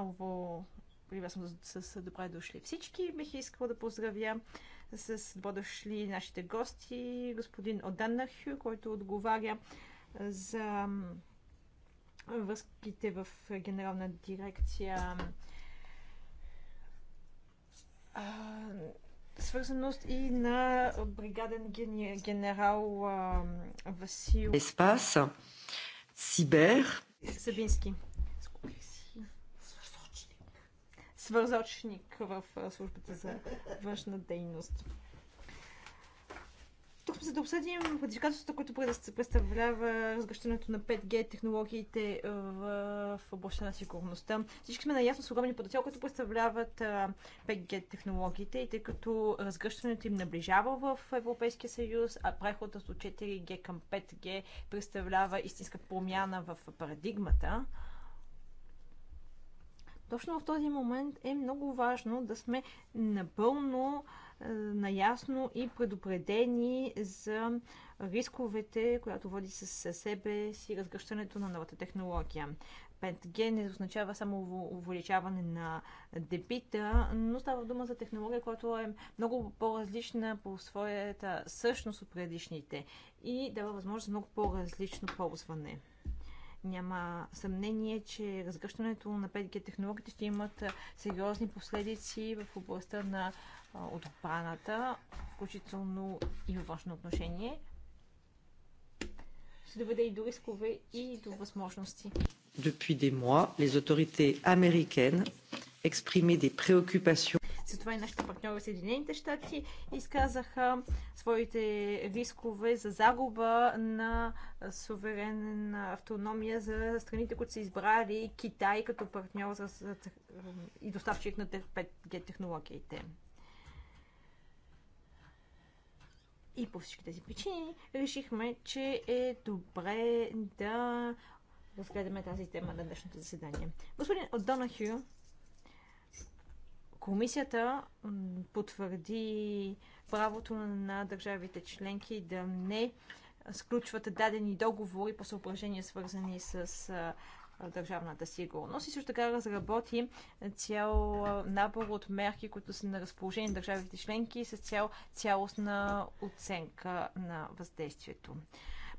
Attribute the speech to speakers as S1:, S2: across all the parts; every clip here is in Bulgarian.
S1: отново приветствам с добре дошли всички. Бих искала да поздравя с добре дошли нашите гости, господин Одан който отговаря за връзките в Генерална дирекция свързаност и на бригаден генерал Васил Еспас,
S2: Сибер.
S1: Сабински. свързочник в службата за външна дейност. Тук сме за да обсъдим предизвикателството, което представлява разгръщането на 5G технологиите в, в областта на сигурността. Всички сме наясно с огромния потенциал, който представляват 5G технологиите и тъй като разгръщането им наближава в Европейския съюз, а преходът от 4G към 5G представлява истинска промяна в парадигмата. Точно в този момент е много важно да сме напълно е, наясно и предупредени за рисковете, която води с себе си разгръщането на новата технология. 5G не означава само увеличаване на дебита, но става дума за технология, която е много по-различна по своята същност от предишните и дава възможност за много по-различно ползване. Няма съмнение, че разгръщането на 5G технологиите ще имат сериозни последици в областта на отбраната, включително и във външно отношение. Ще доведе и до рискове и до възможности. Depuis des mois, les autorités américaines exprimaient des préoccupations затова и нашите партньори в Съединените щати изказаха своите рискове за загуба на суверенна автономия за страните, които са избрали Китай като партньор за, и доставчик на 5G технологиите. И по всички тези причини решихме, че е добре да разгледаме тази тема на днешното заседание. Господин Донахю Комисията потвърди правото на държавите членки да не сключват дадени договори по съображения, свързани с държавната сигурност и също така разработи цял набор от мерки, които са на разположение на държавите членки с цял цялостна оценка на въздействието.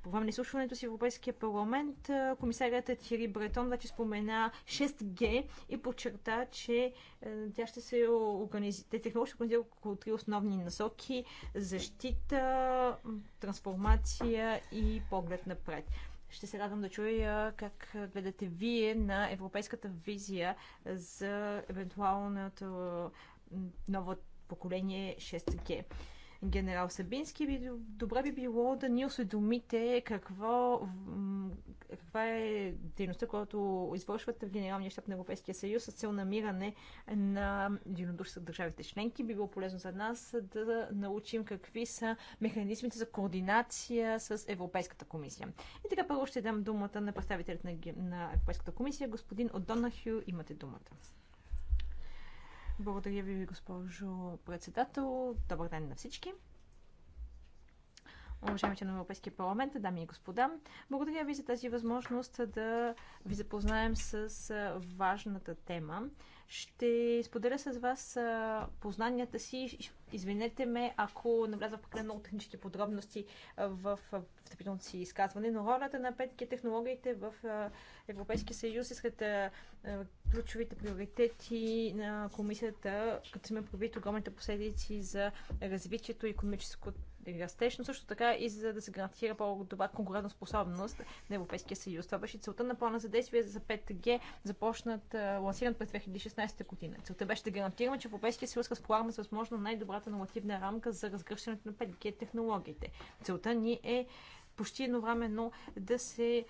S1: По време на изслушването си в Европейския парламент комисарията Тири Бретон вече спомена 6G и подчерта, че е, тя ще се организи... те ще организира около три основни насоки защита, трансформация и поглед напред. Ще се радвам да чуя как гледате вие на европейската визия за евентуалното ново поколение 6G генерал Сабински, би, добре би било да ни осведомите какво, каква е дейността, която извършвате в Генералния щаб на Европейския съюз с цел намиране на единодушие с държавите членки. Би било полезно за нас да научим какви са механизмите за координация с Европейската комисия. И така първо ще дам думата на представителите на, на Европейската комисия. Господин Одонахю, имате думата. Благодаря ви, госпожо председател. Добър ден на всички. Уважаеми на Европейския парламент, дами и господа, благодаря ви за тази възможност да ви запознаем с важната тема ще споделя с вас познанията си. Извинете ме, ако навляза в прекалено много технически подробности в встъпителното си изказване, но ролята на 5G технологиите в Европейския съюз е сред ключовите приоритети на комисията, като сме правит огромните последици за развитието и економическото растеж, но също така и за да се гарантира по-добра конкурентна способност на Европейския съюз. Това беше целта на плана за действие за 5G, започнат, лансиран през 2016 година. Целта беше да гарантираме, че Европейския съюз разполагаме с възможно най-добрата нормативна рамка за разгръщането на 5G технологиите. Целта ни е почти едновременно да се е,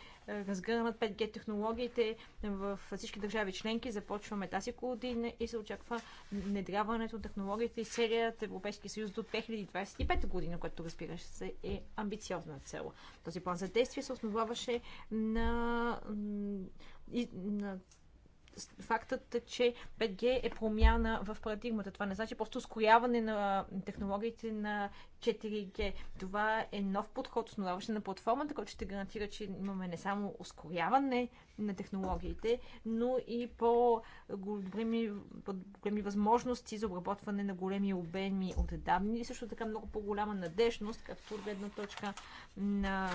S1: разгърнат 5G технологиите в всички държави членки. Започваме тази година и се очаква внедряването на технологиите и целият Европейски съюз до 2025 година, което разбира се е амбициозна цел. Този план за действие се основаваше на, на фактът, че 5G е промяна в парадигмата. Това не значи просто ускоряване на технологиите на 4G. Това е нов подход, основаващ на платформата, който ще гарантира, че имаме не само ускоряване на технологиите, но и по-големи, по-големи възможности за обработване на големи обеми от данни и също така много по-голяма надежност, както от гледна точка на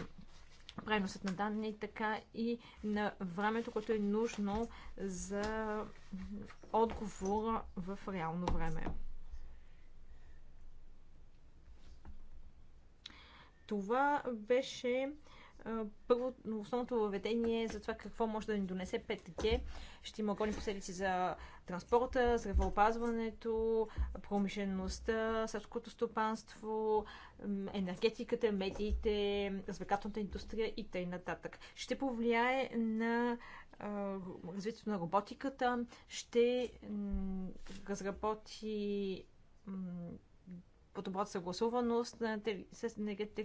S1: преносът на данни, така и на времето, което е нужно за отговора в реално време. Това беше първо, основното въведение е за това какво може да ни донесе 5G. Е, ще има огромни последици за транспорта, здравеопазването, промишлеността, сърското стопанство, енергетиката, медиите, развлекателната индустрия и т.н. Ще повлияе на развитието на роботиката, ще разработи по добрата съгласуваност на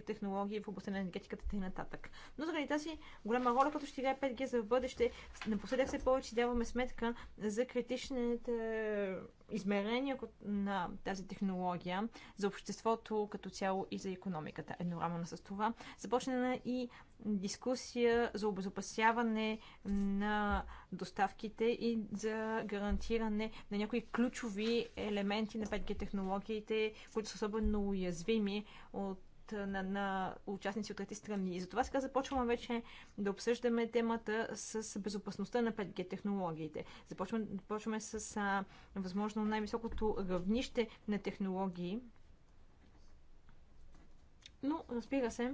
S1: технологии в областта на енергетиката и нататък. Но заради тази голяма роля, като ще играе 5G за бъдеще, напоследък все повече даваме сметка за критичните измерения на тази технология за обществото като цяло и за економиката. Еднорамно с това започна и дискусия за обезопасяване на доставките и за гарантиране на някои ключови елементи на 5G технологиите, които са особено уязвими от на, на участници от трети страни. И затова сега започваме вече да обсъждаме темата с безопасността на 5G технологиите. Започваме, започваме с а, възможно най-високото равнище на технологии. Но, разбира се,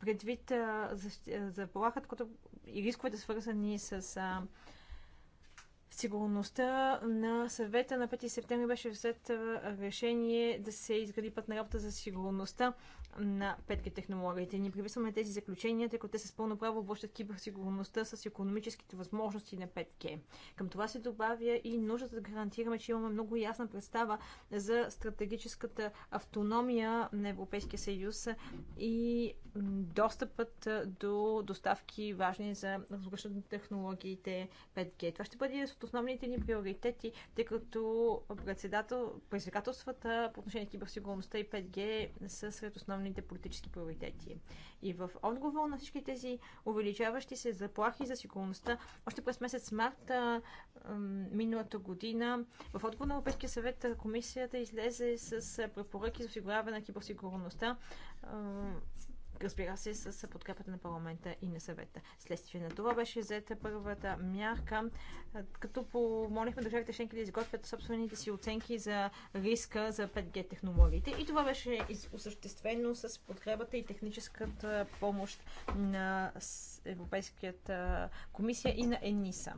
S1: предвид а, за, полахът, като и рисковете свързани с а, сигурността на съвета на 5 септември беше взет решение да се изгради път на работа за сигурността на 5G технологиите. Ние приписваме тези заключения, тъй като те с пълно право обвършат киберсигурността с економическите възможности на 5G. Към това се добавя и нуждата да гарантираме, че имаме много ясна представа за стратегическата автономия на Европейския съюз и достъпът до доставки важни за разгръщането технологиите 5G. Това ще бъде от основните ни приоритети, тъй като председател, предизвикателствата по отношение на киберсигурността и 5G са сред основните основните политически приоритети. И в отговор на всички тези увеличаващи се заплахи за сигурността, още през месец март миналата година, в отговор на Европейския съвет комисията излезе с препоръки за осигуряване на киберсигурността разбира се, с подкрепата на парламента и на съвета. Следствие на това беше взета първата мярка, като помолихме държавите членки да изготвят собствените си оценки за риска за 5G технологиите. И това беше осъществено с подкрепата и техническата помощ на Европейската комисия и на ЕНИСА.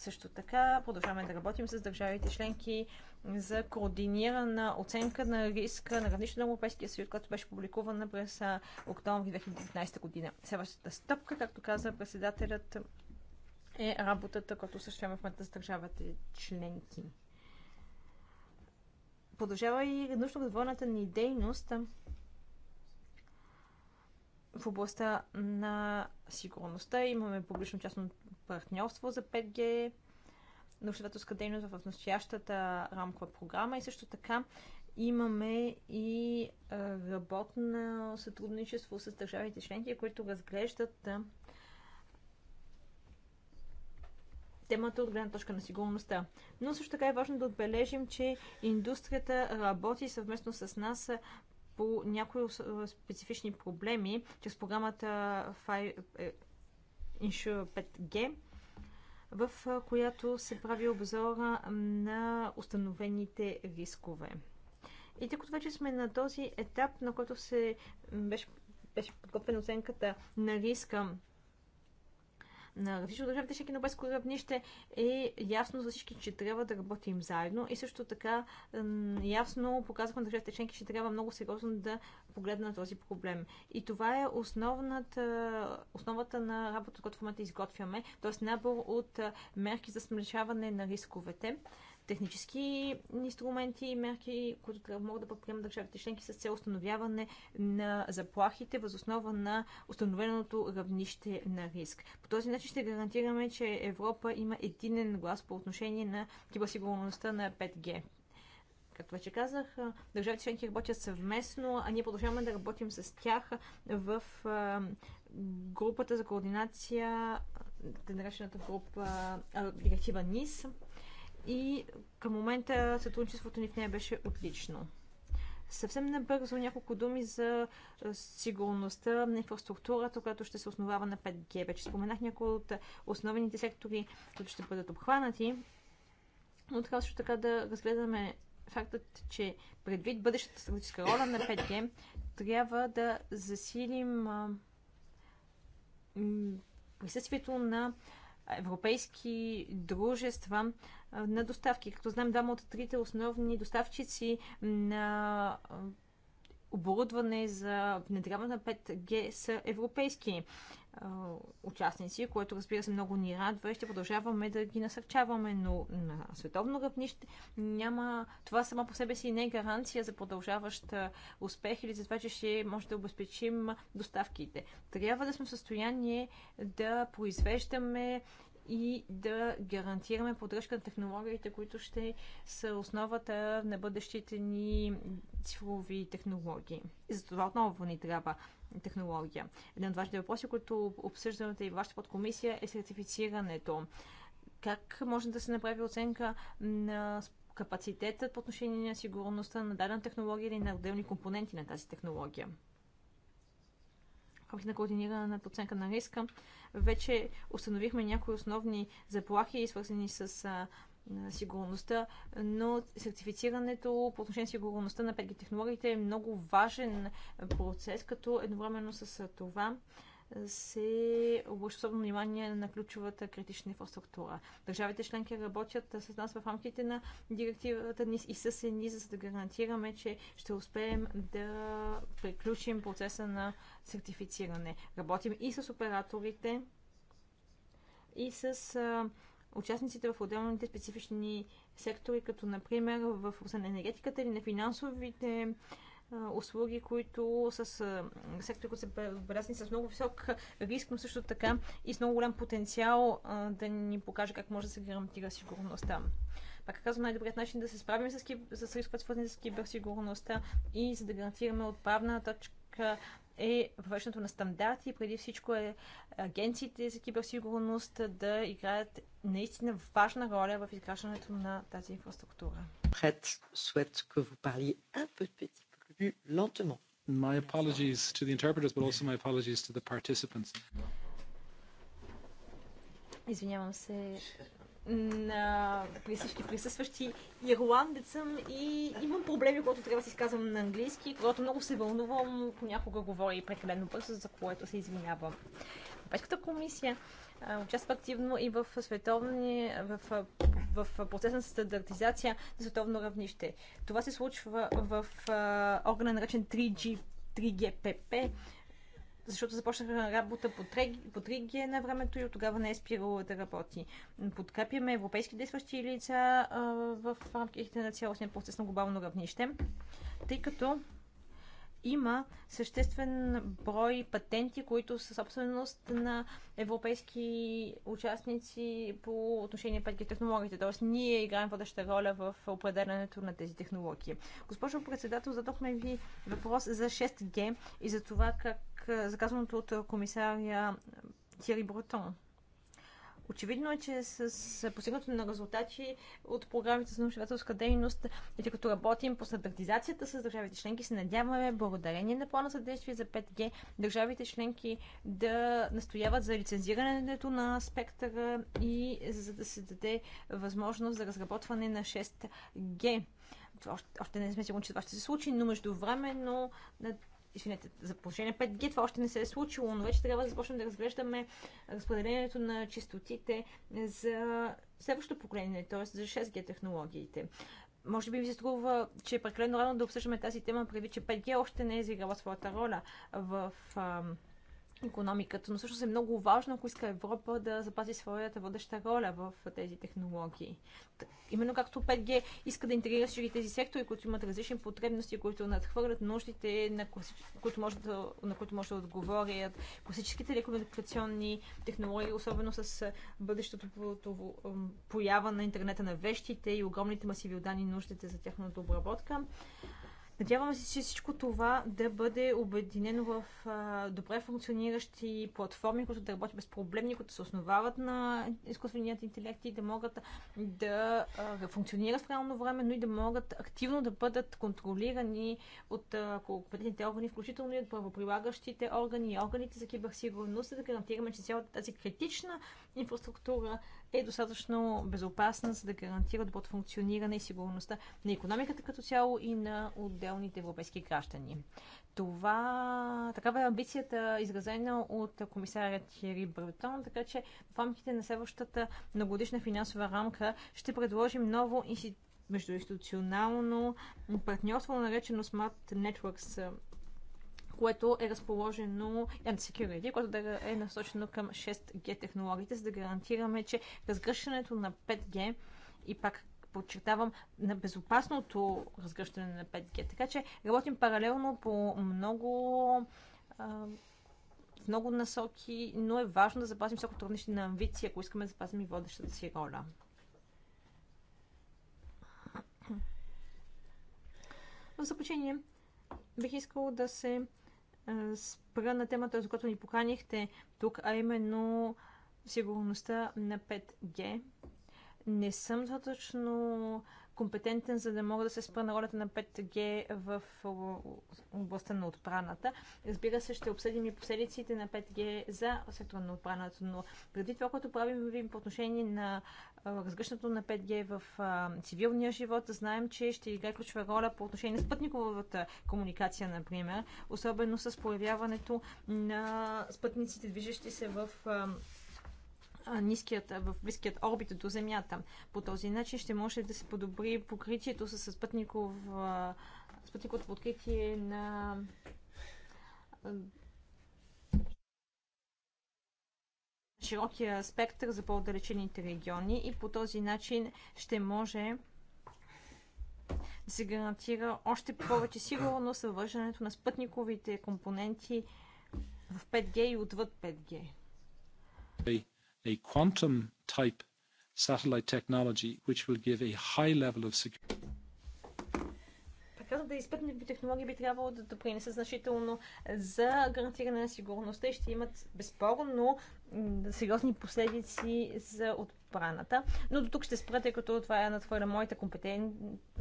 S1: Също така продължаваме да работим с държавите членки за координирана оценка на риска на равнище на Европейския съюз, която беше публикувана през октомври 2019 година. Следващата стъпка, както каза председателят, е работата, която осъществяваме в момента с държавите членки. Продължава и научно-развойната ни дейност в областта на сигурността. Имаме публично-частно партньорство за 5G, научно-изследователска дейност в настоящата рамкова програма и също така имаме и работно сътрудничество с държавите членки, които разглеждат темата от гледна точка на сигурността. Но също така е важно да отбележим, че индустрията работи съвместно с нас по някои специфични проблеми чрез програмата е, Insure 5G в която се прави обзора на установените рискове. И тъй като вече сме на този етап, на който се беше, беше подготвена оценката на риска на различно държавите всеки на европейско равнище е ясно за всички, че трябва да работим заедно и също така ясно показахме на държавите членки, че трябва много сериозно да погледна на този проблем. И това е основната, основата на работа, която в момента изготвяме, т.е. набор от мерки за смешаване на рисковете технически инструменти и мерки, които могат да предприемат държавите членки с цел установяване на заплахите възоснова на установеното равнище на риск. По този начин ще гарантираме, че Европа има единен глас по отношение на киберсигурността на 5G както вече казах, държавите членки работят съвместно, а ние продължаваме да работим с тях в групата за координация, наречената група директива НИС и към момента сътрудничеството ни в нея беше отлично. Съвсем набързо няколко думи за сигурността на инфраструктурата, която ще се основава на 5G. Вече споменах някои от основните сектори, които ще бъдат обхванати, но така също така да разгледаме фактът, че предвид бъдещата стратегическа роля на 5G, трябва да засилим присъствието на европейски дружества на доставки. Като знам, двама от трите основни доставчици на оборудване за внедряване на 5G са европейски участници, което разбира се много ни радва и ще продължаваме да ги насърчаваме, но на световно равнище няма... Това само по себе си не е гаранция за продължаващ успех или за това, че ще може да обезпечим доставките. Трябва да сме в състояние да произвеждаме и да гарантираме поддръжка на технологиите, които ще са основата на бъдещите ни цифрови технологии. И затова отново ни трябва технология. Един от важните въпроси, които обсъждате и вашата подкомисия е сертифицирането. Как може да се направи оценка на капацитетът по отношение на сигурността на дадена технология или на отделни компоненти на тази технология? рамките на на оценка на риска, вече установихме някои основни заплахи, свързани с а, сигурността, но сертифицирането по отношение на сигурността на 5G технологиите е много важен процес, като едновременно с това се обръща особено внимание на ключовата критична инфраструктура. Държавите членки работят с нас в рамките на директивата ни и с ни, за да гарантираме, че ще успеем да приключим процеса на сертифициране. Работим и с операторите, и с участниците в отделните специфични сектори, като например в енергетиката или на финансовите услуги, които с сектори, които са белязани с много висок риск, но също така и с много голям потенциал да ни покаже как може да се гарантира сигурността. Пак казвам, най-добрият начин да се справим с, киб... с рисковете, свързани с киберсигурността и за да гарантираме отправна точка е въвеждането на стандарти. Преди всичко е агенциите за киберсигурност да играят наистина важна роля в изграждането на тази инфраструктура.
S3: Пред, souhaite que vous parliez un plus lentement. My apologies to the interpreters, but also my apologies to the participants.
S1: Извинявам се на всички присъстващи. Ирландец съм и имам проблеми, когато трябва да си казвам на английски, когато много се вълнувам, понякога говоря и прекалено бързо, за което се извинявам. Европейската комисия участва активно и в световни, в, в, в процеса на стандартизация на световно равнище. Това се случва в, в органа наречен 3G, 3GPP, защото започнаха работа по 3G на времето и от тогава не е спирало да работи. Подкрепяме европейски действащи лица в рамките на цялостния процес на глобално равнище, тъй като има съществен брой патенти, които са собственост на европейски участници по отношение 5G технологиите. Тоест, ние играем водеща роля в определянето на тези технологии. Госпожо председател, задохме ви въпрос за 6G и за това как заказаното от комисаря Тири Брутон. Очевидно е, че с постигнато на резултати от програмите за научнователска дейност и тъй като работим по стандартизацията с държавите членки, се надяваме благодарение на плана за действие за 5G държавите членки да настояват за лицензирането на спектъра и за да се даде възможност за разработване на 6G още, още не сме сигурни, че това ще се случи, но междувременно извинете, за положение 5G това още не се е случило, но вече трябва да започнем да разглеждаме разпределението на частотите за следващото поколение, т.е. за 6G технологиите. Може би ви се струва, че е прекалено рано да обсъждаме тази тема, преди че 5G още не е изиграла своята роля в економиката, но също е много важно, ако иска Европа да запази своята водеща роля в тези технологии. Именно както 5G иска да интегрира всички тези сектори, които имат различни потребности, които надхвърлят нуждите, на, класич... които може да, на които може да отговорят класическите телекомуникационни технологии, особено с бъдещото поява на интернета на вещите и огромните масиви данни нуждите за тяхната обработка. Надявам се, че всичко това да бъде обединено в добре функциониращи платформи, които да работят безпроблемни, които се основават на изкуственият интелект и да могат да функционират в реално време, но и да могат активно да бъдат контролирани от компетентните органи, включително и от правоприлагащите органи и органите за киберсигурност, за да гарантираме, че цялата тази критична инфраструктура е достатъчно безопасна, за да гарантира доброто функциониране и сигурността на економиката като цяло и на отделните европейски граждани. Това, такава е амбицията, изразена от комисарят Тири Бретон, така че в рамките на следващата многодишна финансова рамка ще предложим ново институционално междуинституционално партньорство, наречено Smart Networks което е разположено е Security, което да е насочено към 6G технологиите, за да гарантираме, че разгръщането на 5G и пак подчертавам, на безопасното разгръщане на 5G. Така че работим паралелно по много в много насоки, но е важно да запазим всяко равнище на амбиции, ако искаме да запазим и водещата си роля. В заключение, бих искал да се е, спра на темата, за която ни поканихте тук, а именно сигурността на 5G. Не съм достатъчно компетентен, за да мога да се спра на ролята на 5G в областта на отбраната. Разбира се, ще обсъдим и последиците на 5G за сектора на отбраната, но преди това, което правим по отношение на разгръщането на 5G в цивилния живот, знаем, че ще играе ключова роля по отношение на спътниковата комуникация, например, особено с появяването на спътниците, движещи се в ниският, в близкият орбит до Земята. По този начин ще може да се подобри покритието с спътников, спътниковото откритие на широкия спектър за по-отдалечените региони и по този начин ще може да се гарантира още повече сигурност въвеждането на спътниковите компоненти в 5G и отвъд 5G
S3: a quantum type satellite technology which will give a high level of security
S1: да и спътникови технологии би трябвало да допринесат значително за гарантиране на сигурността и ще имат безспорно сериозни последици за отбраната. Но до тук ще спра, тъй като това е твоя моята, компетен...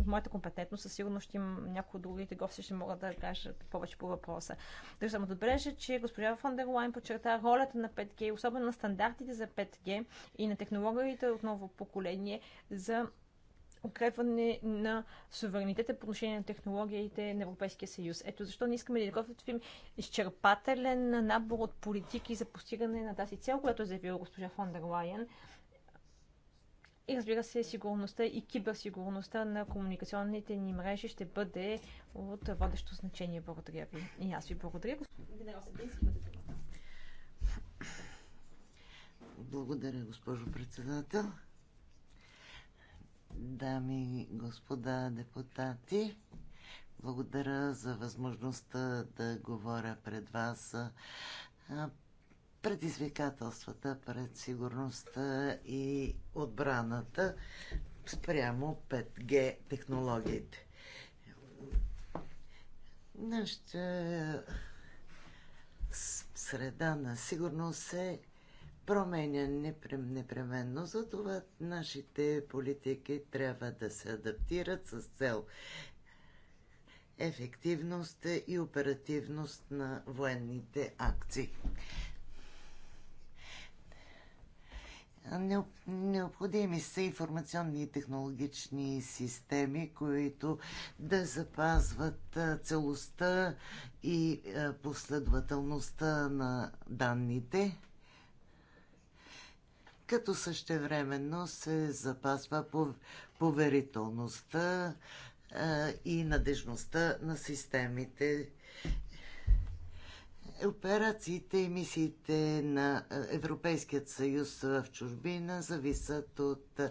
S1: моята компетентност. Със сигурност ще има някои от другите гости, ще могат да кажат повече по въпроса. Държа само да отбележа, че госпожа Фандерлайн, подчерта ролята на 5G, особено на стандартите за 5G и на технологиите от ново поколение за укрепване на суверенитета по отношение на технологиите на Европейския съюз. Ето защо не искаме да изготвим изчерпателен набор от политики за постигане на тази цел, която е заявила госпожа фон дер Лайен. И разбира се, сигурността и киберсигурността на комуникационните ни мрежи ще бъде от водещо значение. Благодаря ви. И аз ви благодаря. господин
S4: Благодаря, госпожо председател. Дами и господа депутати, благодаря за възможността да говоря пред вас предизвикателствата пред сигурността и отбраната спрямо 5G технологиите. Нашата среда на сигурност е променя непременно. Затова нашите политики трябва да се адаптират с цел ефективност и оперативност на военните акции. Необходими са информационни и технологични системи, които да запазват целостта и последователността на данните като същевременно се запазва поверителността и надежността на системите. Операциите и мисиите на Европейският съюз в чужбина зависят от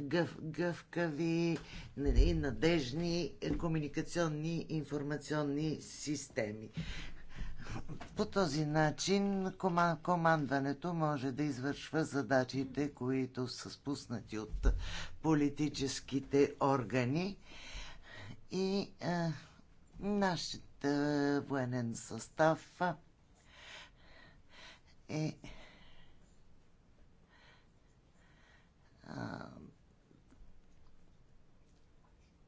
S4: гъв, гъвкави и нали, надежни комуникационни информационни системи. По този начин командването може да извършва задачите, които са спуснати от политическите органи и а, е, нашият а, военен състав е а,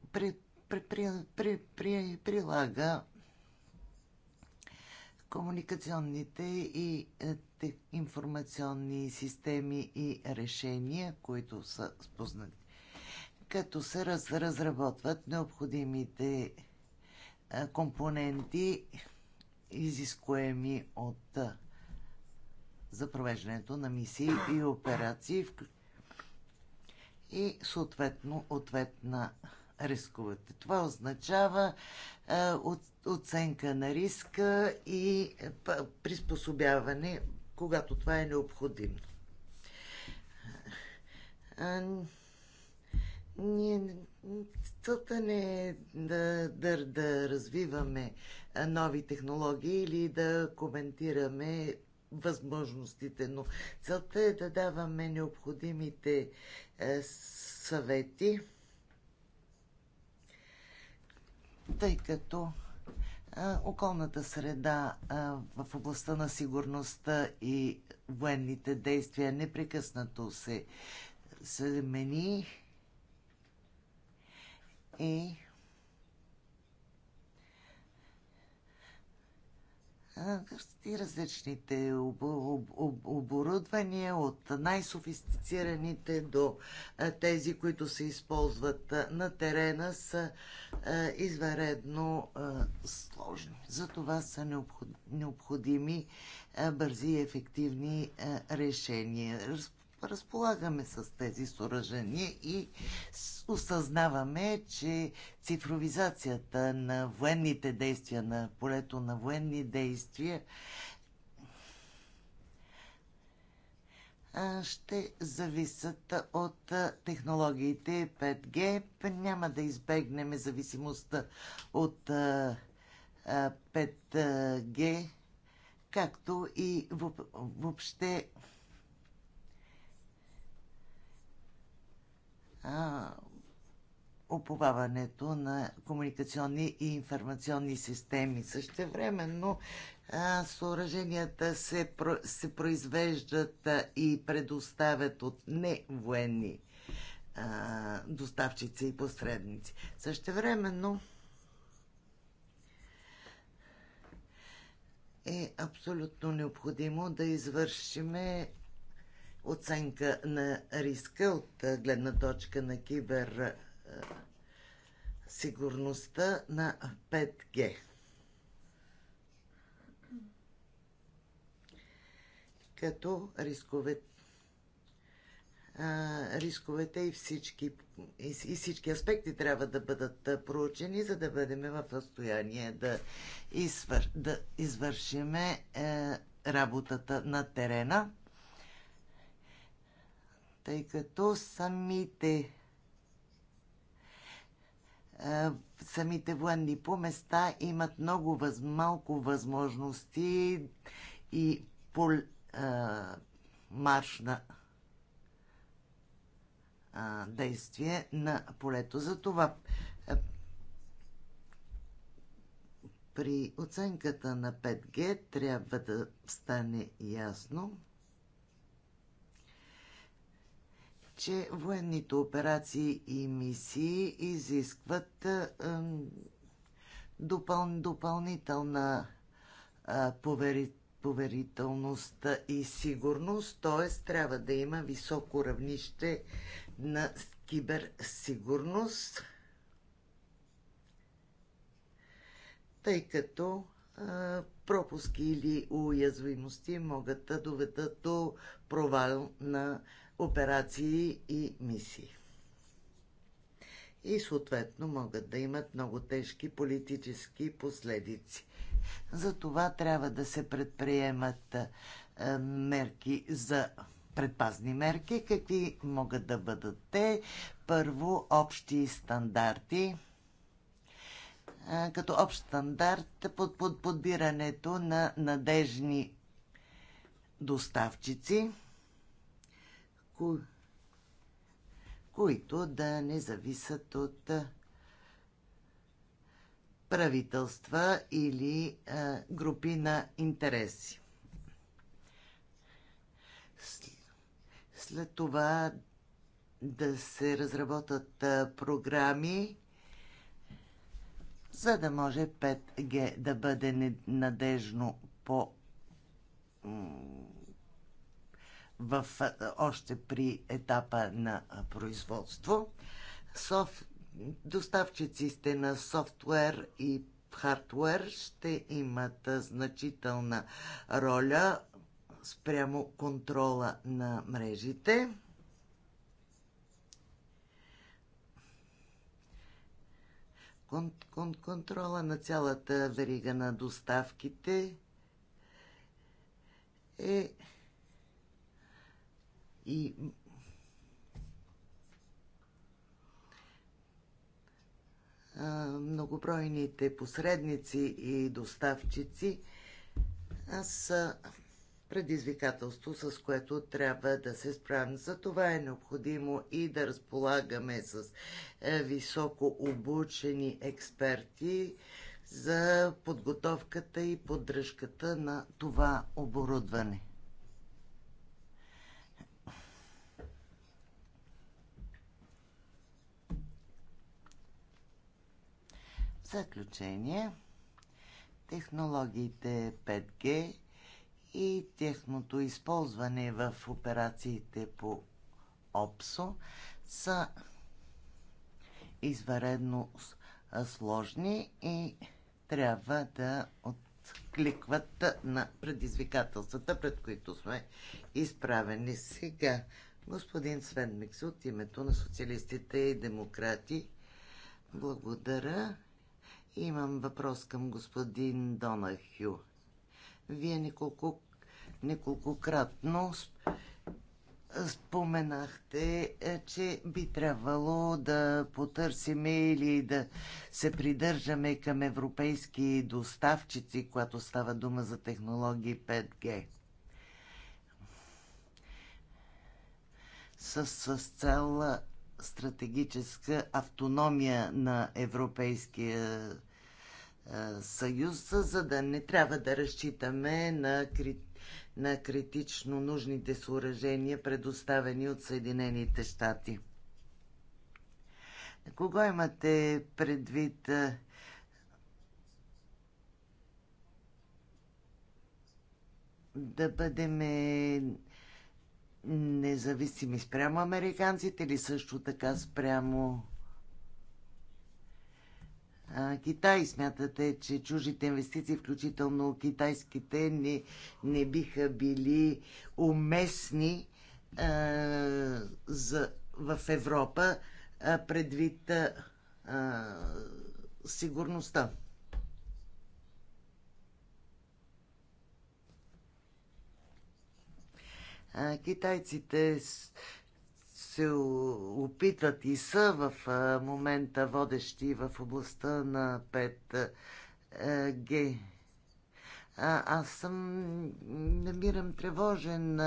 S4: е, при, при, при, при, при, прилага комуникационните и е, информационни системи и решения, които са спознати. Като се раз, разработват необходимите е, компоненти, изискуеми от е, за провеждането на мисии и операции и съответно ответ на рисковете. Това означава от оценка на риска и приспособяване, когато това е необходимо. Ние, целта не е да, да, да развиваме нови технологии или да коментираме възможностите, но целта е да даваме необходимите е, съвети, тъй като околната среда в областта на сигурността и военните действия непрекъснато се, се мени и ти различните оборудвания, от най-софистицираните до тези, които се използват на терена, са изваредно сложни. За това са необходими бързи и ефективни решения разполагаме с тези съоръжения и осъзнаваме, че цифровизацията на военните действия, на полето на военни действия, ще зависят от технологиите 5G. Няма да избегнем зависимостта от 5G, както и въобще а, оповаването на комуникационни и информационни системи. Същевременно съоръженията се, се произвеждат и предоставят от невоенни доставчици и посредници. Същевременно е абсолютно необходимо да извършиме оценка на риска от гледна точка на кибер сигурността на 5G. Като рисковете рисковете и всички, и, всички аспекти трябва да бъдат проучени, за да бъдем в състояние да, извър, да извършиме е, работата на терена тъй като самите самите военни по места имат много въз, малко възможности и по а, марш на а, действие на полето. Затова при оценката на 5G трябва да стане ясно че военните операции и мисии изискват допъл... допълнителна повери... поверителност и сигурност, т.е. трябва да има високо равнище на киберсигурност, тъй като пропуски или уязвимости могат да доведат до провал на операции и мисии. И съответно могат да имат много тежки политически последици. Затова трябва да се предприемат мерки за предпазни мерки. Какви могат да бъдат те? Първо, общи стандарти като общ стандарт под, под подбирането на надежни доставчици – кои, които да не зависят от правителства или а, групи на интереси. След това да се разработат а, програми, за да може 5G да бъде надежно по в, още при етапа на производство. Соф, доставчиците на софтуер и хардуер ще имат значителна роля спрямо контрола на мрежите. Кон, кон, контрола на цялата верига на доставките е и многобройните посредници и доставчици са предизвикателство, с което трябва да се справим. За това е необходимо и да разполагаме с е, високо обучени експерти за подготовката и поддръжката на това оборудване. Заключение. Технологиите 5G и техното използване в операциите по ОПСО са изваредно сложни и трябва да откликват на предизвикателствата, пред които сме изправени сега. Господин Свен Микс от името на социалистите и демократи, благодаря. Имам въпрос към господин Дона Вие неколко, неколкократно споменахте, е, че би трябвало да потърсим или да се придържаме към европейски доставчици, когато става дума за технологии 5G. С, с цяла стратегическа автономия на Европейския съюз, за да не трябва да разчитаме на, кри... на критично нужните съоръжения, предоставени от Съединените щати. Кого имате предвид? Да бъдеме независими спрямо американците или също така спрямо Китай. Смятате, че чужите инвестиции, включително китайските, не, не биха били уместни а, за, в Европа а, предвид а, сигурността. китайците се опитват и са в момента водещи в областта на 5G. Аз съм намирам тревожен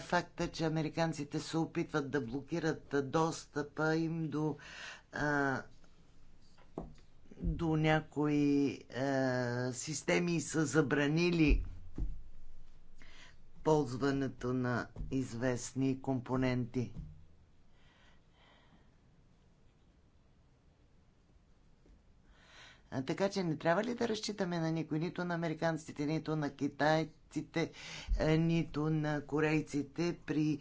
S4: факта, че американците се опитват да блокират достъпа им до до някои системи и са забранили ползването на известни компоненти. Така че не трябва ли да разчитаме на никой, нито на американците, нито на китайците, е, нито на корейците при е,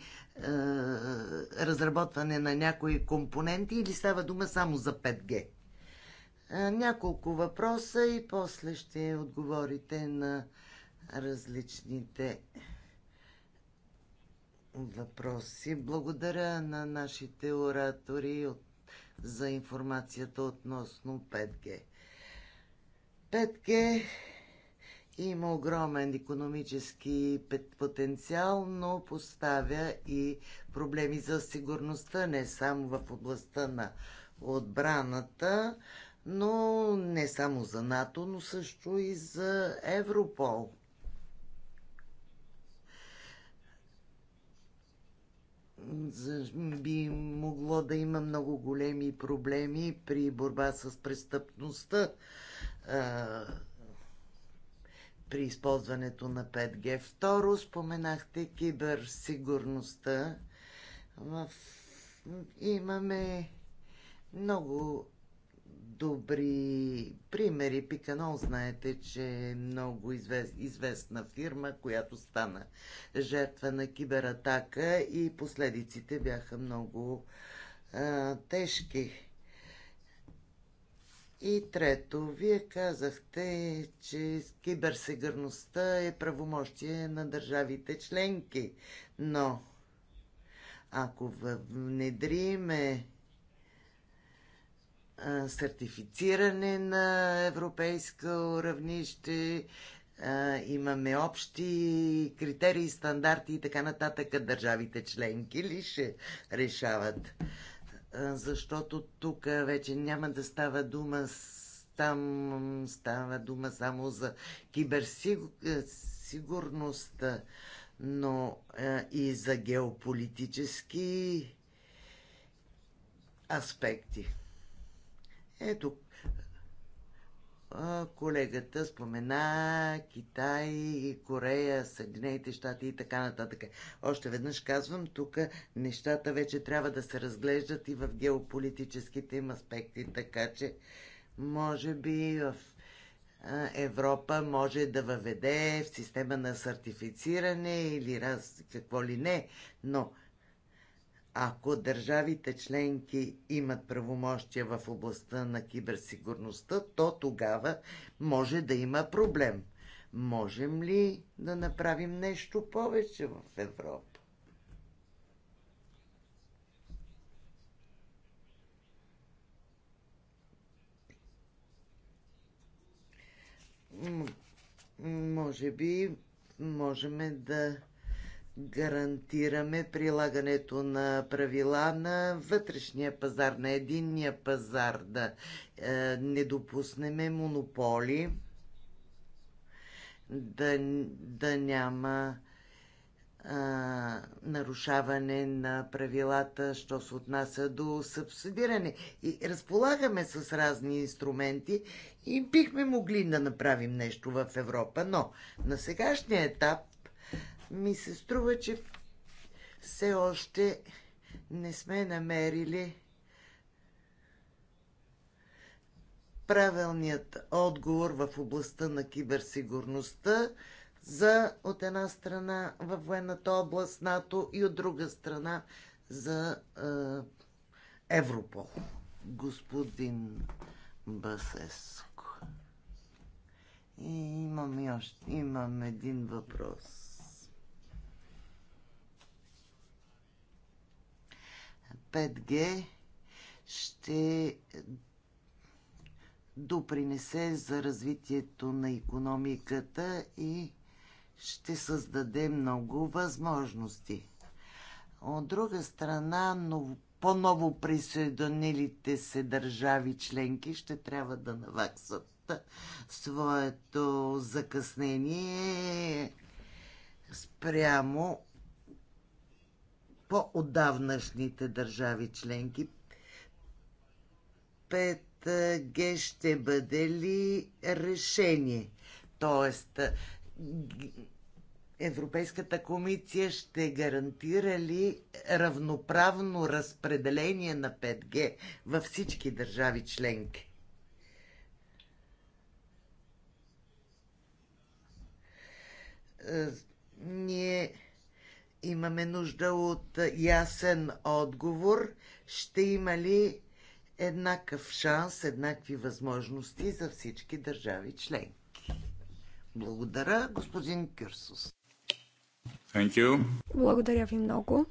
S4: разработване на някои компоненти или става дума само за 5G? Няколко въпроса и после ще отговорите на различните въпроси. Благодаря на нашите оратори от, за информацията относно 5G. Петке има огромен економически потенциал, но поставя и проблеми за сигурността, не само в областта на отбраната, но не само за НАТО, но също и за Европол. би могло да има много големи проблеми при борба с престъпността при използването на 5G. Второ, споменахте киберсигурността. В... Имаме много добри примери. Пиканол знаете, че е много извест, известна фирма, която стана жертва на кибератака и последиците бяха много а, тежки. И трето, вие казахте, че киберсигурността е правомощие на държавите членки, но ако внедриме сертифициране на европейско равнище, имаме общи критерии, стандарти и така нататък, държавите членки ли ще решават? защото тук вече няма да става дума там става дума само за киберсигурност, е, но е, и за геополитически аспекти. Ето колегата спомена Китай, и Корея, Съединените щати и така нататък. Още веднъж казвам, тук нещата вече трябва да се разглеждат и в геополитическите им аспекти, така че може би в Европа може да въведе в система на сертифициране или раз, какво ли не, но ако държавите членки имат правомощия в областта на киберсигурността, то тогава може да има проблем. Можем ли да направим нещо повече в Европа? може би можем да гарантираме прилагането на правила на вътрешния пазар, на единния пазар, да е, не допуснеме монополи, да, да няма е, нарушаване на правилата, що се отнася до субсидиране. И разполагаме с разни инструменти и бихме могли да направим нещо в Европа, но на сегашния етап ми се струва, че все още не сме намерили правилният отговор в областта на киберсигурността за от една страна във военната област НАТО и от друга страна за е, Европол. Господин Басеско. И имам, още, имам един въпрос. 5G ще допринесе за развитието на економиката и ще създаде много възможности. От друга страна, но по-ново присъединилите се държави членки ще трябва да наваксат своето закъснение спрямо по-отдавнашните държави членки. 5G е, ще бъде ли решение? Тоест, е, Европейската комисия ще гарантира ли равноправно разпределение на 5G във всички държави членки? Е, ние Имаме нужда от ясен отговор. Ще има ли еднакъв шанс, еднакви възможности за всички държави членки? Благодаря, господин Кюрсус. Thank you.
S2: Благодаря ви много.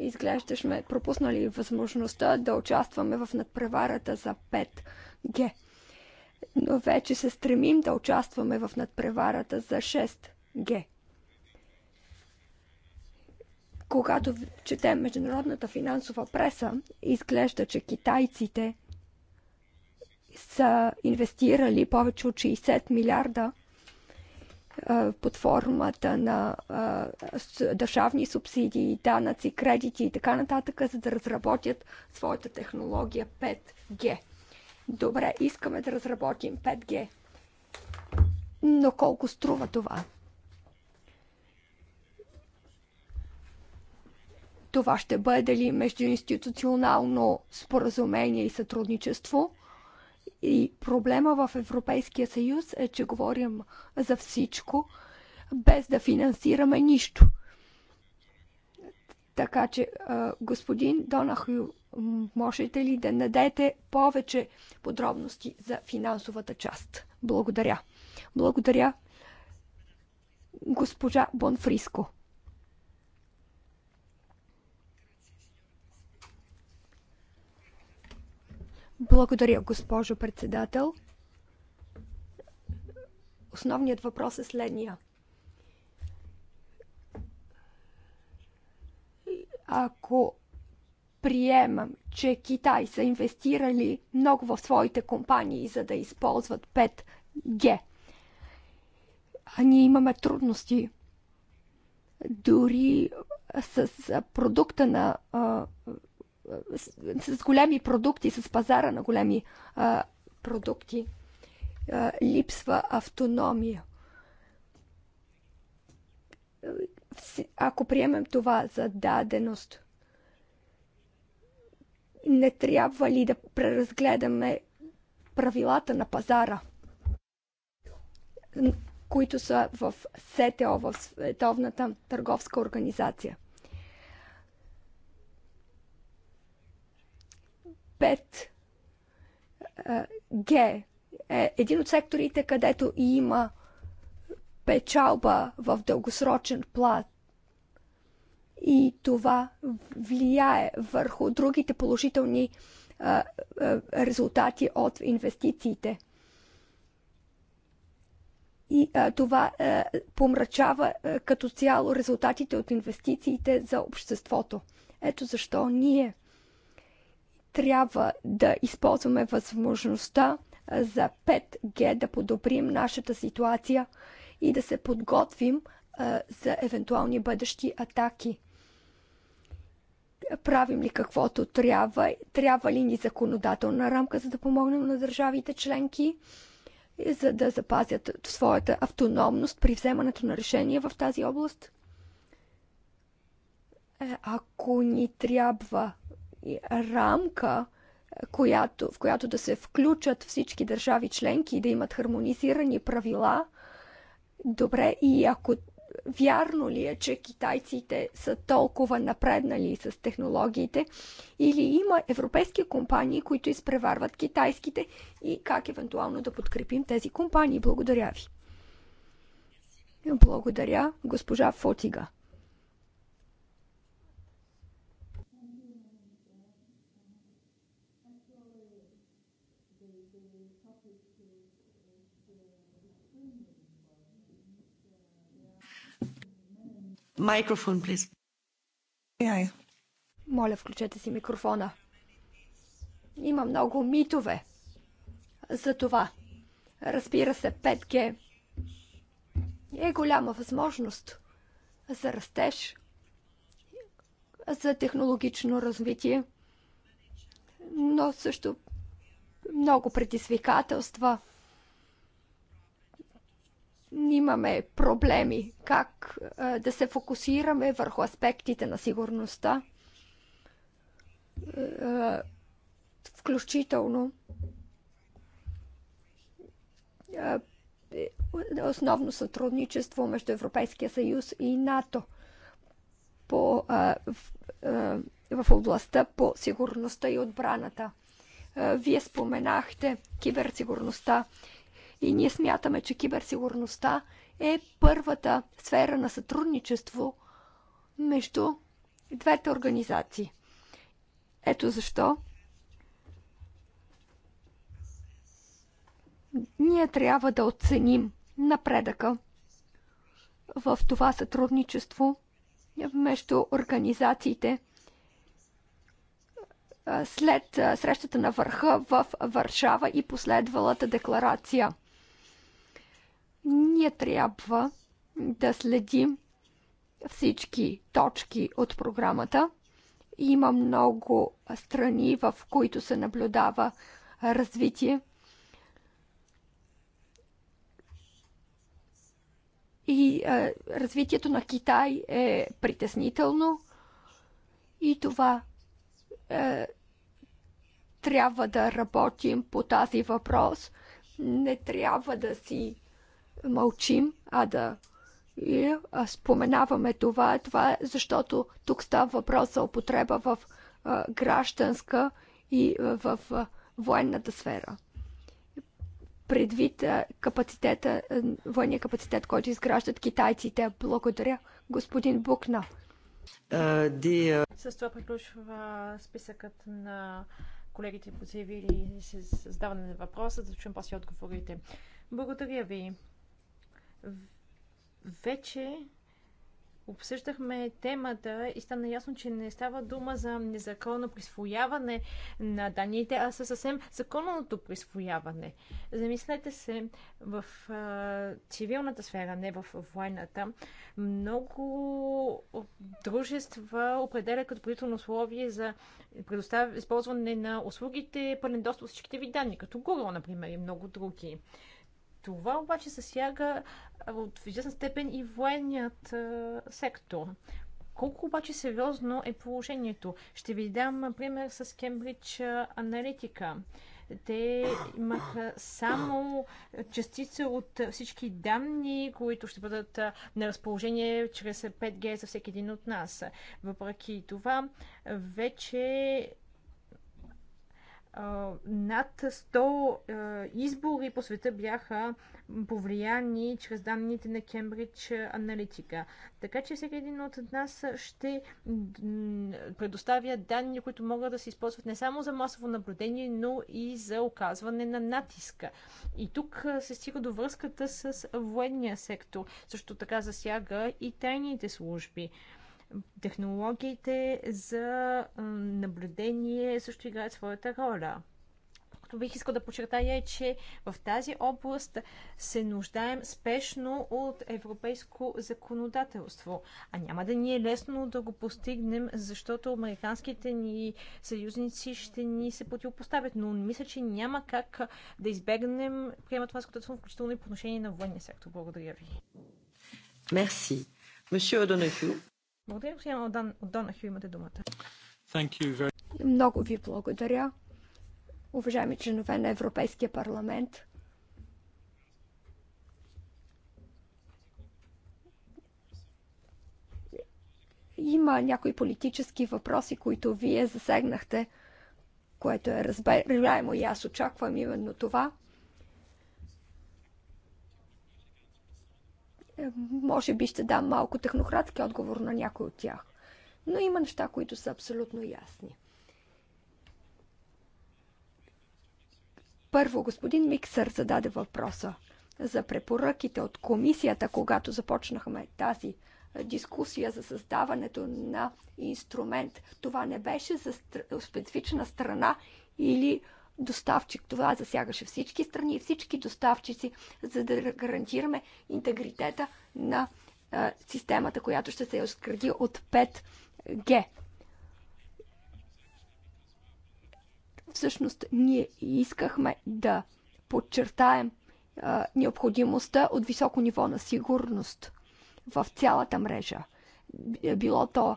S2: Изглеждаш сме пропуснали възможността да участваме в надпреварата за 5G но вече се стремим да участваме в надпреварата за 6G. Когато четем международната финансова преса, изглежда, че китайците са инвестирали повече от 60 милиарда под формата на държавни субсидии, данъци, кредити и така нататък, за да разработят своята технология 5G. Добре, искаме да разработим 5G. Но колко струва това? Това ще бъде ли междуинституционално споразумение и сътрудничество? И проблема в Европейския съюз е, че говорим за всичко, без да финансираме нищо. Така че господин Донахю Можете ли да надете повече подробности за финансовата част? Благодаря. Благодаря, госпожа Бонфриско. Благодаря, госпожо председател. Основният въпрос е следния. Ако приемам, че Китай са инвестирали много в своите компании, за да използват 5G. А ние имаме трудности дори с продукта на. с, с големи продукти, с пазара на големи а, продукти. А, липсва автономия. Ако приемем това за даденост, не трябва ли да преразгледаме правилата на пазара, които са в СТО, в Световната търговска организация. Пет Г е един от секторите, където има печалба в дългосрочен плат и това влияе върху другите положителни а, а, резултати от инвестициите. И а, това а, помрачава а, като цяло резултатите от инвестициите за обществото. Ето защо ние трябва да използваме възможността за 5G да подобрим нашата ситуация и да се подготвим а, за евентуални бъдещи атаки правим ли каквото трябва, трябва ли ни законодателна рамка, за да помогнем на държавите членки, за да запазят своята автономност при вземането на решения в тази област. Е, ако ни трябва рамка, която, в която да се включат всички държави членки и да имат хармонизирани правила, добре, и ако вярно ли е, че китайците са толкова напреднали с технологиите или има европейски компании, които изпреварват китайските и как евентуално да подкрепим тези компании. Благодаря ви. Благодаря, госпожа Фотига.
S1: Microphone, please.
S2: Моля, включете си микрофона. Има много митове за това. Разбира се, 5G е голяма възможност за растеж, за технологично развитие, но също много предизвикателства – имаме проблеми как да се фокусираме върху аспектите на сигурността, включително основно сътрудничество между Европейския съюз и НАТО по, в, в областта по сигурността и отбраната. вие споменахте киберсигурността. И ние смятаме, че киберсигурността е първата сфера на сътрудничество между двете организации. Ето защо ние трябва да оценим напредъка в това сътрудничество между организациите след срещата на върха в Варшава и последвалата декларация – ние трябва да следим всички точки от програмата. Има много страни, в които се наблюдава развитие. И е, развитието на Китай е притеснително и това е, трябва да работим по тази въпрос. Не трябва да си мълчим, а да и споменаваме това. Това е защото тук става въпрос за употреба в гражданска и в военната сфера. Предвид капацитета, военния капацитет, който изграждат китайците. Благодаря, господин Букна.
S1: С това приключва списъкът на колегите, които заявили се задаване на въпроса, да чуем после отговорите. Благодаря ви. Вече обсъждахме темата и стана ясно, че не става дума за незаконно присвояване на данните, а със съвсем законното присвояване. Замислете се, в а, цивилната сфера, не в войната, много дружества определят като предварително условие за предостав... използване на услугите пълен достъп всичките ви данни, като Google, например, и много други. Това обаче засяга от известна степен и военният сектор. Колко обаче сериозно е положението? Ще ви дам пример с Кембридж Аналитика. Те имаха само частица от всички данни, които ще бъдат на разположение чрез 5G за всеки един от нас. Въпреки това, вече над 100 избори по света бяха повлияни чрез данните на Кембридж Аналитика. Така че всеки един от нас ще предоставя данни, които могат да се използват не само за масово наблюдение, но и за оказване на натиска. И тук се стига до връзката с военния сектор. Също така засяга и тайните служби. Технологиите за наблюдение също играят своята роля което бих искал да подчертая е, че в тази област се нуждаем спешно от европейско законодателство. А няма да ни е лесно да го постигнем, защото американските ни съюзници ще ни се противопоставят. Но мисля, че няма как да избегнем приема това законодателство, включително и по отношение на военния сектор. Благодаря ви.
S4: Мерси. Monsieur O'Donoghue.
S1: Благодаря, господин Одан, Донахю, имате думата. Very... Много ви
S2: благодаря, уважаеми членове на Европейския парламент. Има някои политически въпроси, които вие засегнахте, което е разбираемо и аз очаквам именно това – Е, може би ще дам малко технократски отговор на някой от тях. Но има неща, които са абсолютно ясни. Първо, господин Миксър зададе въпроса за препоръките от комисията, когато започнахме тази дискусия за създаването на инструмент. Това не беше за специфична страна или доставчик. Това засягаше всички страни и всички доставчици, за да гарантираме интегритета на а, системата, която ще се изгради от 5G. Всъщност, ние искахме да подчертаем а, необходимостта от високо ниво на сигурност в цялата мрежа. Било то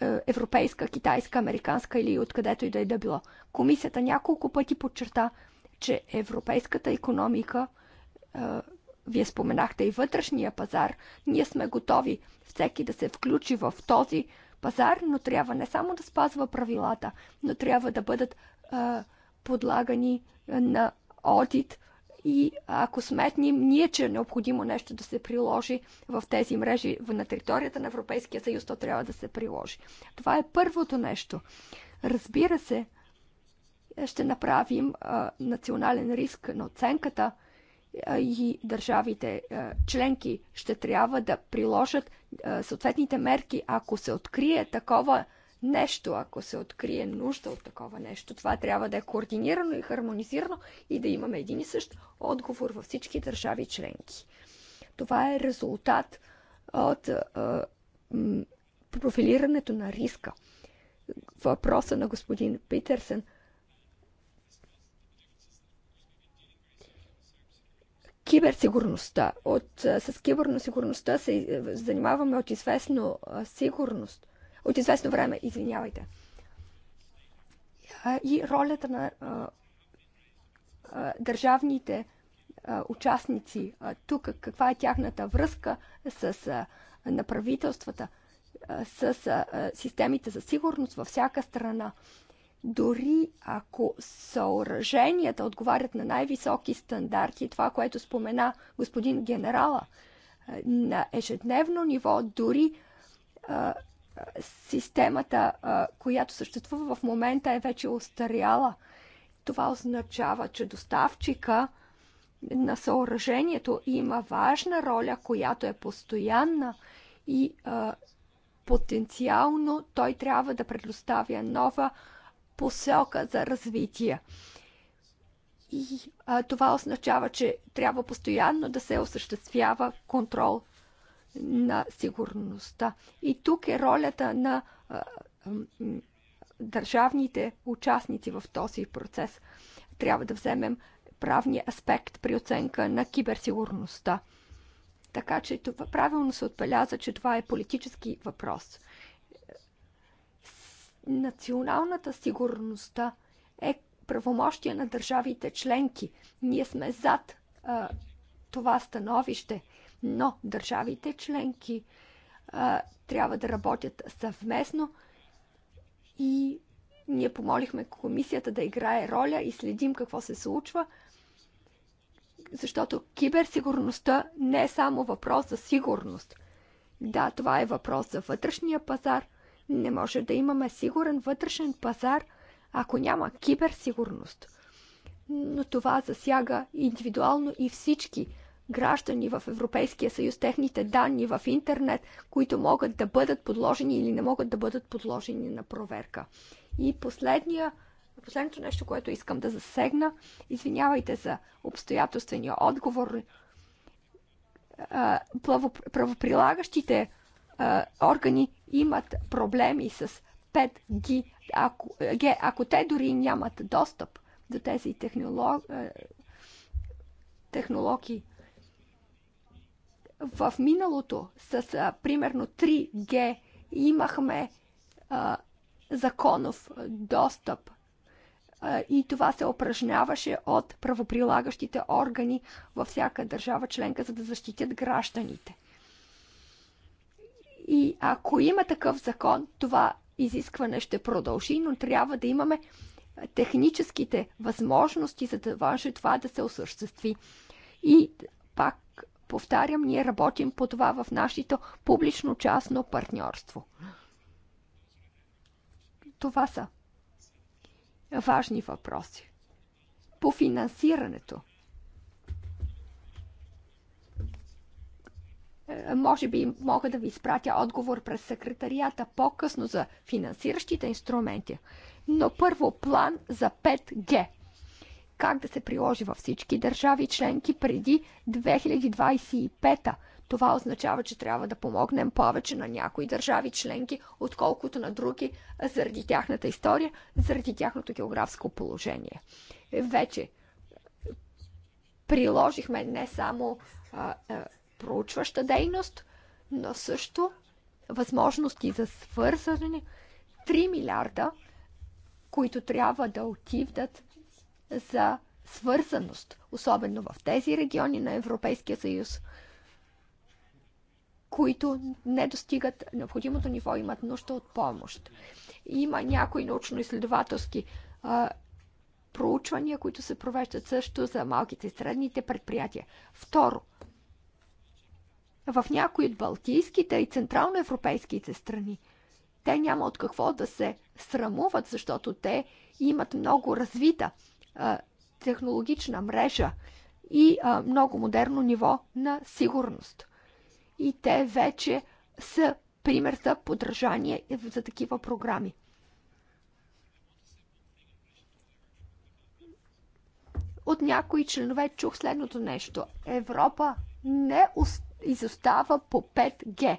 S2: е, европейска, китайска, американска или откъдето и да е да било. Комисията няколко пъти подчерта, че европейската економика, е, вие споменахте и вътрешния пазар, ние сме готови всеки да се включи в този пазар, но трябва не само да спазва правилата, но трябва да бъдат е, подлагани на одит и ако сметним ние, че е необходимо нещо да се приложи в тези мрежи на територията на Европейския съюз, то трябва да се приложи. Това е първото нещо. Разбира се, ще направим а, национален риск на оценката а, и държавите а, членки ще трябва да приложат а, съответните мерки, ако се открие такова нещо, ако се открие нужда от такова нещо. Това трябва да е координирано и хармонизирано и да имаме един и същ отговор във всички държави членки. Това е резултат от а, профилирането на риска. Въпроса на господин Питерсен киберсигурността. От, с киберносигурността се занимаваме от известно сигурност от известно време, извинявайте. И ролята на държавните участници тук, каква е тяхната връзка с на правителствата, с системите за сигурност във всяка страна. Дори ако съоръженията отговарят на най-високи стандарти, това, което спомена господин генерала, на ежедневно ниво, дори системата, която съществува в момента, е вече устаряла. Това означава, че доставчика на съоръжението има важна роля, която е постоянна и потенциално той трябва да предоставя нова посока за развитие. И а, това означава, че трябва постоянно да се осъществява контрол на сигурността. И тук е ролята на държавните участници в този процес. Трябва да вземем правния аспект при оценка на киберсигурността. Така че това правилно се отбеляза, че това е политически въпрос. Националната сигурността е правомощие на държавите членки. Ние сме зад а, това становище но държавите членки а, трябва да работят съвместно и ние помолихме комисията да играе роля и следим какво се случва, защото киберсигурността не е само въпрос за сигурност. Да, това е въпрос за вътрешния пазар. Не може да имаме сигурен вътрешен пазар, ако няма киберсигурност. Но това засяга индивидуално и всички – граждани в Европейския съюз, техните данни в интернет, които могат да бъдат подложени или не могат да бъдат подложени на проверка. И последния Последното нещо, което искам да засегна, извинявайте за обстоятелствения отговор. Правоприлагащите органи имат проблеми с 5G, ако, ако те дори нямат достъп до тези технологии. В миналото с а, примерно 3G имахме а, законов достъп а, и това се упражняваше от правоприлагащите органи във всяка държава членка, за да защитят гражданите. И ако има такъв закон, това изискване ще продължи, но трябва да имаме техническите възможности, за да това да се осъществи. И пак повтарям, ние работим по това в нашето публично-частно партньорство. Това са важни въпроси. По финансирането. Е, може би мога да ви изпратя отговор през секретарията по-късно за финансиращите инструменти. Но първо план за 5G – как да се приложи във всички държави членки преди 2025. Това означава, че трябва да помогнем повече на някои държави членки, отколкото на други, заради тяхната история, заради тяхното географско положение. Вече приложихме не само а, а, проучваща дейност, но също възможности за свързване 3 милиарда, които трябва да отивдат за свързаност, особено в тези региони на Европейския съюз, които не достигат необходимото ниво, имат нужда от помощ. Има някои научно-изследователски проучвания, които се провеждат също за малките и средните предприятия. Второ, в някои от балтийските и централноевропейските страни те няма от какво да се срамуват, защото те имат много развита технологична мрежа и много модерно ниво на сигурност. И те вече са пример за подражание за такива програми. От някои членове чух следното нещо. Европа не изостава по 5G.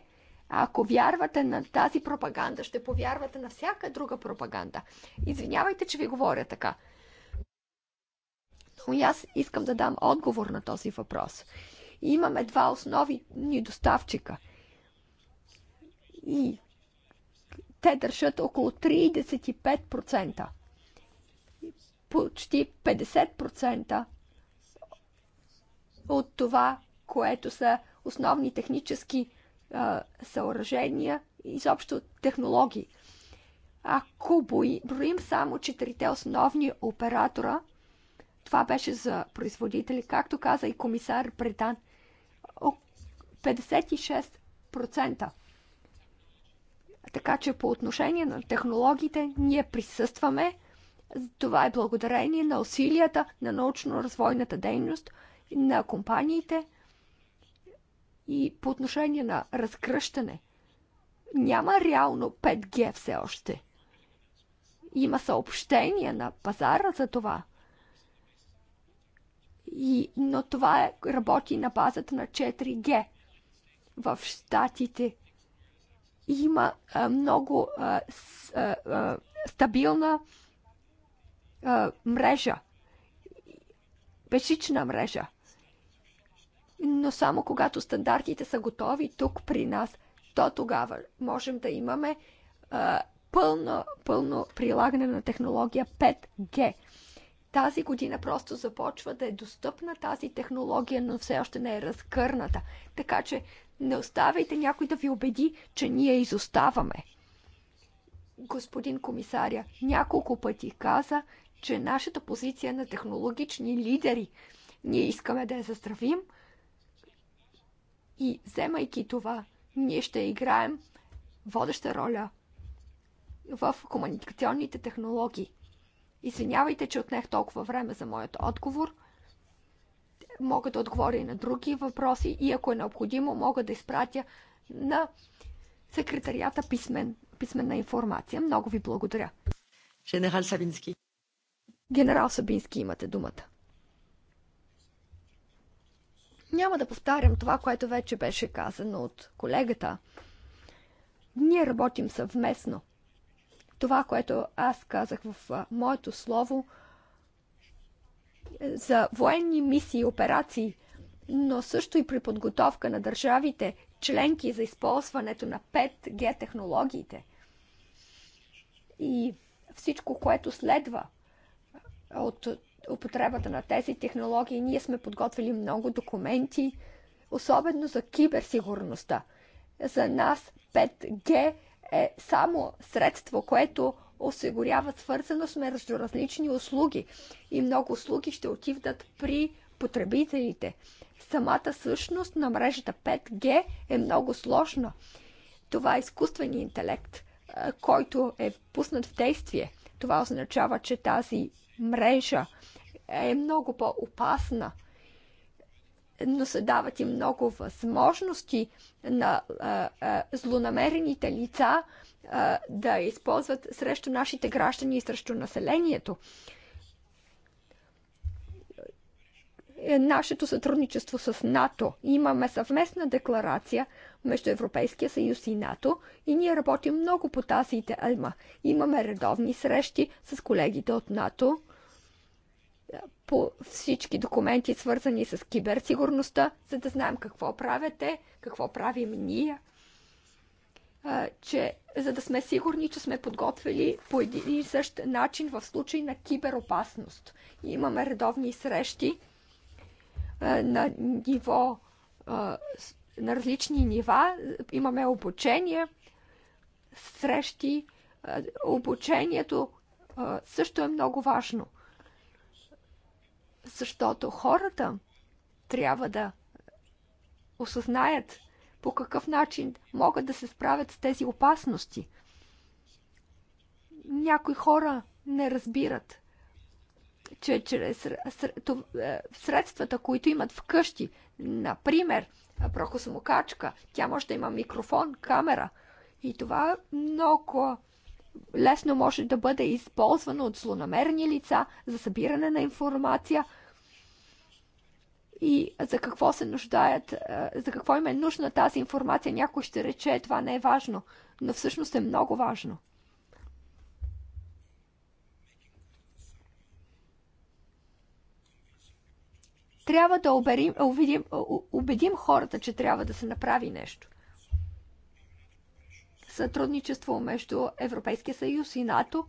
S2: ако вярвате на тази пропаганда, ще повярвате на всяка друга пропаганда. Извинявайте, че ви говоря така. Но и аз искам да дам отговор на този въпрос. И имаме два основни доставчика. И те държат около 35%. Почти 50% от това, което са основни технически а, съоръжения, изобщо технологии. Ако броим само четирите основни оператора, това беше за производители. Както каза и комисар Бретан, 56%. Така че по отношение на технологиите ние присъстваме. Това е благодарение на усилията на научно-развойната дейност на компаниите и по отношение на разкръщане. Няма реално 5G все още. Има съобщения на пазара за това. И, но това е, работи на базата на 4G в Штатите. Има а, много а, с, а, а, стабилна а, мрежа, пешична мрежа. Но само когато стандартите са готови тук при нас, то тогава можем да имаме а, пълно, пълно прилагане на технология 5G. Тази година просто започва да е достъпна тази технология, но все още не е разкърната. Така че не оставяйте някой да ви убеди, че ние изоставаме. Господин комисаря няколко пъти каза, че нашата позиция е на технологични лидери ние искаме да я заздравим и вземайки това, ние ще играем водеща роля в комуникационните технологии. Извинявайте, че отнех толкова време за моят отговор. Мога да отговоря и на други въпроси и ако е необходимо, мога да изпратя на секретарията писмен, писменна информация. Много ви благодаря. Генерал Сабински. Генерал Сабински, имате думата. Няма да повтарям това, което вече беше казано от колегата. Ние работим съвместно това, което аз казах в моето слово е, за военни мисии и операции, но също и при подготовка на държавите членки за използването на 5G технологиите и всичко, което следва от употребата на тези технологии. Ние сме подготвили много документи, особено за киберсигурността. За нас 5G е само средство, което осигурява свързаност между различни услуги и много услуги ще отиват при потребителите. Самата същност на мрежата 5G е много сложна. Това е изкуственият интелект, който е пуснат в действие. Това означава, че тази мрежа е много по-опасна – но се дават и много възможности на а, а, злонамерените лица а, да използват срещу нашите граждани и срещу населението. Е, нашето сътрудничество с НАТО. Имаме съвместна декларация между Европейския съюз и НАТО и ние работим много по тази тема. Имаме редовни срещи с колегите от НАТО по всички документи, свързани с киберсигурността, за да знаем какво правите, какво правим ние, че, за да сме сигурни, че сме подготвили по един и същ начин в случай на киберопасност. имаме редовни срещи на ниво, на различни нива. Имаме обучение, срещи. Обучението също е много важно – защото хората трябва да осъзнаят по какъв начин могат да се справят с тези опасности. Някои хора не разбират, че чрез е, средствата, които имат вкъщи, например, прокосмокачка, тя може да има микрофон, камера. И това много лесно може да бъде използвано от злонамерни лица за събиране на информация – и за какво се нуждаят, за какво им е нужна тази информация. Някой ще рече, това не е важно, но всъщност е много важно. Трябва да убедим, убедим, убедим хората, че трябва да се направи нещо. Сътрудничество между Европейския съюз и НАТО.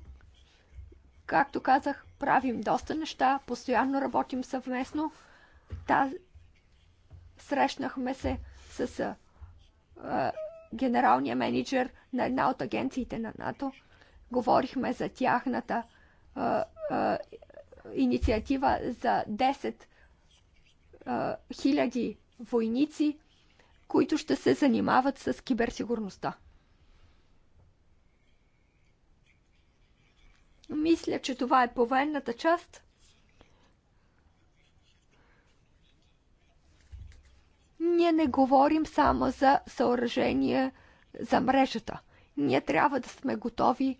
S2: Както казах, правим доста неща, постоянно работим съвместно Таз... Срещнахме се с а, генералния менеджер на една от агенциите на НАТО. Говорихме за тяхната а, а, инициатива за 10 а, хиляди войници, които ще се занимават с киберсигурността. Мисля, че това е повенната част. Ние не говорим само за съоръжение за мрежата. Ние трябва да сме готови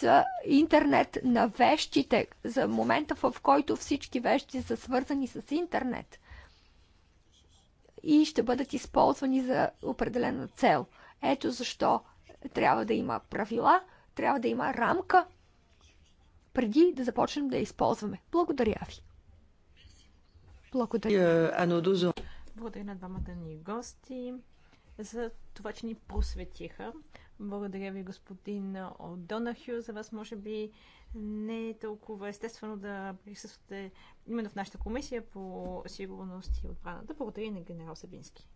S2: за интернет на вещите, за момента в който всички вещи са свързани с интернет и ще бъдат използвани за определена цел. Ето защо трябва да има правила, трябва да има рамка, преди да започнем да я използваме. Благодаря ви! Благодаря. Е,
S1: Благодаря на двамата ни гости за това, че ни просветиха. Благодаря ви, господин Донахю. За вас, може би, не е толкова естествено да присъствате именно в нашата комисия по сигурност и отбраната. Благодаря на генерал Сабински.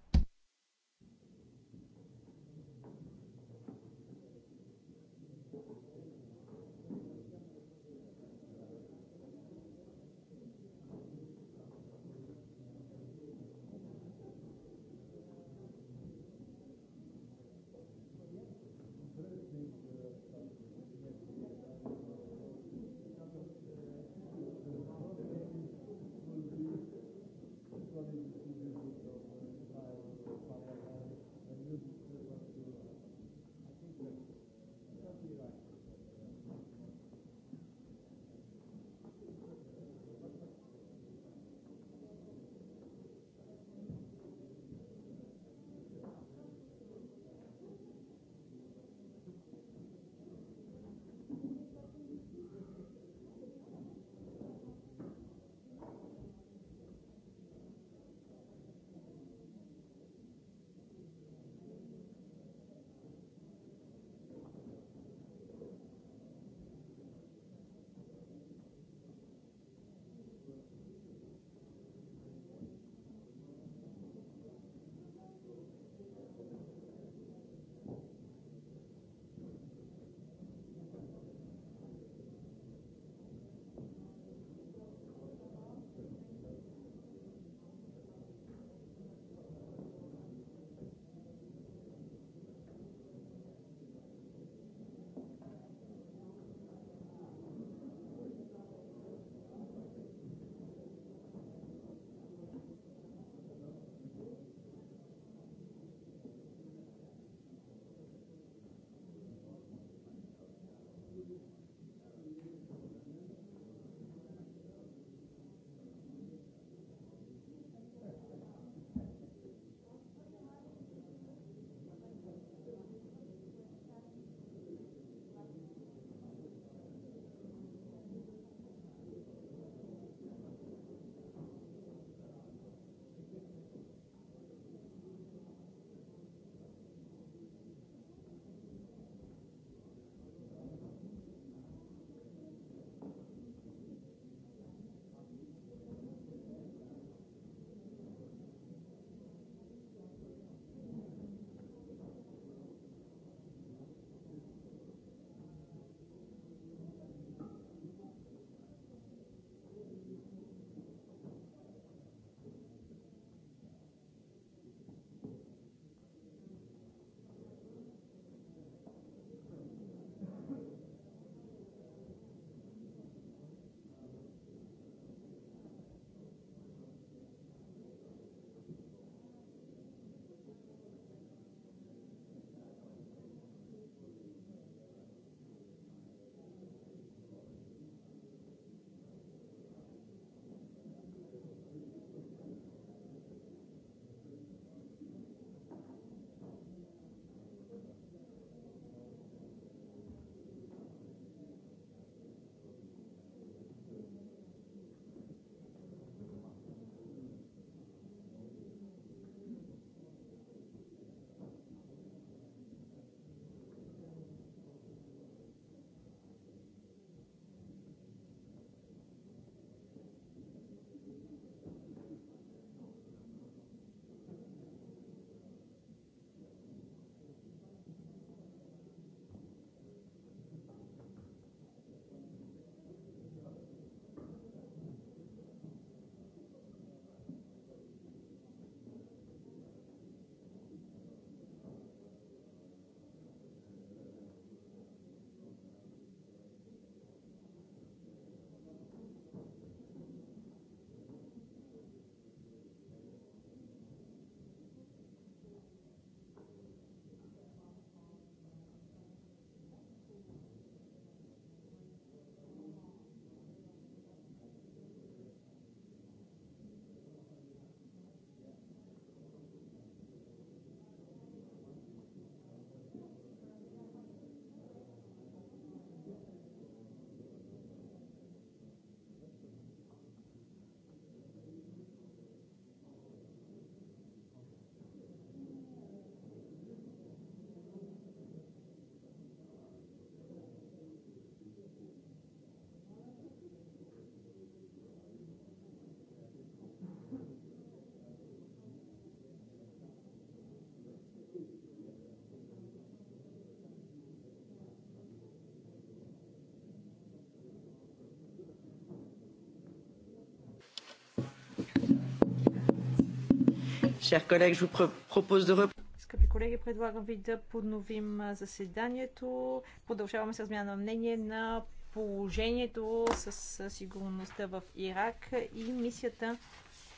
S1: Chers collègues, je vous propose de Скъпи колеги, предлагам ви да подновим заседанието. Продължаваме с размяна на мнение на положението с сигурността в Ирак и мисията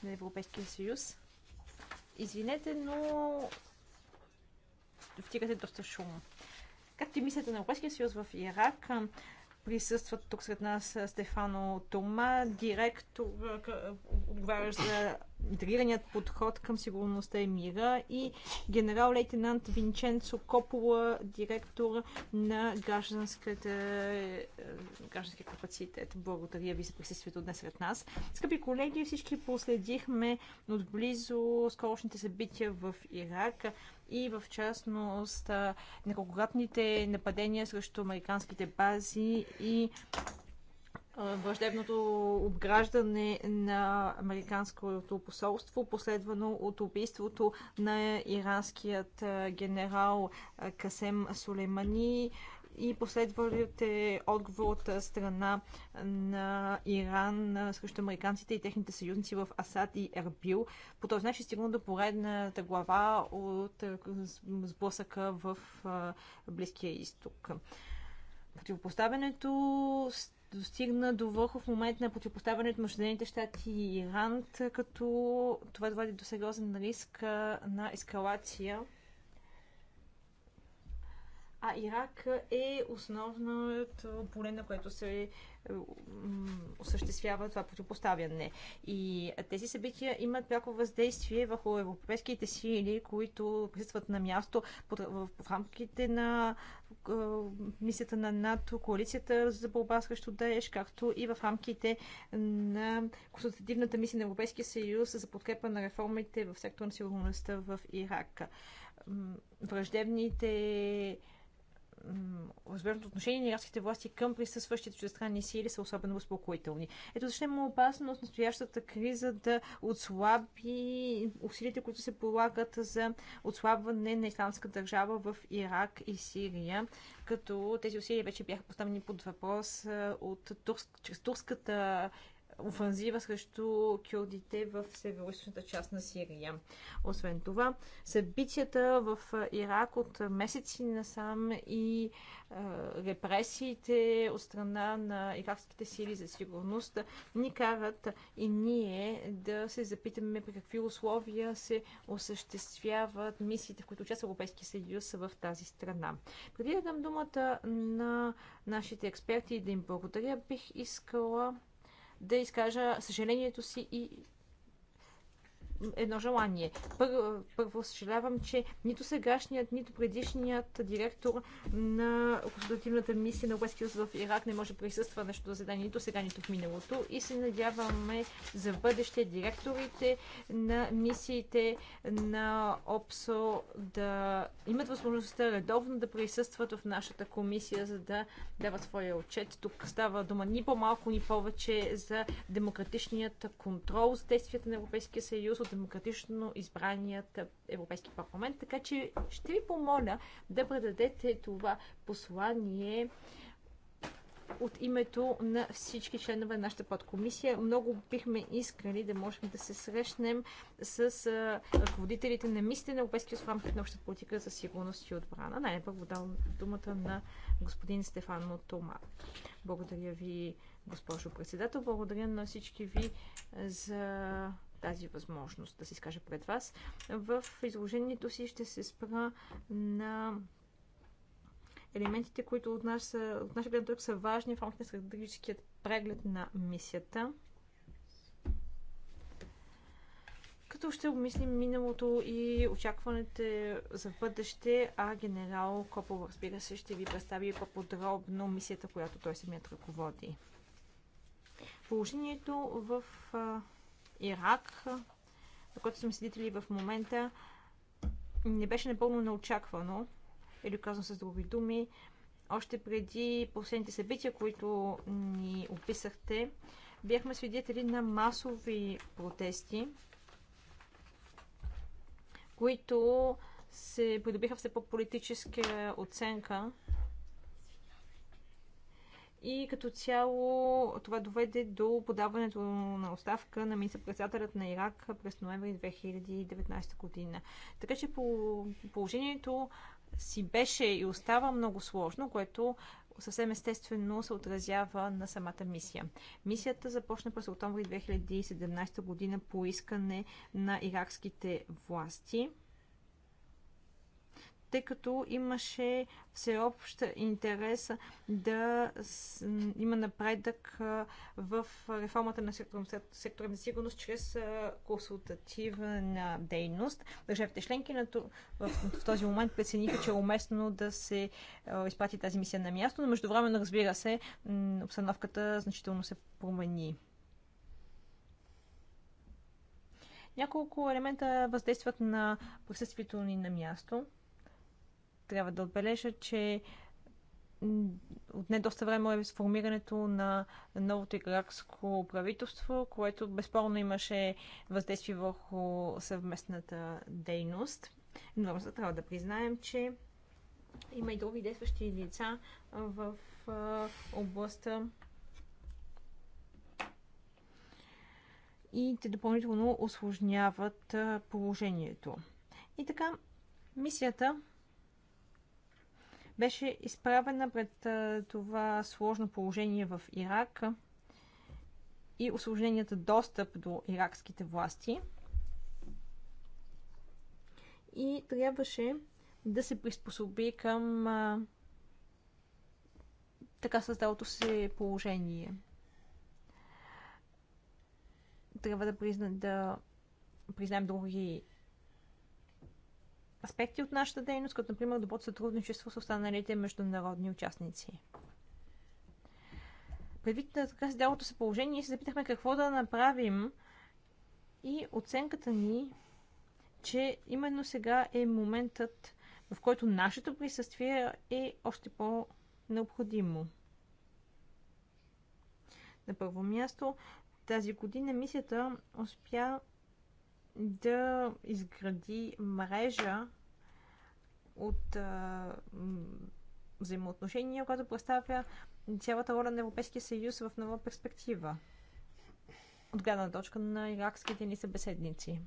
S1: на Европейския съюз. Извинете, но втигате доста шум. Както и мисията на Европейския съюз в Ирак, присъстват тук сред нас Стефано Тома, директор, отговарящ за интегрираният подход към сигурността и мира и генерал-лейтенант Винченцо Копола, директор на гражданската, е, гражданския капацитет. Благодаря ви за присъствието днес сред нас. Скъпи колеги, всички последихме отблизо скорошните събития в Ирак и в частност неколкократните нападения срещу американските бази и Въждебното обграждане на американското посолство, последвано от убийството на иранският генерал Касем Сулеймани и последвалите отговор от страна на Иран срещу американците и техните съюзници в Асад и Ербил. По този начин стигна до поредната глава от сблъсъка в Близкия изток. Противопоставянето достигна до върху в момент на противопоставянето на Съединените щати и Иран, като това доведе до сериозен риск на ескалация а Ирак е основното поле, на което се е, осъществява това противопоставяне. И тези събития имат пряко въздействие върху европейските сили, които присъстват на място в рамките на е, мисията на НАТО, коалицията за борба срещу Даеш, както и в рамките на консултативната мисия на Европейския съюз за подкрепа на реформите в сектора на сигурността в Ирак. Враждебните Възможното отношение на иракските власти към присъстващите чуждестранни сили са особено успокоителни. Ето защо е има опасност настоящата криза да отслаби усилите, които се полагат за отслабване на исламска държава в Ирак и Сирия, като тези усилия вече бяха поставени под въпрос от турск, чрез турската офанзива срещу кюрдите в североизточната част на Сирия. Освен това, събитията в Ирак от месеци насам и е, репресиите от страна на иракските сили за сигурност ни карат и ние да се запитаме при какви условия се осъществяват мисиите, в които участва Европейския съюз в тази страна. Преди да дам думата на нашите експерти и да им благодаря, бих искала да изкажа съжалението си и едно желание. Първо, първо съжалявам, че нито сегашният, нито предишният директор на консултативната мисия на Европейския в Ирак не може да присъства нещо заседание нито сега, нито в миналото. И се надяваме за бъдеще директорите на мисиите на ОПСО да имат възможността редовно да присъстват в нашата комисия, за да дават своя отчет. Тук става дума ни по-малко, ни повече за демократичният контрол с действията на Европейския съюз от демократично избраният Европейски парламент. Така че ще ви помоля да предадете това послание от името на всички членове на нашата подкомисия. Много бихме искали да можем да се срещнем с ръководителите на мисли на Европейския съюз в рамките на общата политика за сигурност и отбрана. Най-първо давам думата на господин Стефано Тома. Благодаря ви, госпожо председател. Благодаря на всички ви за тази възможност да се изкажа пред вас. В изложението си ще се спра на елементите, които от, наш, от наша гледна точка са важни в рамките на стратегическият преглед на мисията. Като ще обмислим миналото и очакваните за бъдеще, а генерал Копов, разбира се, ще ви представи по-подробно мисията, която той самият ръководи. Положението в Ирак, за който сме свидетели в момента, не беше напълно неочаквано, или казвам с други думи, още преди последните събития, които ни описахте, бяхме свидетели на масови протести, които се придобиха все по-политическа оценка и като цяло това доведе до подаването на оставка на министър-председателят на Ирак през ноември 2019 година. Така че положението си беше и остава много сложно, което съвсем естествено се отразява на самата мисия. Мисията започна през октомври 2017 година по искане на иракските власти – тъй като имаше всеобщ интерес да има напредък в реформата на сектора на сигурност чрез консултативна дейност. Държавите членки в този момент прецениха, че е уместно да се изпрати тази мисия на място, но междувременно, разбира се, обстановката значително се промени. Няколко елемента въздействат на присъствието ни на място. Трябва да отбележа, че отне доста време е сформирането на новото иракско правителство, което безспорно имаше въздействие върху съвместната дейност. Но трябва да признаем, че има и други действащи лица в областта. И те допълнително осложняват положението. И така, мисията беше изправена пред това сложно положение в Ирак и осложненията достъп до иракските власти. И трябваше да се приспособи към а, така създалото се положение. Трябва да, призна, да признаем други аспекти от нашата дейност, като например добро сътрудничество с останалите международни участници. Предвид на така седялото се положение, се запитахме какво да направим и оценката ни, че именно сега е моментът, в който нашето присъствие е още по-необходимо. На първо място, тази година мисията успя да изгради мрежа от а, взаимоотношения, която представя цялата роля на Европейския съюз в нова перспектива от гледна точка на иракските ни събеседници.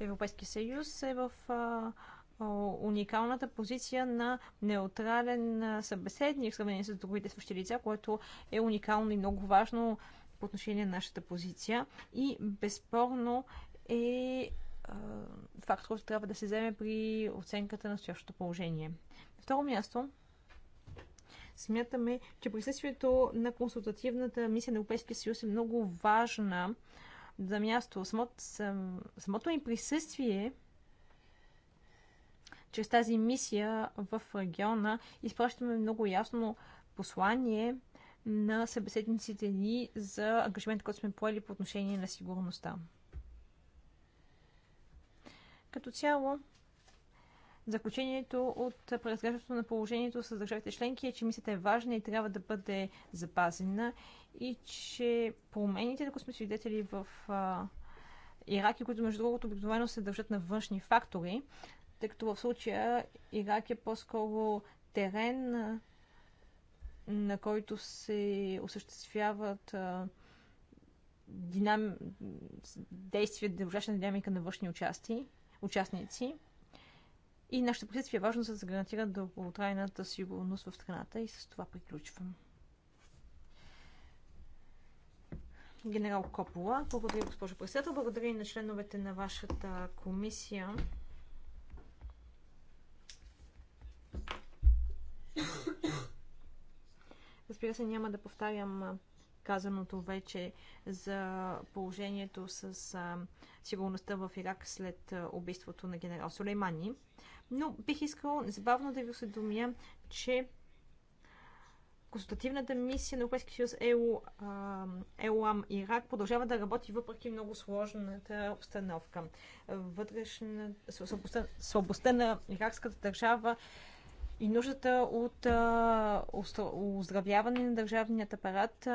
S1: Европейския съюз е в а, уникалната позиция на неутрален събеседник в сравнение с другите свещи лица, което е уникално и много важно по отношение на нашата позиция и безспорно е фактор, който трябва да се вземе при оценката на настоящото положение. На второ място, смятаме, че присъствието на консултативната мисия на Европейския съюз е много важна за място. Самото, сам, самото им присъствие чрез тази мисия в региона изпращаме много ясно послание – на събеседниците ни за ангажимент, който сме поели по отношение на сигурността. Като цяло, Заключението от преразглеждането на положението с държавите членки е, че мисията е важна и трябва да бъде запазена и че промените, ако сме свидетели в а, Ирак, и които между другото обикновено се държат на външни фактори, тъй като в случая Ирак е по-скоро терен, на който се осъществяват динам... действия, дължаща динамика на външни участи, участници. И нашите присъствие е важно, за да се гарантира дълготрайната сигурност в страната. И с това приключвам. Генерал Копола, благодаря, госпожо председател, благодаря и на членовете на вашата комисия. Разбира се, няма да повтарям казаното вече за положението с а, сигурността в Ирак след убийството на генерал Сулеймани. Но бих искал незабавно да ви осведомя, че консултативната мисия на Европейския съюз ЕОАМ Ирак продължава да работи въпреки много сложната обстановка. Вътрешна слабостта на иракската държава и нуждата от оздравяване на държавният апарат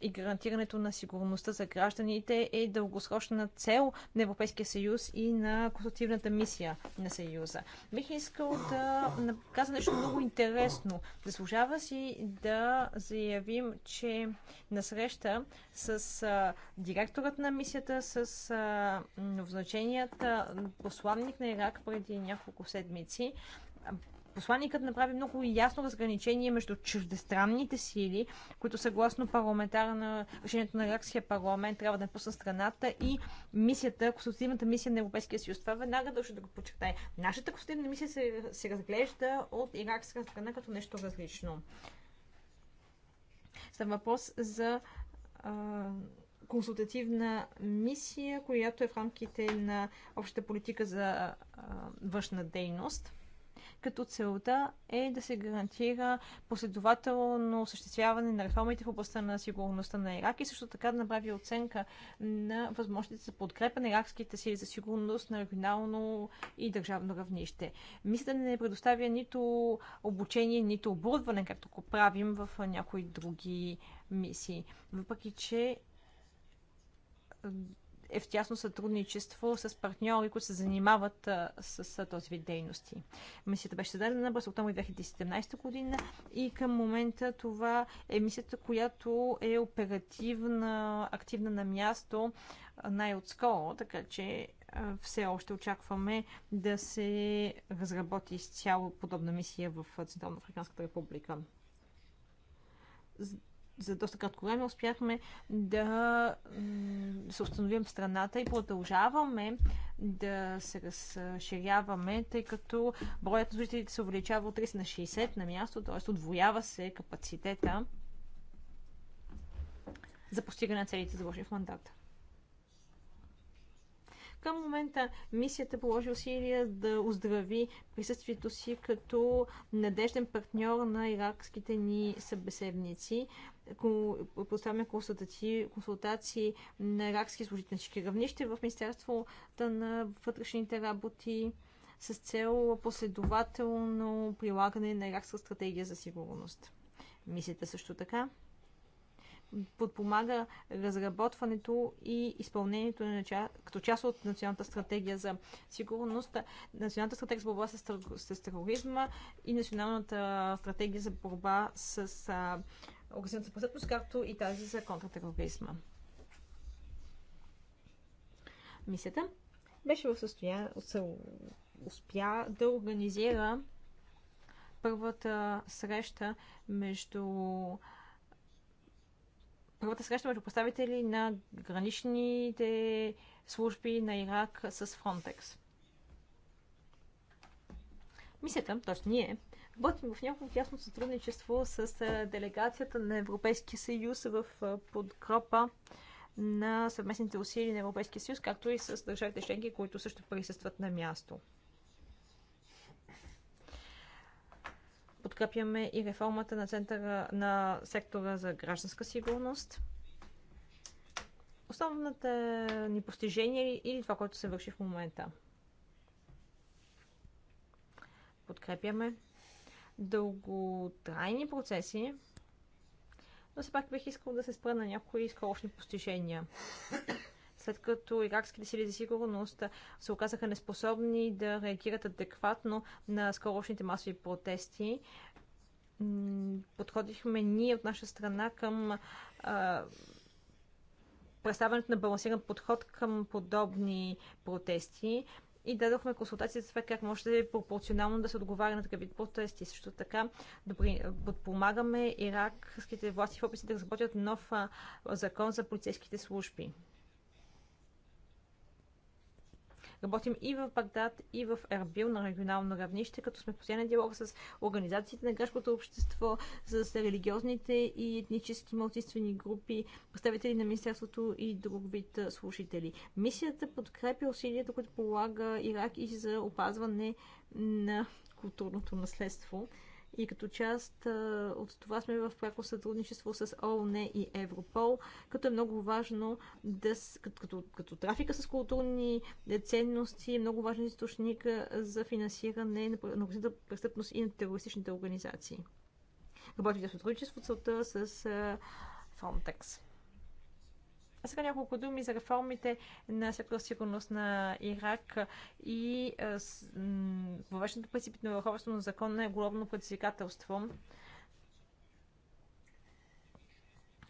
S1: и гарантирането на сигурността за гражданите е дългосрочна цел на Европейския съюз и на консултативната мисия на съюза. Бих искал да каза нещо много интересно. Заслужава си да заявим, че на среща с а, директорът на мисията, с а, новозначеният посланник на Ирак преди няколко седмици, посланникът направи много ясно разграничение между чуждестранните сили, които съгласно на решението на Иракския парламент трябва да напуснат страната и мисията, консултативната мисия на Европейския съюз. Това веднага дължа да го подчертая. Нашата консултативна мисия се, се разглежда от иракска страна като нещо различно. Става въпрос за а, консултативна мисия, която е в рамките на общата политика за а, външна дейност като целта е да се гарантира последователно осъществяване на реформите в областта на сигурността на Ирак и също така да направи оценка на възможностите за подкрепа на иракските сили за сигурност на регионално и държавно равнище. Мисля да не предоставя нито обучение, нито оборудване, както го правим в някои други мисии. Въпреки, че е в тясно сътрудничество с партньори, които се занимават а, с, с този вид дейности. Мисията беше създадена през и 2017 година и към момента това е мисията, която е оперативна, активна на място най-отскоро, така че все още очакваме да се разработи изцяло подобна мисия в Централно Африканската република за доста кратко време успяхме да се установим в страната и продължаваме да се разширяваме, тъй като броят на служителите се увеличава от 30 на 60 на място, т.е. отвоява се капацитета за постигане на целите заложени в мандата. Към момента мисията положи усилия да оздрави присъствието си като надежден партньор на иракските ни събеседници. Поставяме консултации, консултации на иракски служителнички равнище в Министерството на вътрешните работи с цел последователно прилагане на иракска стратегия за сигурност. Мисията също така подпомага разработването и изпълнението на ча... като част от Националната стратегия за сигурност, Националната стратегия за борба с, с тероризма и Националната стратегия за борба с а... организацията престъпност, както и тази за контратероризма. Мисията беше в състояние, успя да организира първата среща между първата среща между представители на граничните служби на Ирак с Фронтекс. Мисията, т.е. ние, работим в някакво тясно сътрудничество с делегацията на Европейския съюз в подкропа на съвместните усилия на Европейския съюз, както и с държавите членки, които също присъстват на място. Подкрепяме и реформата на, центъра, на сектора за гражданска сигурност. Основната ни постижение или това, което се върши в момента. Подкрепяме дълготрайни процеси, но все пак бих искал да се спра на някои скорошни постижения след като иракските сили за сигурност се оказаха неспособни да реагират адекватно на скорошните масови протести. Подходихме ние от наша страна към а, представянето на балансиран подход към подобни протести и дадохме консултации за това как може пропорционално да се отговаря на такъв вид протести. Също така добри, подпомагаме иракските власти в описи да разработят нов а, закон за полицейските служби. Работим и в Багдад, и в Ербил на регионално равнище, като сме в постоянен диалог с организациите на гражданското общество, с религиозните и етнически малцинствени групи, представители на Министерството и друг вид служители. Мисията подкрепя усилията, които полага Ирак и за опазване на културното наследство и като част от това сме в пряко сътрудничество с ООН и Европол, като е много важно да, като, като, като трафика с културни ценности е много важен източник за финансиране на организацията престъпност и на терористичните организации. Работи за сътрудничество целта с Frontex. А сега няколко думи за реформите на сектор сигурност на Ирак и въвеждането принципите на върховенство на закона е глобално предизвикателство.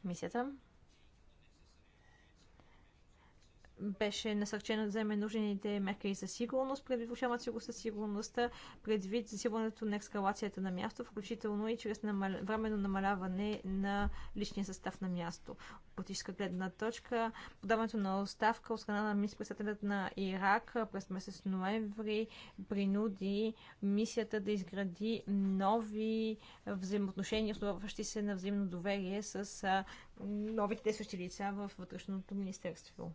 S1: Мисията беше насърчено да вземе нужните мерки за сигурност, предвид влушават си го със сигурността, предвид засилването на ескалацията на място, включително и чрез намал... временно намаляване на личния състав на място. От политическа гледна точка, подаването на оставка от страна на министр-председателят на Ирак през месец ноември принуди мисията да изгради нови взаимоотношения, основаващи се на взаимно доверие с новите действащи лица в вътрешното министерство.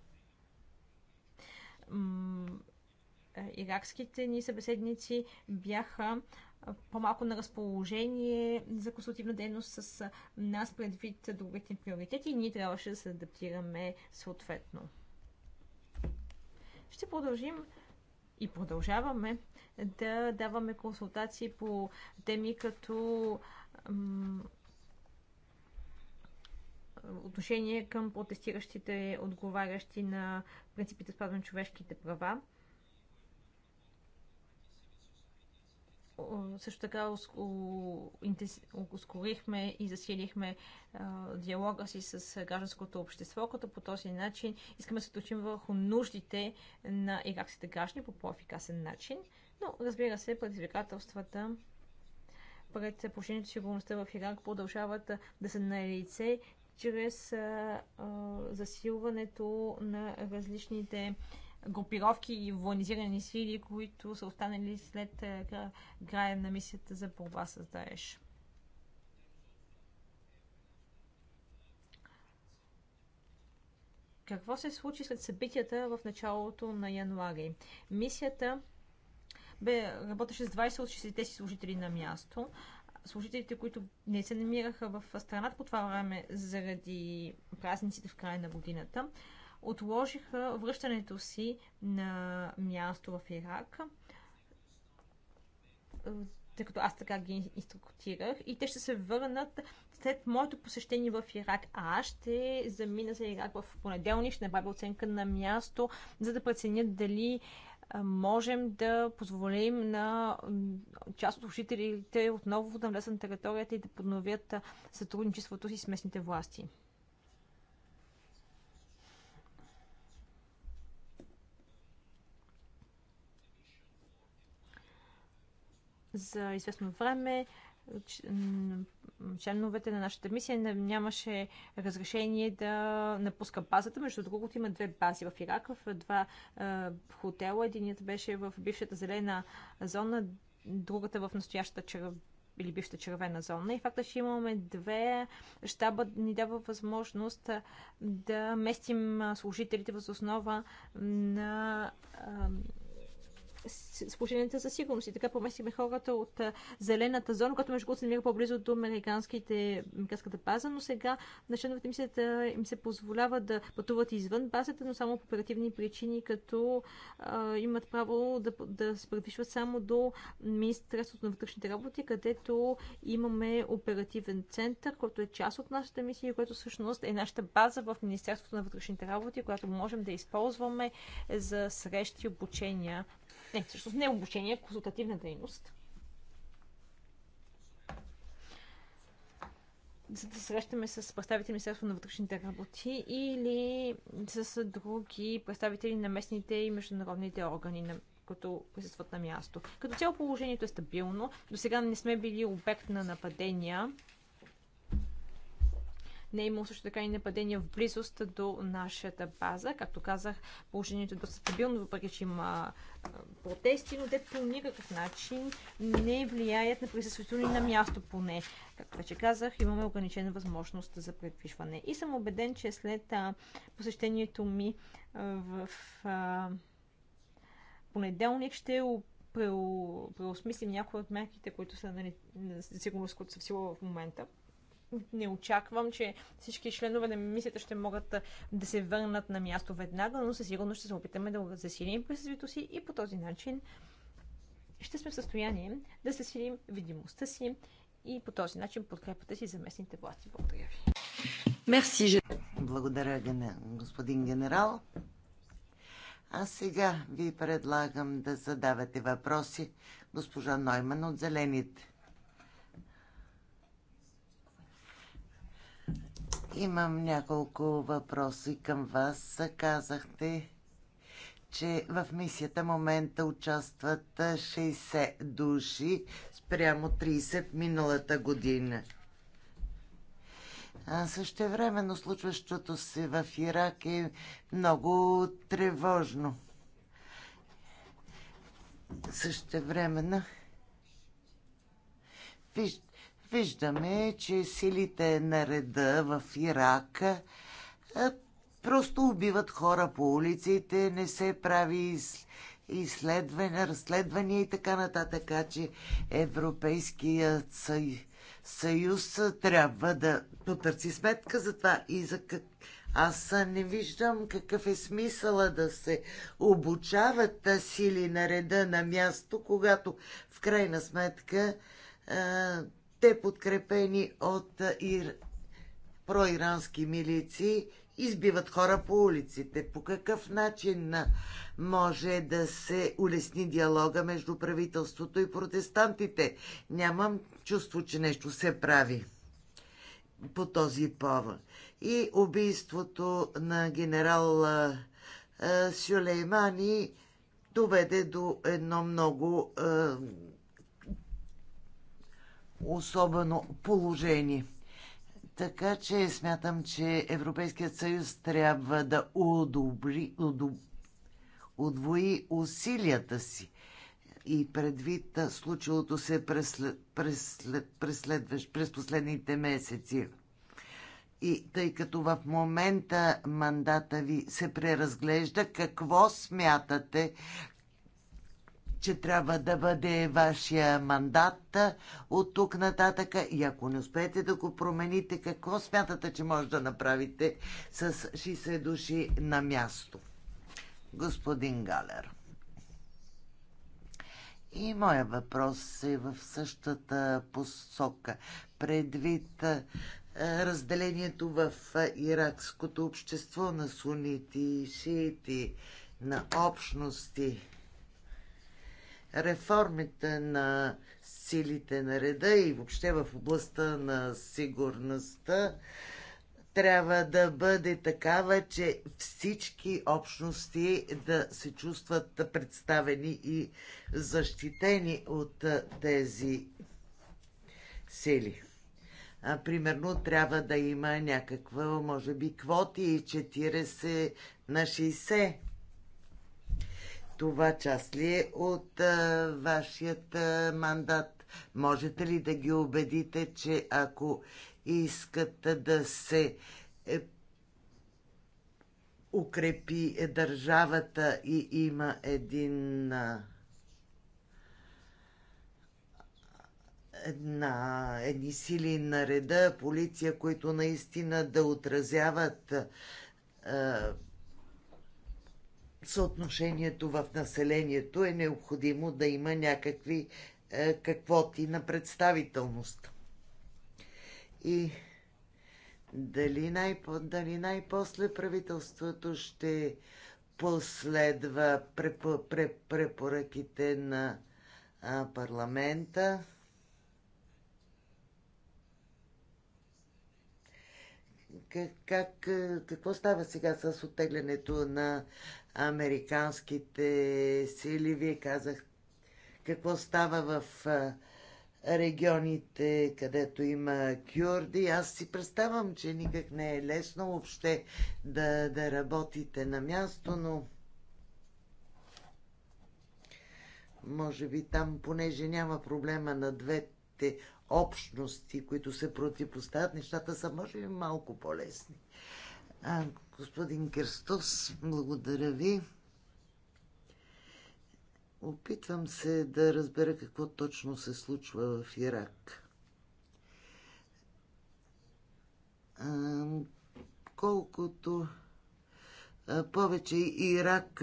S1: Е, иракските ни събеседници бяха по-малко на разположение за консултативна дейност с нас предвид другите приоритети и ние трябваше да се адаптираме съответно. Ще продължим и продължаваме да даваме консултации по теми като отношение към протестиращите, отговарящи на принципите спазване човешките права. също така ускорихме и засилихме диалога си с гражданското общество, като по този начин искаме да се точим върху нуждите на иракските граждани по по-ефикасен начин. Но, разбира се, предизвикателствата пред положението сигурността в Ирак продължават да са на лице чрез засилването на различните групировки и военизирани сили, които са останали след края на мисията за борба с Даеш. Какво се случи след събитията в началото на януари? Мисията бе, работеше с 20 от 60 служители на място, служителите, които не се намираха в страната по това време заради празниците в края на годината, отложиха връщането си на място в Ирак, тъй като аз така ги инструктирах, и те ще се върнат след моето посещение в Ирак. А аз ще замина за Ирак в понеделник, ще направя оценка на място, за да преценя дали можем да позволим на част от учителите отново да влезат на територията и да подновят сътрудничеството си с местните власти. За известно време членовете на нашата мисия нямаше разрешение да напуска базата. Между другото има две бази в Ирак, в два е, хотела. Единият беше в бившата зелена зона, другата в настоящата черв... или бившата червена зона. И факта, че имаме две щаба, ни дава възможност да местим служителите въз основа на е, служенията за сигурност. И така поместихме хората от зелената зона, която между другото се намира по-близо до американските, американската база, но сега на членовете им се, им се позволява да пътуват извън базата, но само по оперативни причини, като а, имат право да, да се предвижват само до Министерството на вътрешните работи, където имаме оперативен център, който е част от нашата мисия, който всъщност е нашата база в Министерството на вътрешните работи, която можем да използваме за срещи, обучения не, всъщност не е обучение, а консултативна дейност. за да срещаме с представители Министерство на вътрешните работи или с други представители на местните и международните органи, на, които присъстват на място. Като цяло положението е стабилно. До сега не сме били обект на нападения. Не е имало също така и нападения в близост до нашата база. Както казах, положението е доста стабилно, въпреки че има протести, но те по никакъв начин не влияят на присъствието ни на място поне. Както вече казах, имаме ограничена възможност за предвижване. И съм убеден, че след посещението ми в понеделник ще преосмислим някои от мерките, които са, нали, сигурност, които са в сила в момента не очаквам, че всички членове на мисията ще могат да се върнат на място веднага, но със сигурност ще се опитаме да засилим присъствието си и по този начин ще сме в състояние да засилим видимостта си и по този начин подкрепата си за местните власти. Благодаря ви.
S4: Мерси. Благодаря, господин генерал. А сега ви предлагам да задавате въпроси госпожа Нойман от Зелените. Имам няколко въпроси към вас. Казахте, че в мисията момента участват 60 души спрямо 30 миналата година. А също времено случващото се в Ирак е много тревожно. Също времено виждам виждаме, че силите на реда в Ирак е, просто убиват хора по улиците, не се прави изследване, разследвания и така нататък. Така че Европейският съюз, трябва да потърси сметка за това и за как... Аз не виждам какъв е смисъла да се обучават сили на реда на място, когато в крайна сметка е, те подкрепени от ир... проирански милиции избиват хора по улиците. По какъв начин може да се улесни диалога между правителството и протестантите? Нямам чувство, че нещо се прави по този повод. И убийството на генерал а, Сюлеймани доведе до едно много а, особено положение. Така че смятам, че Европейският съюз трябва да удобри, удоб... удвои усилията си и предвид случилото се през, през, през, през последните месеци. И тъй като в момента мандата ви се преразглежда, какво смятате, че трябва да бъде вашия мандат от тук нататъка и ако не успеете да го промените, какво смятате, че може да направите с 60 души на място? Господин Галер. И моя въпрос е в същата посока. Предвид разделението в иракското общество на сунити и шиити, на общности, реформите на силите на реда и въобще в областта на сигурността трябва да бъде такава, че всички общности да се чувстват представени и защитени от тези сили. А, примерно трябва да има някаква, може би, квоти 40 на 60 това част ли е от а, вашият а, мандат? Можете ли да ги убедите, че ако искат да се е, укрепи е, държавата и има един а, на едни сили на реда, полиция, които наистина да отразяват а, съотношението в населението е необходимо да има някакви е, каквоти на представителност. И дали, най- дали най-после правителството ще последва препоръките на парламента. Как, как, какво става сега с оттеглянето на американските сили. Вие казах какво става в регионите, където има кюрди. Аз си представам, че никак не е лесно въобще да, да работите на място, но може би там, понеже няма проблема на двете общности, които се противопоставят, нещата са може би малко по-лесни господин Кирстос. Благодаря ви. Опитвам се да разбера какво точно се случва в Ирак. Колкото повече Ирак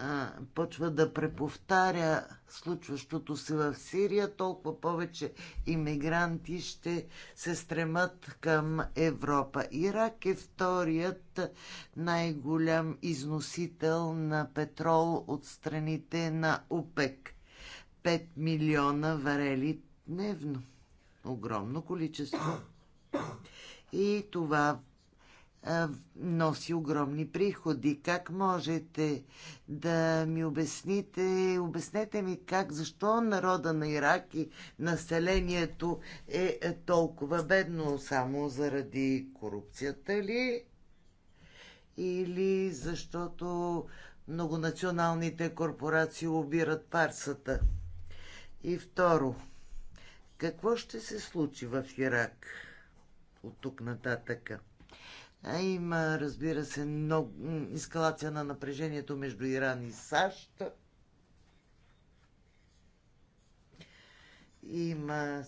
S4: а, почва да преповтаря случващото се в Сирия, толкова повече иммигранти ще се стремат към Европа. Ирак е вторият най-голям износител на петрол от страните на ОПЕК. 5 милиона варели дневно. Огромно количество. И това носи огромни приходи. Как можете да ми обясните, обяснете ми как, защо народа на Ирак и населението е, е толкова бедно само заради корупцията ли? Или защото многонационалните корпорации обират парсата? И второ, какво ще се случи в Ирак от тук нататъка? Има, разбира се, много ескалация на напрежението между Иран и САЩ. Има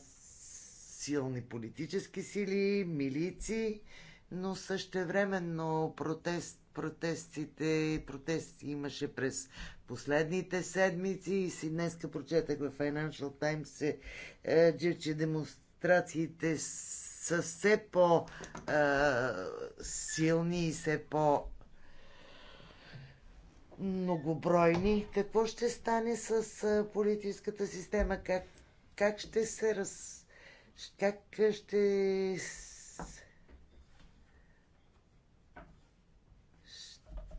S4: силни политически сили, милици, но същевременно протест, протестите, протести имаше през последните седмици и си днеска прочетах в Financial Times, е, е че демонстрациите с са все по-силни и все по- многобройни. Какво ще стане с политическата система? Как, как ще се раз... Как ще...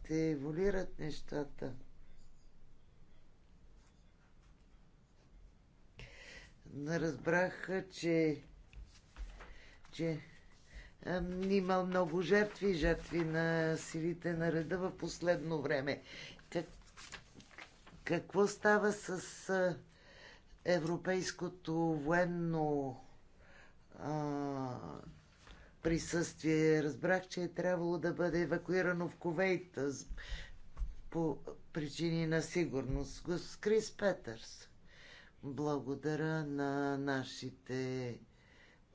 S4: Ще еволират нещата? Разбраха, че че има много жертви, жертви на силите на реда в последно време. Как, какво става с европейското военно а, присъствие? Разбрах, че е трябвало да бъде евакуирано в ковейта по причини на сигурност. Крис Петърс. Благодаря на нашите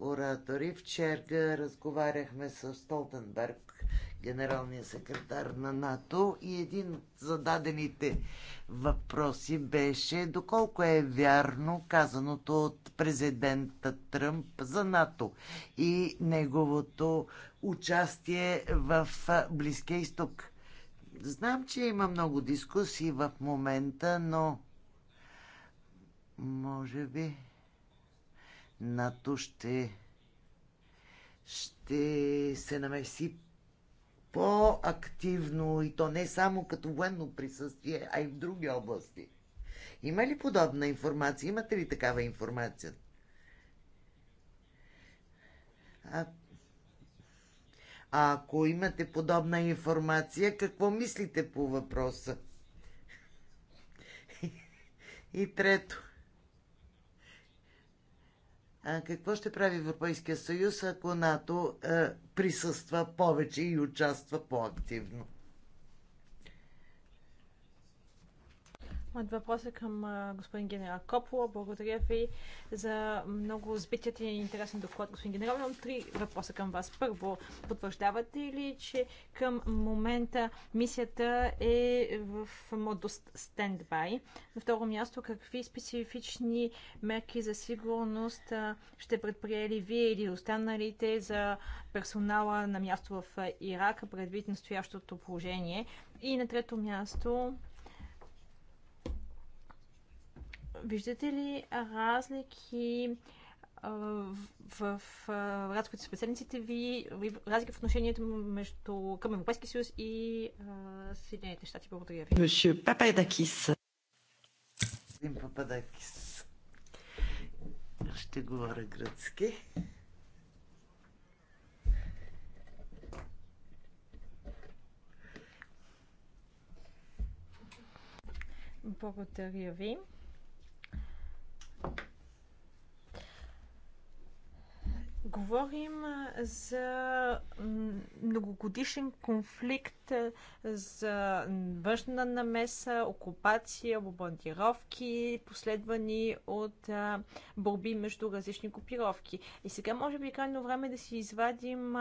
S4: оратори. Вчера разговаряхме с Столтенберг, генералния секретар на НАТО, и един от зададените въпроси беше доколко е вярно казаното от президента Тръмп за НАТО и неговото участие в Близкия изток. Знам, че има много дискусии в момента, но може би НАТО ще, ще се намеси по-активно и то не само като военно присъствие, а и в други области. Има ли подобна информация? Имате ли такава информация? А, а ако имате подобна информация, какво мислите по въпроса? И трето какво ще прави Европейския съюз, ако НАТО присъства повече и участва по-активно?
S1: Моят въпрос е към господин генерал Копола. Благодаря ви за много сбитият и интересен доклад, господин генерал. Имам три въпроса към вас. Първо, потвърждавате ли, че към момента мисията е в модост стендбай? На второ място, какви специфични мерки за сигурност ще предприели вие или останалите за персонала на място в Ирак, предвид настоящото положение? И на трето място, Виждате ли разлики в, в, в разходите с председниците ви, разлика в отношението между, към Европейския съюз и а, Съединените щати? Благодаря ви.
S4: Мъжо Пападакис. Пападакис. Ще говоря гръцки.
S1: Благодаря ви. Говорим за многогодишен конфликт, за външна намеса, окупация, бомбардировки, последвани от борби между различни групировки. И сега може би е крайно време да си извадим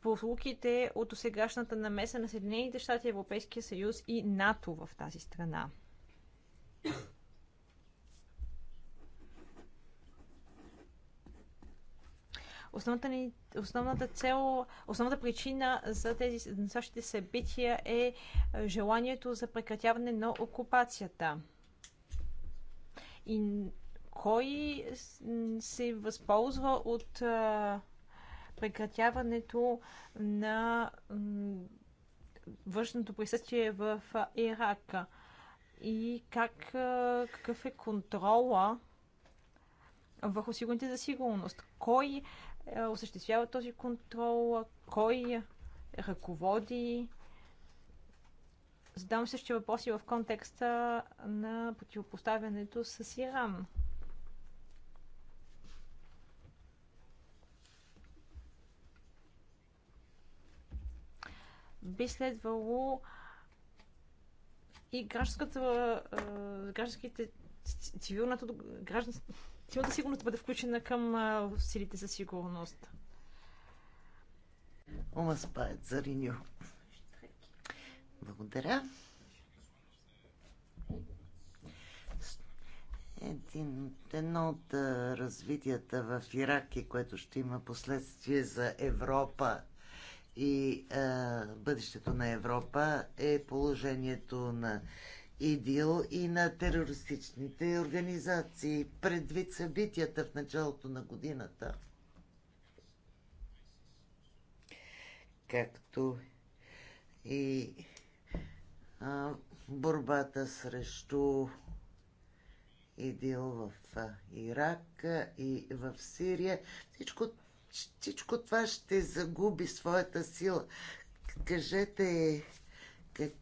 S1: позвуките от сегашната намеса на Съединените щати, Европейския съюз и НАТО в тази страна. Основната, ни, основната цел, основната причина за тези насочите събития е, е желанието за прекратяване на окупацията. И кой се възползва от е, прекратяването на външното присъствие в е, Ирак и как, какъв е контрола върху сигурните за сигурност. Кой е, осъществява този контрол, кой ръководи. Задавам същия въпроси в контекста на противопоставянето с Иран. Би следвало и гражданската, е, гражданските цивилната гражданска цивилната сигурност бъде включена към силите за
S4: сигурност. Ума спаят за Риньо. Благодаря. Един, едно от развитията в Ирак и е, което ще има последствие за Европа и бъдещето на Европа е положението на ИДИЛ и на терористичните организации предвид събитията в началото на годината. Както и а, борбата срещу ИДИЛ в Ирак и в Сирия. Всичко, всичко това ще загуби своята сила. Кажете как,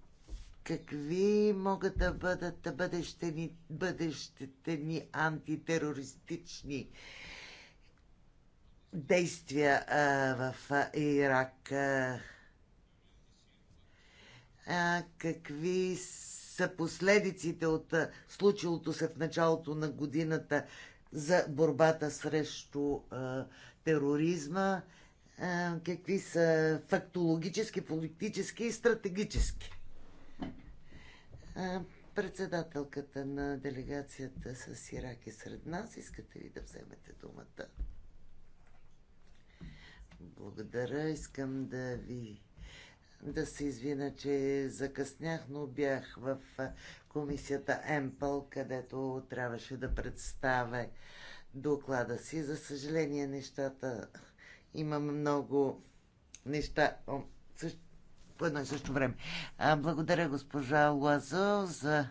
S4: какви могат да бъдат бъдещите ни, бъдещите ни антитерористични действия а, в а, Ирак? А, какви са последиците от а, случилото се в началото на годината за борбата срещу а, тероризма? А, какви са фактологически, политически и стратегически? Председателката на делегацията с Ирак е сред нас. Искате ли да вземете думата? Благодаря. Искам да ви да се извина, че закъснях, но бях в комисията Емпъл, където трябваше да представя доклада си. За съжаление, нещата има много неща. Също по едно и също време. Благодаря госпожа Лазо за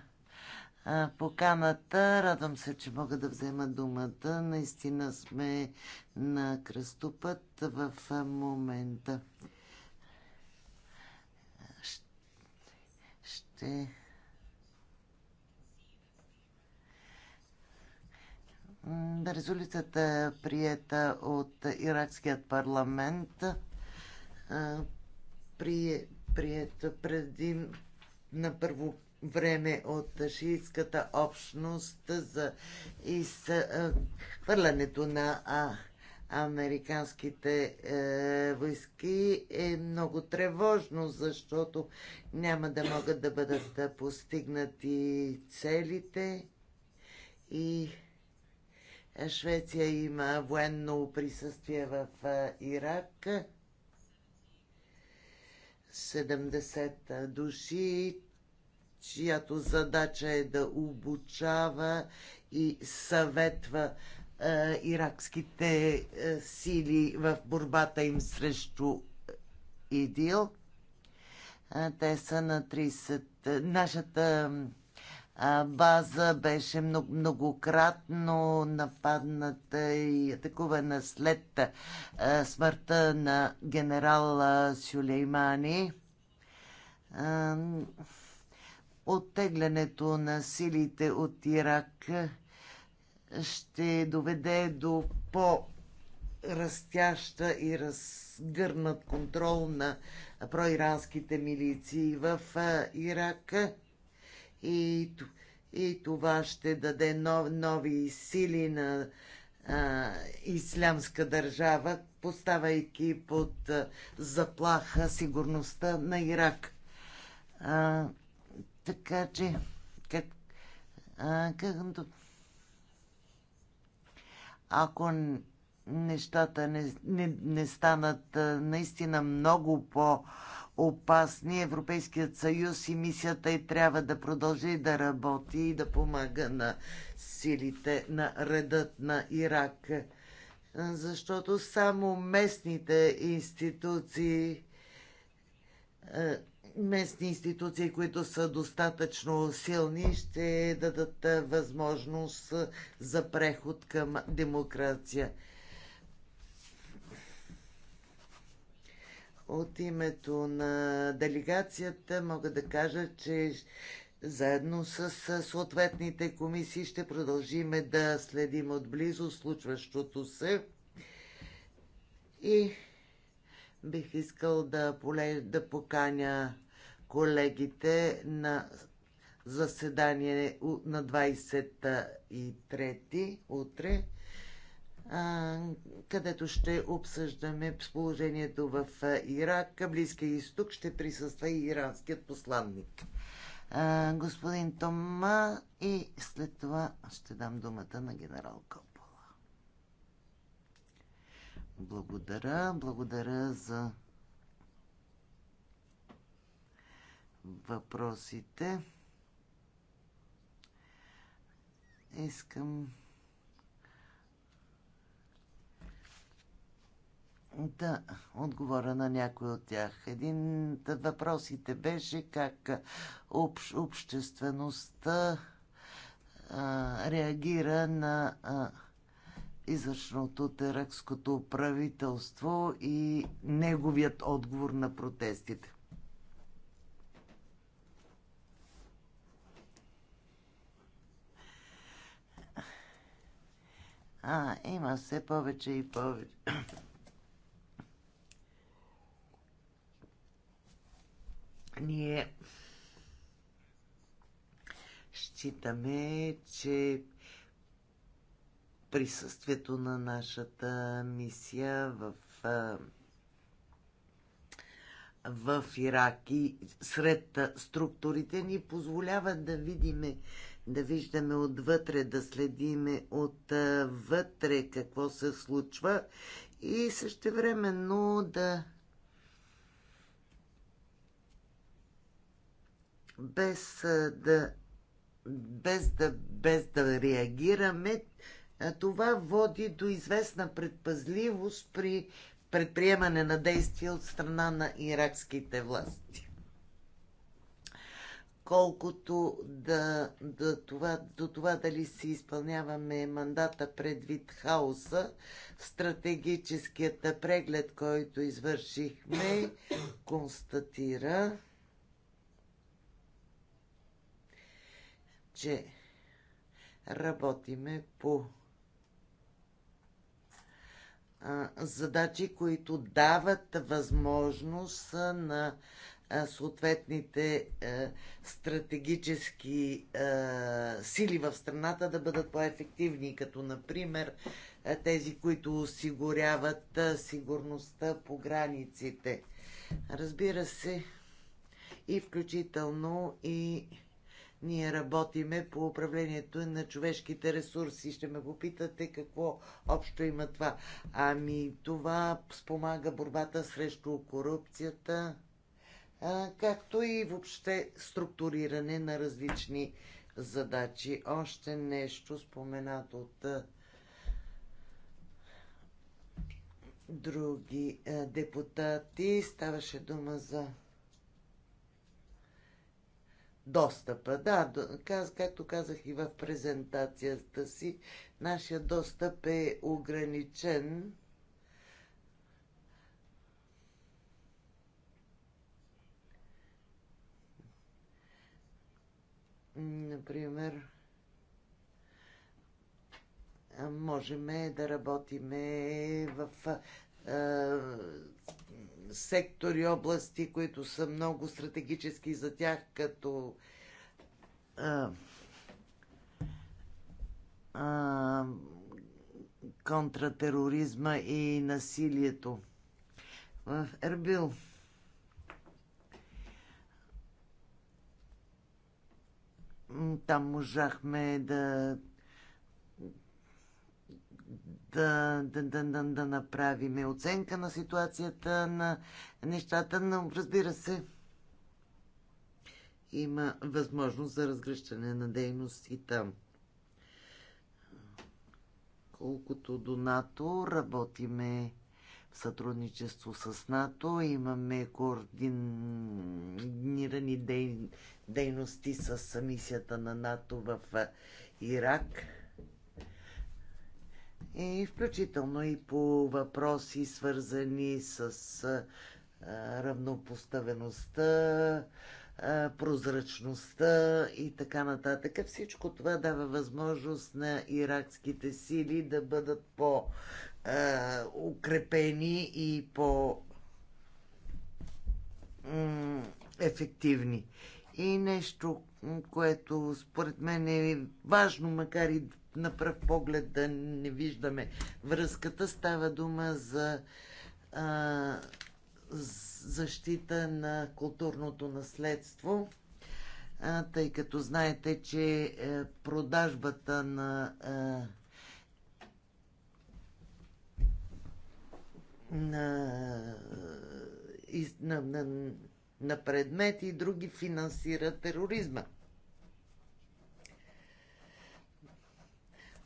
S4: поканата. Радвам се, че мога да взема думата. Наистина сме на кръстопът в момента. Ще... Резолюцията е приета от Иракският парламент при прият преди на първо време от шиитската общност за изхвърлянето на американските е, войски е много тревожно, защото няма да могат да бъдат постигнати целите и е, Швеция има военно присъствие в Ирак 70 души, чиято задача е да обучава и съветва е, иракските е, сили в борбата им срещу ИДИЛ. Е, те са на 30. Нашата база беше многократно нападната и атакувана след смъртта на генерал Сюлеймани. Оттеглянето на силите от Ирак ще доведе до по-растяща и разгърнат контрол на проиранските милиции в Ирак и, и това ще даде нов, нови сили на а, ислямска държава, поставайки под а, заплаха сигурността на Ирак. А, така че, как, а, как, ако нещата не, не, не станат наистина много по- а, опасни. Европейският съюз и мисията и трябва да продължи да работи и да помага на силите на редът на Ирак. Защото само местните институции е, местни институции, които са достатъчно силни, ще дадат е, възможност за преход към демокрация. От името на делегацията мога да кажа, че заедно с съответните комисии ще продължиме да следим отблизо случващото се и бих искал да, поле, да поканя колегите на заседание на 23 утре където ще обсъждаме положението в Ирак. Близкия изток ще присъства и иранският посланник. Господин Тома и след това ще дам думата на генерал Копола. Благодаря, благодаря за въпросите. Искам да отговоря на някой от тях. Един от въпросите беше как общ, обществеността а, реагира на а, от теракското правителство и неговият отговор на протестите. А, има все повече и повече Ние считаме, че присъствието на нашата мисия в в Ирак и сред структурите ни позволяват да видиме, да виждаме отвътре, да следиме отвътре какво се случва и също времено да без да, без да, без да реагираме, това води до известна предпазливост при предприемане на действия от страна на иракските власти. Колкото да, да това, до това дали си изпълняваме мандата предвид хаоса, стратегическият преглед, който извършихме, констатира, че работиме по задачи, които дават възможност на съответните стратегически сили в страната да бъдат по-ефективни, като например тези, които осигуряват сигурността по границите. Разбира се, и включително и ние работиме по управлението на човешките ресурси. Ще ме попитате какво общо има това. Ами това спомага борбата срещу корупцията, а, както и въобще структуриране на различни задачи. Още нещо споменато от други а, депутати. Ставаше дума за достъпа. Да, каз, както казах и в презентацията си, нашия достъп е ограничен. Например, можем да работиме в е, сектори, области, които са много стратегически за тях, като а, е, а, е, контратероризма и насилието. В Ербил. Там можахме да да, да, да, да, да направим оценка на ситуацията, на нещата, но разбира се, има възможност за разгръщане на дейности там. Колкото до НАТО, работиме в сътрудничество с НАТО, имаме координирани дей... дейности с мисията на НАТО в Ирак – и включително и по въпроси, свързани с равнопоставеността, прозрачността и така нататък. Всичко това дава възможност на иракските сили да бъдат по-укрепени и по- ефективни. И нещо, което според мен е важно, макар и на пръв поглед да не виждаме връзката. Става дума за а, защита на културното наследство, а, тъй като знаете, че а, е, продажбата на е, а, на, на, на, на предмети и други финансира тероризма.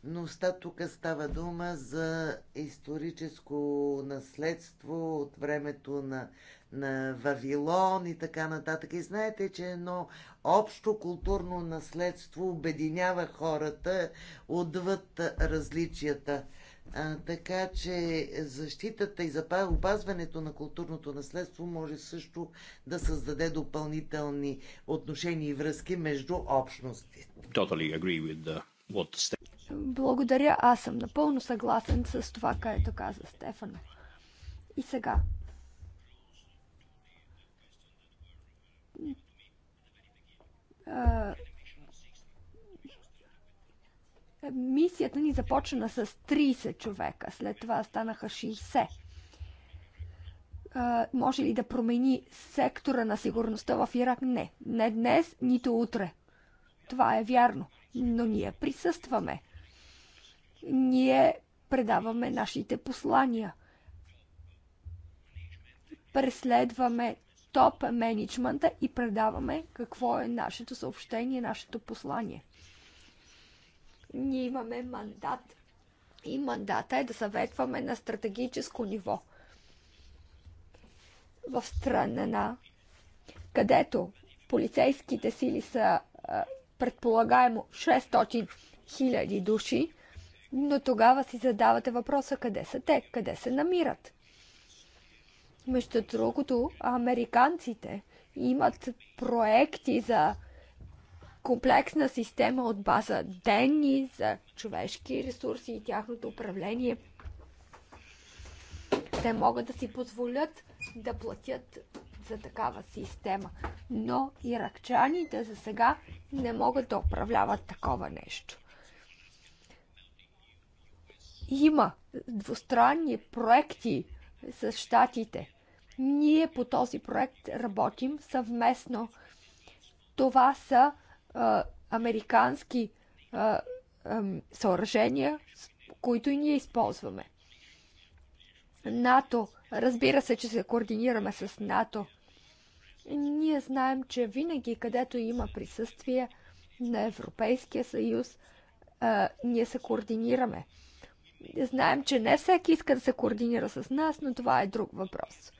S4: но ста тук става дума за историческо наследство от времето на, на Вавилон и така нататък. И знаете, че едно общо културно наследство обединява хората отвъд различията. А, така че защитата и опазването на културното наследство може също да създаде допълнителни отношения и връзки между общности.
S2: Totally agree with the, uh, what the благодаря, аз съм напълно съгласен с това, което каза Стефано. И сега. А, мисията ни започна с 30 човека, след това станаха 60. Uh, може ли да промени сектора на сигурността в Ирак? Не. Не днес, нито утре. Това е вярно. Но ние присъстваме ние предаваме нашите послания. Преследваме топ менеджмента и предаваме какво е нашето съобщение, нашето послание. Ние имаме мандат и мандата е да съветваме на стратегическо ниво. В страна, където полицейските сили са предполагаемо 600 000 души, но тогава си задавате въпроса къде са те, къде се намират. Между другото, американците имат проекти за комплексна система от база денни за човешки ресурси и тяхното управление. Те могат да си позволят да платят за такава система, но иракчаните за сега не могат да управляват такова нещо има двустранни проекти с щатите. Ние по този проект работим съвместно. Това са а, американски а, а, съоръжения, които и ние използваме. НАТО. Разбира се, че се координираме с НАТО. Ние знаем, че винаги, където има присъствие на Европейския съюз, а, ние се координираме. Знаем, че не всеки иска да се координира с нас, но това е друг въпрос.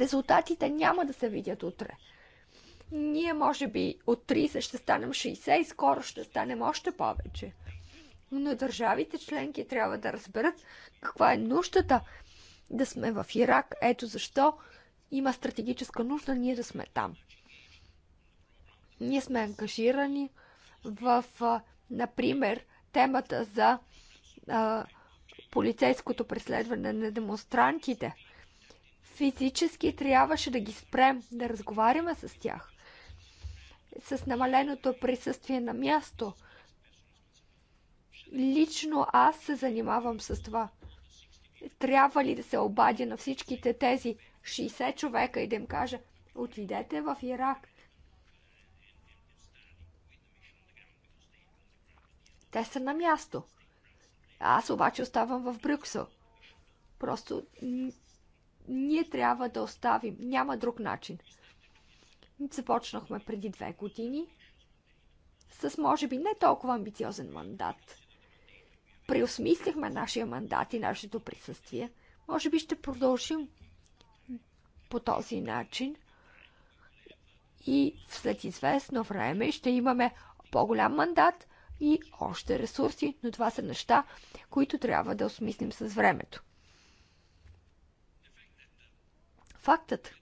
S2: Резултатите няма да се видят утре. Ние може би от 30 ще станем 60 и скоро ще станем още повече. Но държавите членки трябва да разберат каква е нуждата да сме в Ирак. Ето защо има стратегическа нужда ние да сме там. Ние сме ангажирани в, например, темата за а, полицейското преследване на демонстрантите. Физически трябваше да ги спрем, да разговаряме с тях. С намаленото присъствие на място. Лично аз се занимавам с това. Трябва ли да се обадя на всичките тези 60 човека и да им кажа, отидете в Ирак – Те са на място. Аз обаче оставам в Брюксел. Просто ние трябва да оставим. Няма друг начин. Започнахме преди две години с, може би, не толкова амбициозен мандат. Преосмислихме нашия мандат и нашето присъствие. Може би ще продължим по този начин и след известно време ще имаме по-голям мандат и още ресурси, но това са неща, които трябва да осмислим с времето. Фактът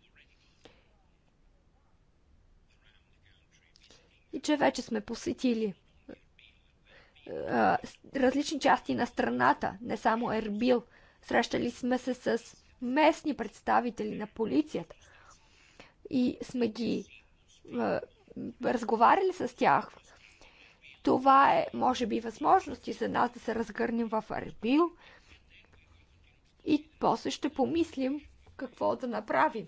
S2: и е, че вече сме посетили различни части на страната, не само Ербил. Срещали сме се с местни представители на полицията и сме ги разговаряли с тях това е, може би, възможности за нас да се разгърнем в Арбил и после ще помислим какво да направим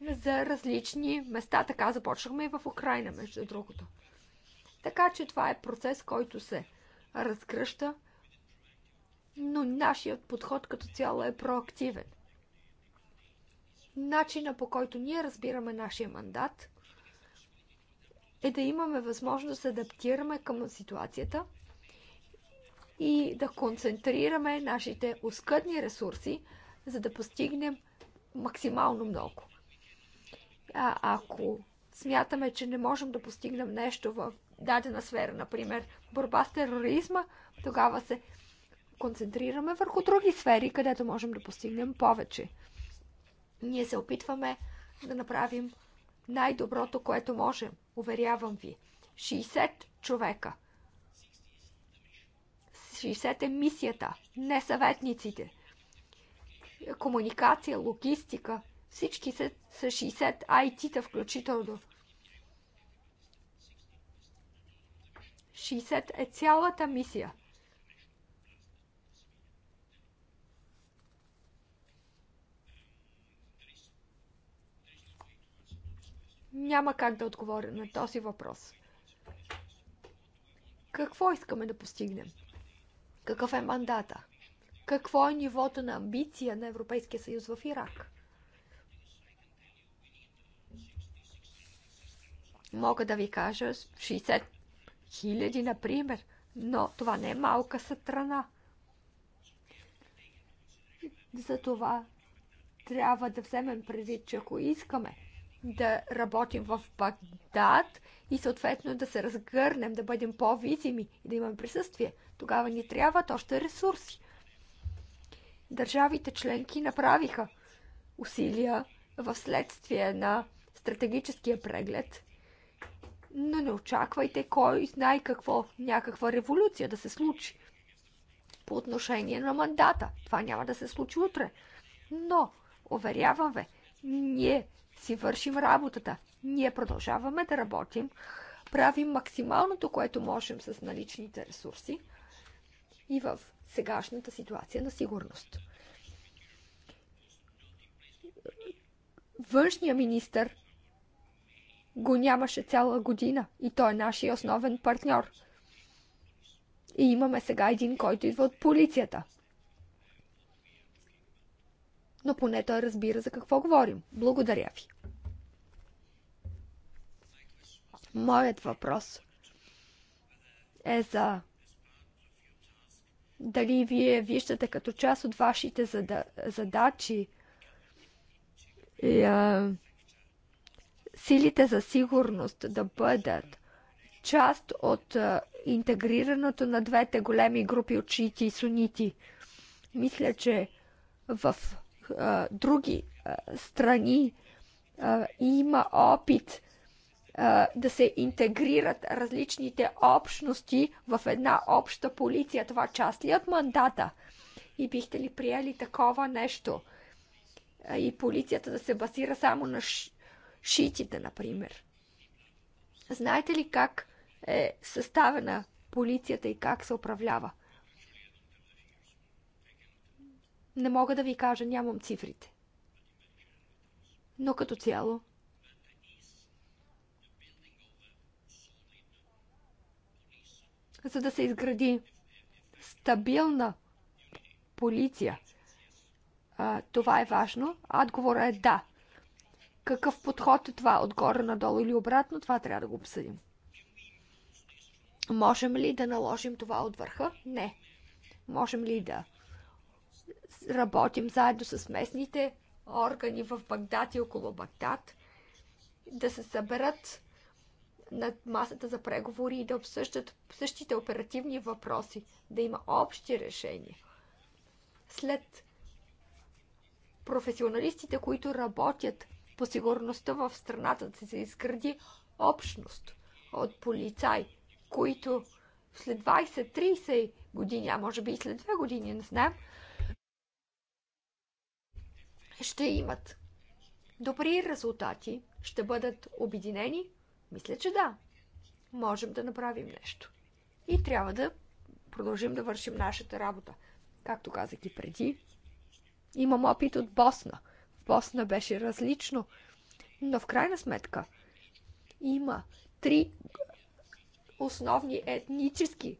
S2: за различни места. Така започнахме и в Украина, между другото. Така че това е процес, който се разкръща, но нашият подход като цяло е проактивен. Начина по който ние разбираме нашия мандат е да имаме възможност да се адаптираме към ситуацията и да концентрираме нашите оскъдни ресурси, за да постигнем максимално много. А ако смятаме, че не можем да постигнем нещо в дадена сфера, например борба с тероризма, тогава се концентрираме върху други сфери, където можем да постигнем повече. Ние се опитваме да направим най-доброто, което можем – Уверявам ви. 60 човека. 60 е мисията, не съветниците. Комуникация, логистика, всички са, са 60 IT-та включително. 60 е цялата мисия – Няма как да отговоря на този въпрос. Какво искаме да постигнем? Какъв е мандата? Какво е нивото на амбиция на Европейския съюз в Ирак? Мога да ви кажа 60 хиляди, например, но това не е малка страна. Затова трябва да вземем предвид, че ако искаме да работим в Багдад и съответно да се разгърнем, да бъдем по-видими и да имаме присъствие. Тогава ни трябват още ресурси. Държавите членки направиха усилия в следствие на стратегическия преглед, но не очаквайте кой знае какво, някаква революция да се случи по отношение на мандата. Това няма да се случи утре. Но, уверявам ве, ние си вършим работата. Ние продължаваме да работим, правим максималното, което можем с наличните ресурси и в сегашната ситуация на сигурност. Външния министр го нямаше цяла година и той е нашия основен партньор. И имаме сега един, който идва от полицията – но поне той разбира за какво говорим. Благодаря ви. Моят въпрос е за дали вие виждате като част от вашите зада... задачи и, е, а, силите за сигурност да бъдат част от а, интегрирането на двете големи групи от шиити и сунити. Мисля, че в а, други а, страни а, има опит а, да се интегрират различните общности в една обща полиция. Това част ли от мандата? И бихте ли приели такова нещо? А, и полицията да се базира само на ш... шитите, например. Знаете ли как е съставена полицията и как се управлява? Не мога да ви кажа, нямам цифрите. Но като цяло. За да се изгради стабилна полиция, а, това е важно. Отговорът е да. Какъв подход е това? Отгоре надолу или обратно? Това трябва да го обсъдим. Можем ли да наложим това от върха? Не. Можем ли да работим заедно с местните органи в Багдад и около Багдад, да се съберат на масата за преговори и да обсъждат същите оперативни въпроси, да има общи решения. След професионалистите, които работят по сигурността в страната, да се изгради общност от полицаи, които след 20-30 години, а може би и след 2 години, не знам, ще имат добри резултати, ще бъдат обединени? Мисля, че да. Можем да направим нещо. И трябва да продължим да вършим нашата работа. Както казах и преди, имам опит от Босна. В Босна беше различно, но в крайна сметка има три основни етнически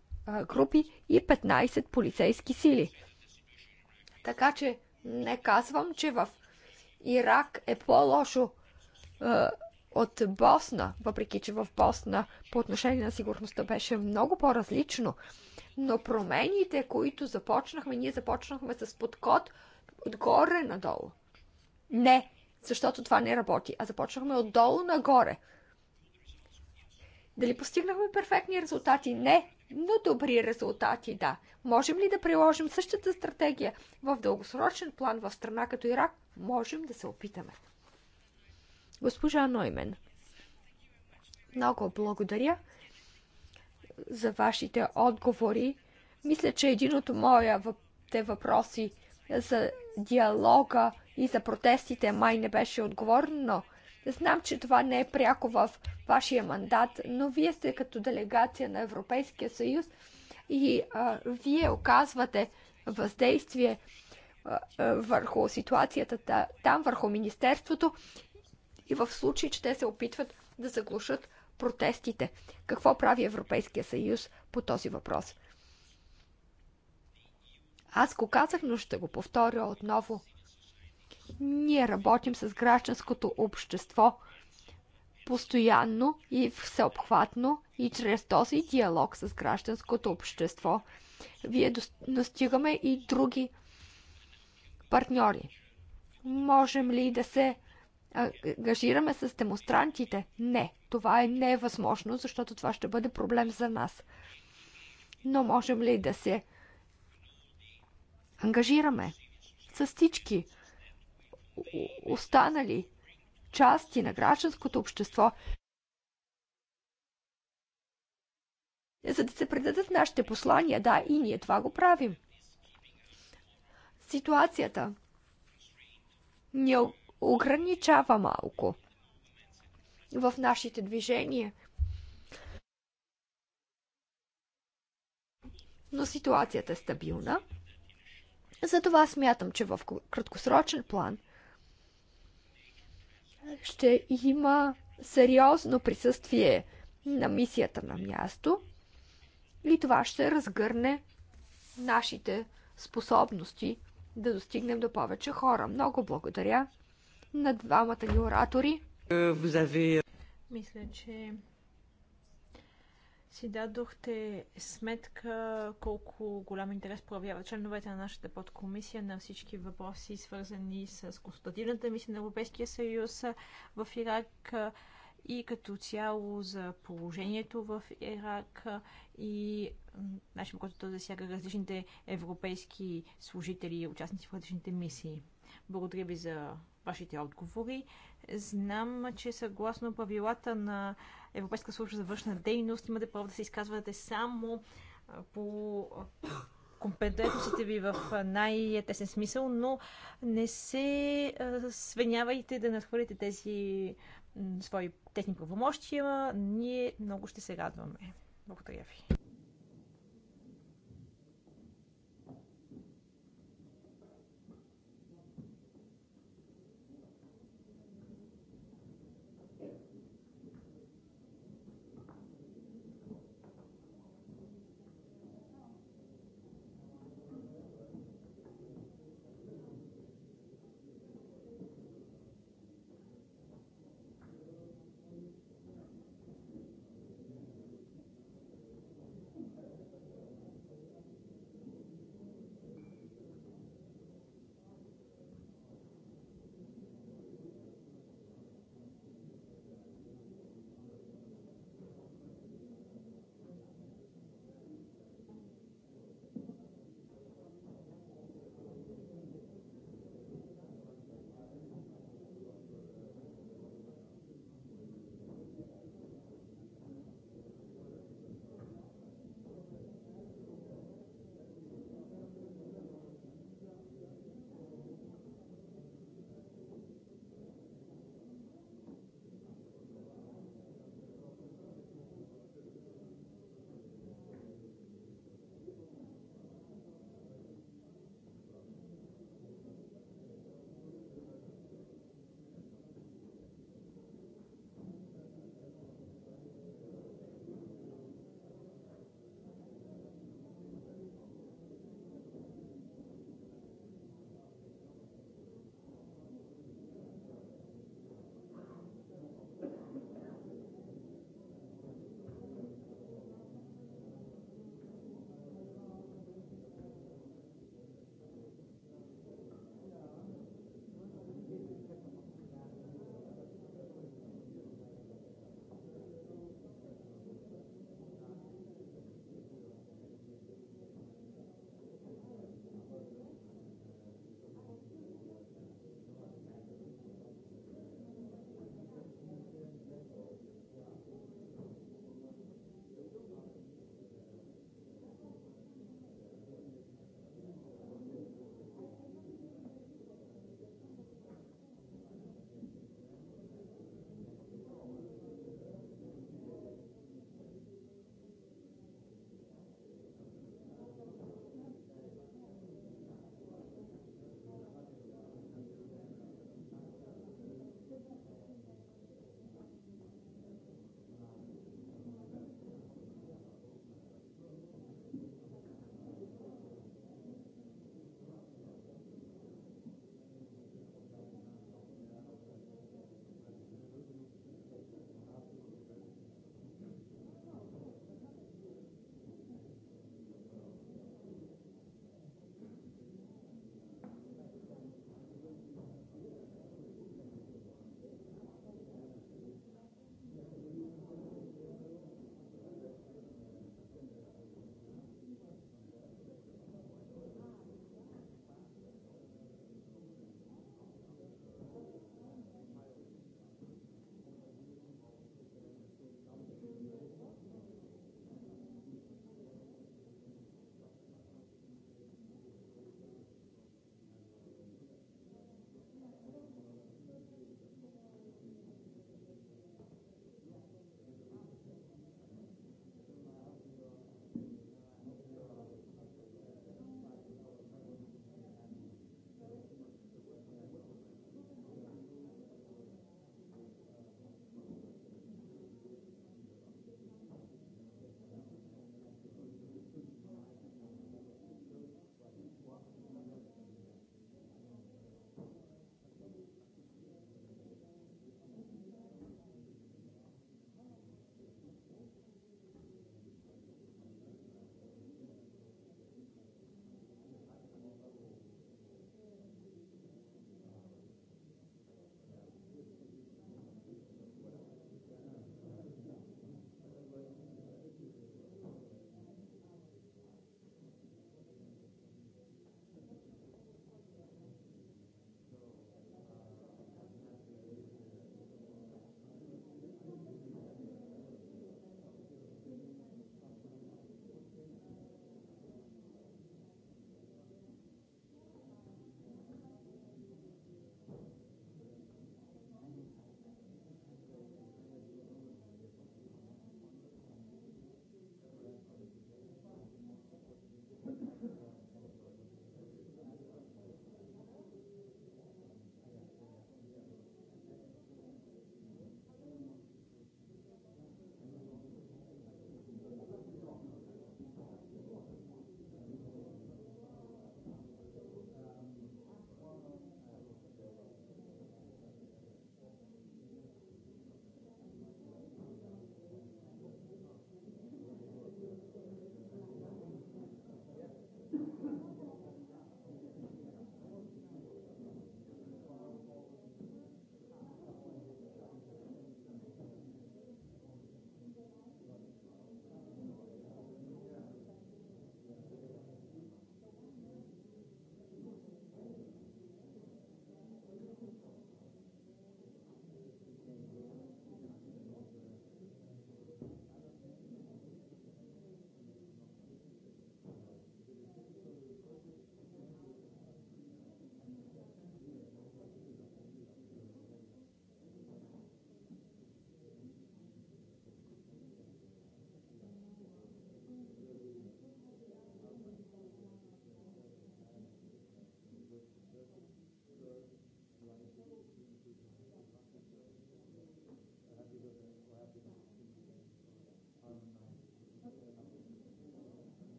S2: групи и 15 полицейски сили. Така че не казвам, че в Ирак е по-лошо е, от Босна, въпреки че в Босна по отношение на сигурността беше много по-различно. Но промените, които започнахме, ние започнахме с подход отгоре надолу. Не, защото това не работи, а започнахме отдолу нагоре. Дали постигнахме перфектни резултати? Не, но добри резултати, да. Можем ли да приложим същата стратегия в дългосрочен план в страна като Ирак? Можем да се опитаме. Госпожа Ноймен, много благодаря за вашите отговори. Мисля, че един от моите въпроси за диалога и за протестите май не беше отговорен, но Знам, че това не е пряко в вашия мандат, но вие сте като делегация на Европейския съюз и а, вие оказвате въздействие а, върху ситуацията там, върху Министерството и в случай, че те се опитват да заглушат протестите. Какво прави Европейския съюз по този въпрос? Аз го казах, но ще го повторя отново – ние работим с гражданското общество постоянно и всеобхватно и чрез този диалог с гражданското общество вие достигаме и други партньори. Можем ли да се ангажираме с демонстрантите? Не, това е невъзможно, защото това ще бъде проблем за нас. Но можем ли да се ангажираме с всички останали части на гражданското общество, за да се предадат нашите послания. Да, и ние това го правим. Ситуацията ни ограничава малко в нашите движения. Но ситуацията е стабилна. Затова смятам, че в краткосрочен план ще има сериозно присъствие на мисията на място и това ще разгърне нашите способности да достигнем до повече хора. Много благодаря на двамата ни оратори.
S4: Е,
S1: Мисля, че си дадохте сметка колко голям интерес проявяват членовете на нашата подкомисия на всички въпроси, свързани с консултативната мисия на Европейския съюз в Ирак и като цяло за положението в Ирак и начин, който то засяга различните европейски служители и участници в различните мисии. Благодаря ви за вашите отговори. Знам, че съгласно правилата на Европейска служба за външна дейност. Имате право да се изказвате само по компетентностите ви в най-тесен смисъл, но не се свенявайте да надхвърлите тези свои техни правомощия. Ние много ще се радваме. Благодаря ви.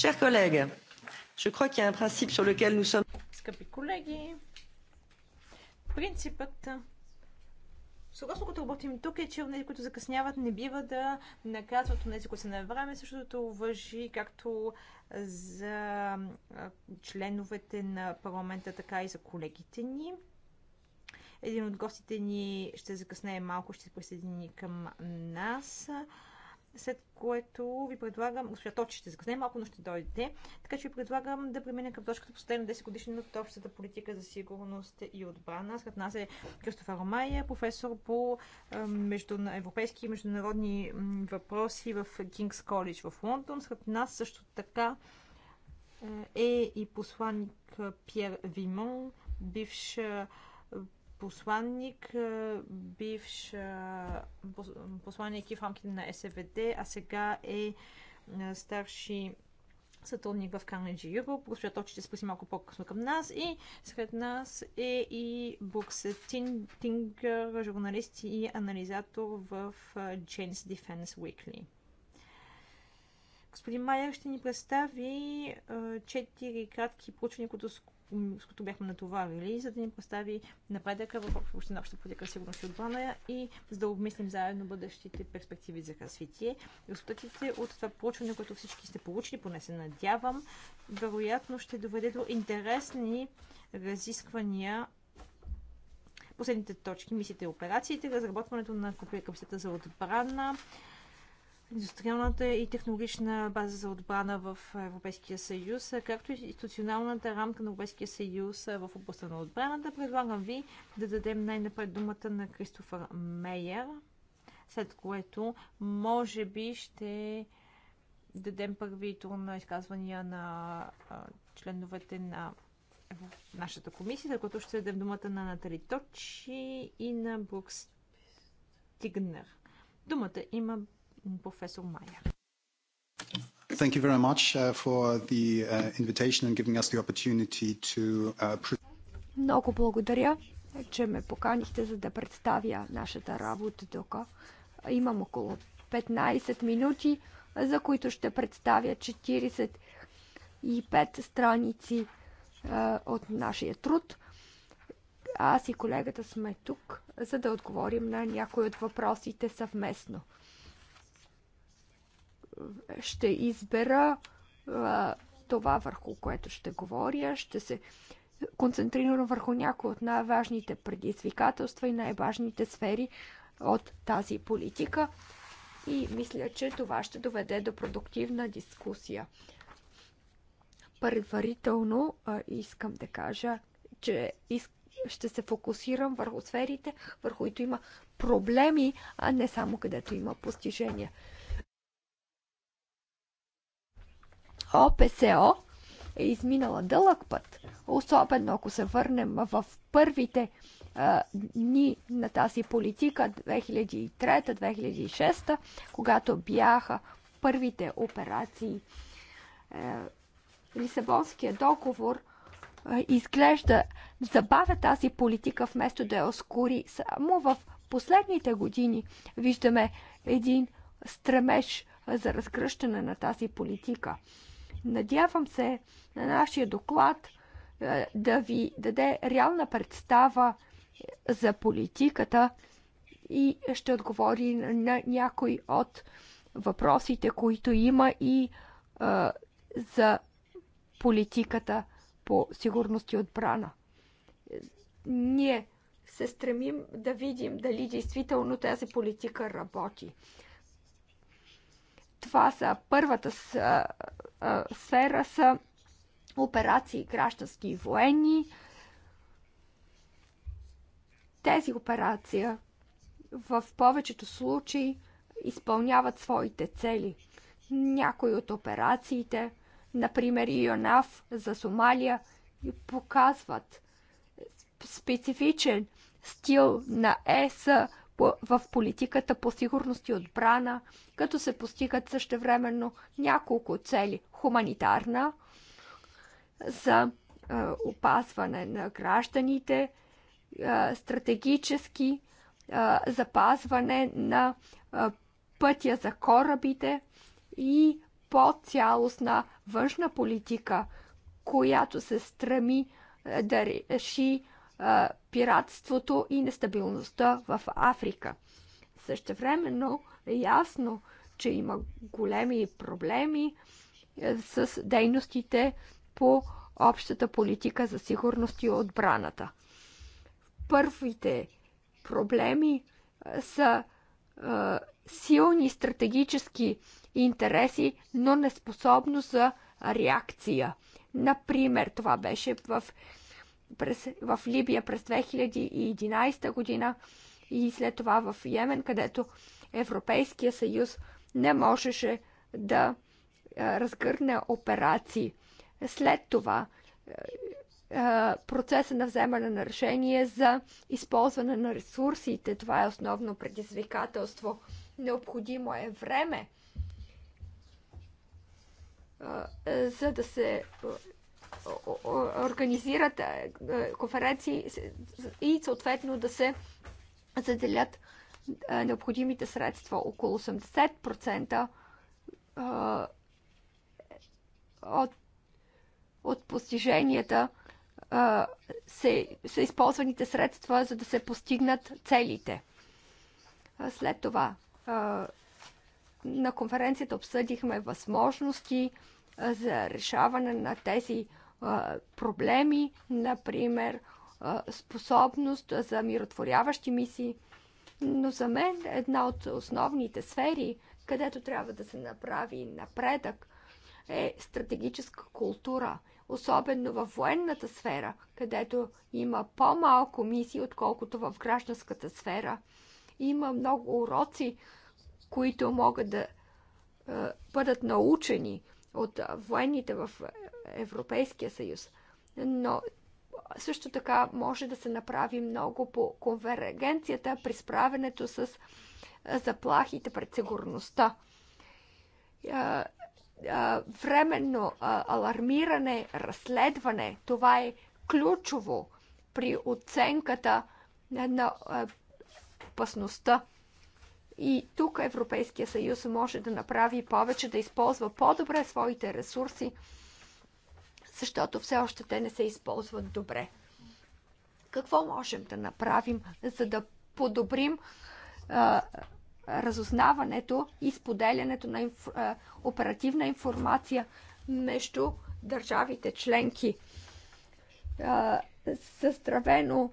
S4: Chers collègues,
S2: je crois qu'il y a un principe sur lequel nous sommes.
S1: Скъпи колеги, принципът, съгласно като работим тук е, че тези, които закъсняват, не бива да наказват тези, които са на време. Същото въжи както за членовете на парламента, така и за колегите ни. Един от гостите ни ще закъснее малко, ще се присъедини към нас след което ви предлагам, госпожа Точи ще закъсне малко, но ще дойде, така че ви предлагам да преминем към точката последно 10 годишна от общата политика за сигурност и отбрана. Сред нас е Кристофар Майя, професор по междуна... европейски и международни въпроси в Кингс Коледж в Лондон. Сред нас също така е, е и посланник Пьер Вимон, бивш посланник, бивш посланник и в рамките на СВД, а сега е старши сътрудник в Carnegie Europe. Госпожа Точи ще спаси малко по-късно към нас. И сред нас е и Букс Тингър, журналист и анализатор в Jane's Defense Weekly. Господин Майер ще ни представи четири кратки проучвания, които с които бяхме натоварили, за да ни постави напредъка в община обща политика сигурност и отбрана и за да обмислим заедно бъдещите перспективи за развитие. Резултатите от това проучване, което всички сте получили, поне се надявам, вероятно ще доведе до интересни разисквания последните точки, мислите и операциите, разработването на капацитета за отбрана, индустриалната и технологична база за отбрана в Европейския съюз, както и институционалната рамка на Европейския съюз в областта на отбраната. Предлагам ви да дадем най-напред думата на Кристофър Мейер, след което може би ще дадем първи тур на изказвания на членовете на нашата комисия, за което ще дадем думата на Натали Точи и на Брукс Тигнер. Думата има професор Майер. Thank you very much uh, for the uh, invitation
S3: and giving us the opportunity to uh,
S2: Много благодаря, че ме поканихте за да представя нашата работа тук. Имам около 15 минути, за които ще представя 45 страници uh, от нашия труд. Аз и колегата сме тук, за да отговорим на някои от въпросите съвместно ще избера а, това, върху което ще говоря. Ще се концентрирам върху някои от най-важните предизвикателства и най-важните сфери от тази политика. И мисля, че това ще доведе до продуктивна дискусия. Предварително а, искам да кажа, че искам ще се фокусирам върху сферите, върху които има проблеми, а не само където има постижения. ОПСО е изминала дълъг път, особено ако се върнем в първите а, дни на тази политика 2003-2006, когато бяха първите операции. Е, Лисабонския договор е, изглежда забавя тази политика вместо да я ускори. Само в последните години виждаме един стремеж за разгръщане на тази политика. Надявам се на нашия доклад е, да ви даде реална представа е, за политиката и ще отговори на някои от въпросите, които има и а, е, за политиката по сигурност и отбрана. Ние се стремим да видим дали действително тази политика работи. Това са първата сфера са операции граждански и военни. Тези операции в повечето случаи изпълняват своите цели. Някои от операциите, например ЮНАФ за Сомалия, показват специфичен стил на ЕСА в политиката по сигурност и отбрана, като се постигат същевременно няколко цели хуманитарна за опазване на гражданите, стратегически запазване на пътя за корабите и по-цялостна външна политика, която се стреми да реши пиратството и нестабилността в Африка. Същевременно е ясно, че има големи проблеми е, с дейностите по общата политика за сигурност и отбраната. Първите проблеми е, са е, силни стратегически интереси, но неспособност за реакция. Например, това беше в през, в Либия през 2011 година и след това в Йемен, където Европейския съюз не можеше да разгърне операции. След това процеса на вземане на решение за използване на ресурсите. Това е основно предизвикателство. Необходимо е време, за да се организират е, е, конференции и съответно да се заделят е, необходимите средства. Около 80% от, от постиженията се, са използваните средства, за да се постигнат целите. След това на конференцията обсъдихме възможности за решаване на тези проблеми, например способност за миротворяващи мисии. Но за мен е една от основните сфери, където трябва да се направи напредък, е стратегическа култура, особено във военната сфера, където има по-малко мисии, отколкото в гражданската сфера. Има много уроци, които могат да бъдат научени от военните в Европейския съюз. Но също така може да се направи много по конвергенцията при справенето с заплахите пред сигурността. Временно алармиране, разследване, това е ключово при оценката на опасността. И тук Европейския съюз може да направи повече, да използва по-добре своите ресурси, защото все още те не се използват добре. Какво можем да направим, за да подобрим а, разузнаването и споделянето на инф, а, оперативна информация между държавите членки? А, състравено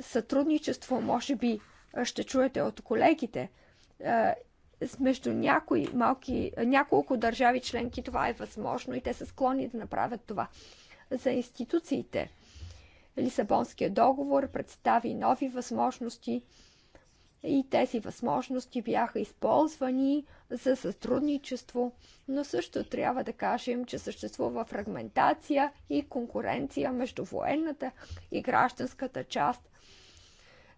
S2: сътрудничество, може би ще чуете от колегите, между някои малки, няколко държави членки това е възможно и те са склонни да направят това. За институциите Лисабонския договор представи нови възможности и тези възможности бяха използвани за сътрудничество, но също трябва да кажем, че съществува фрагментация и конкуренция между военната и гражданската част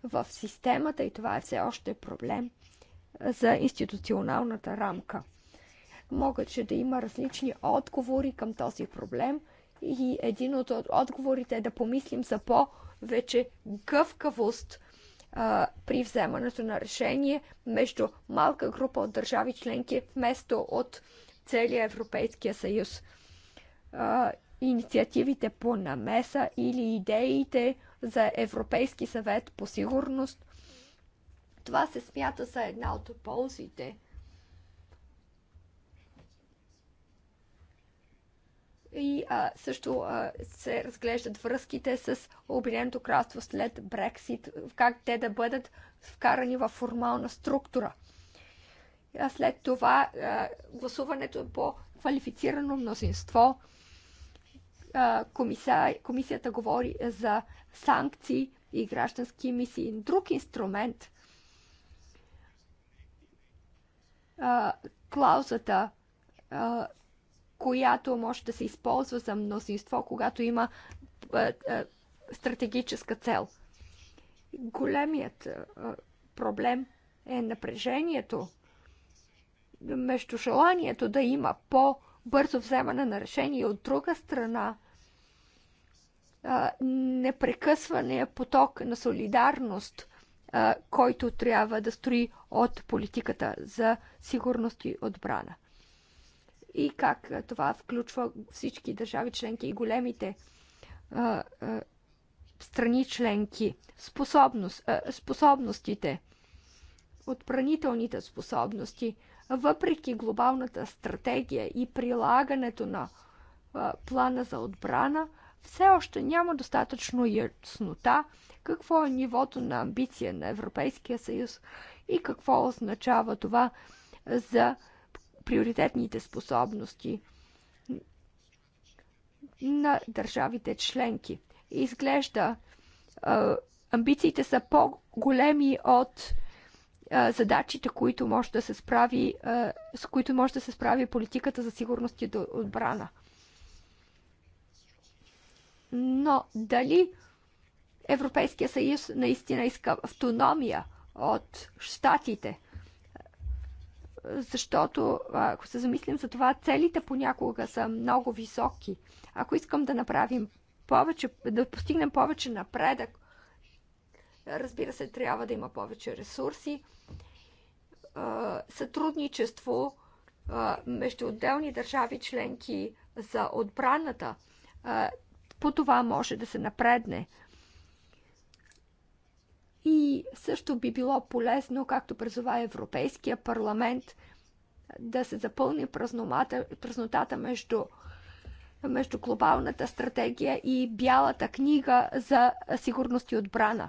S2: в системата и това е все още проблем – за институционалната рамка. Могат ще да има различни отговори към този проблем и един от отговорите е да помислим за по-вече гъвкавост а, при вземането на решение между малка група от държави членки вместо от целия Европейския съюз. А, инициативите по намеса или идеите за Европейски съвет по сигурност това се смята за една от ползите. И а, също а, се разглеждат връзките с Обединеното кралство след Брексит, как те да бъдат вкарани в формална структура. А след това а, гласуването е по квалифицирано мнозинство. А, комисията говори за санкции и граждански мисии. Друг инструмент, а, клаузата, а, която може да се използва за мнозинство, когато има а, а, стратегическа цел. Големият а, проблем е напрежението между желанието да има по-бързо вземане на решение от друга страна непрекъсвания поток на солидарност който трябва да строи от политиката за сигурност и отбрана. И как това включва всички държави членки и големите страни членки, способност, способностите, отбранителните способности, въпреки глобалната стратегия и прилагането на плана за отбрана, все още няма достатъчно яснота какво е нивото на амбиция на Европейския съюз и какво означава това за приоритетните способности на държавите членки. Изглежда, амбициите са по-големи от задачите, които може да се справи, с които може да се справи политиката за сигурност и отбрана но дали Европейския съюз наистина иска автономия от щатите? Защото, ако се замислим за това, целите понякога са много високи. Ако искам да направим повече, да постигнем повече напредък, разбира се, трябва да има повече ресурси, сътрудничество между отделни държави членки за отбраната по това може да се напредне. И също би било полезно, както призова Европейския парламент, да се запълни празнотата между, между глобалната стратегия и бялата книга за сигурност и отбрана.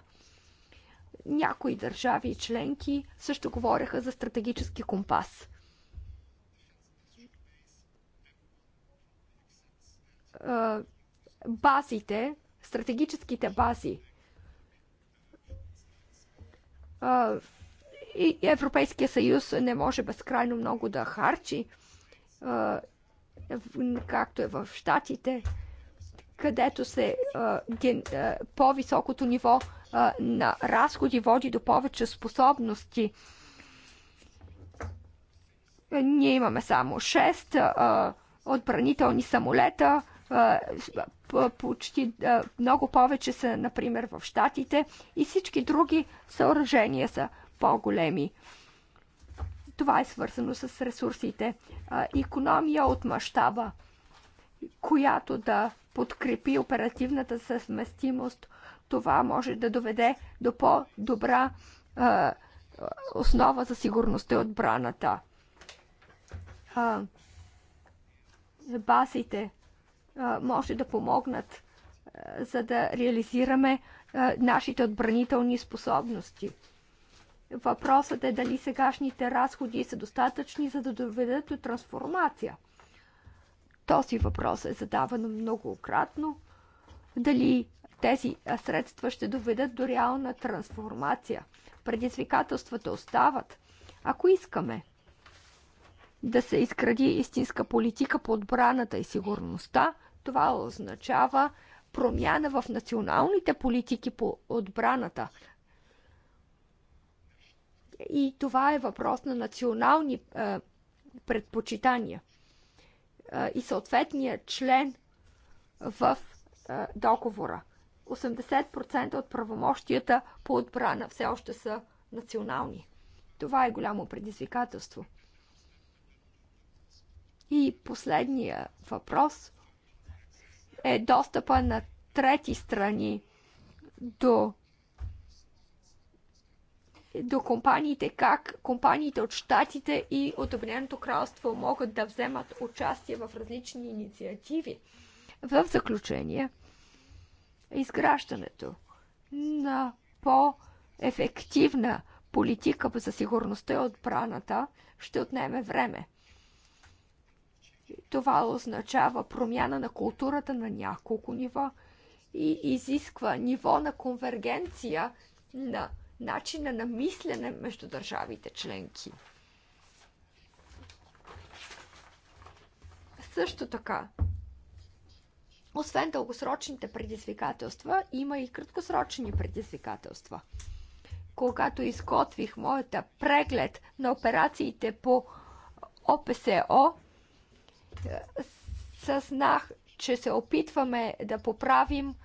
S2: Някои държави и членки също говореха за стратегически компас базите, стратегическите бази. И Европейския съюз не може безкрайно много да харчи, както е в Штатите, където се по-високото ниво на разходи води до повече способности. Ние имаме само 6 отбранителни самолета, почти много повече са, например, в Штатите и всички други съоръжения са по-големи. Това е свързано с ресурсите. Економия от мащаба, която да подкрепи оперативната съвместимост, това може да доведе до по-добра основа за сигурността и отбраната. базите може да помогнат, за да реализираме нашите отбранителни способности. Въпросът е дали сегашните разходи са достатъчни, за да доведат до трансформация. Този въпрос е задаван многократно. Дали тези средства ще доведат до реална трансформация? Предизвикателствата остават. Ако искаме да се изгради истинска политика по отбраната и сигурността, това означава промяна в националните политики по отбраната. И това е въпрос на национални е, предпочитания. Е, и съответният член в е, договора. 80% от правомощията по отбрана все още са национални. Това е голямо предизвикателство. И последния въпрос е достъпа на трети страни до до компаниите, как компаниите от Штатите и от Обединеното кралство могат да вземат участие в различни инициативи. В заключение, изграждането на по-ефективна политика за сигурността и отбраната ще отнеме време. Това означава промяна на културата на няколко нива и изисква ниво на конвергенция на начина на мислене между държавите членки. Също така, освен дългосрочните предизвикателства, има и краткосрочни предизвикателства. Когато изготвих моята преглед на операциите по ОПСО, съзнах, че се опитваме да поправим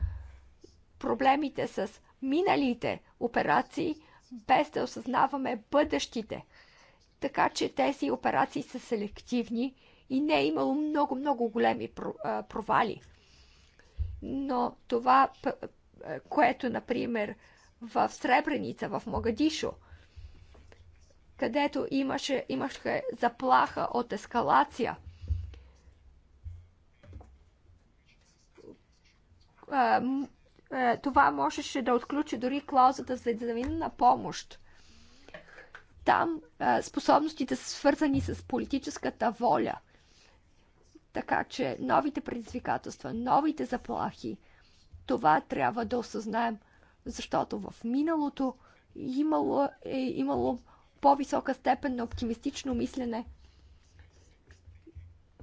S2: проблемите с миналите операции, без да осъзнаваме бъдещите. Така че тези операции са селективни и не е имало много-много големи провали. Но това, което, например, в Сребреница, в Могадишо, където имаше, имаше заплаха от ескалация – това можеше да отключи дори клаузата за единна помощ. Там способностите са свързани с политическата воля. Така че новите предизвикателства, новите заплахи, това трябва да осъзнаем, защото в миналото имало, е имало по-висока степен на оптимистично мислене.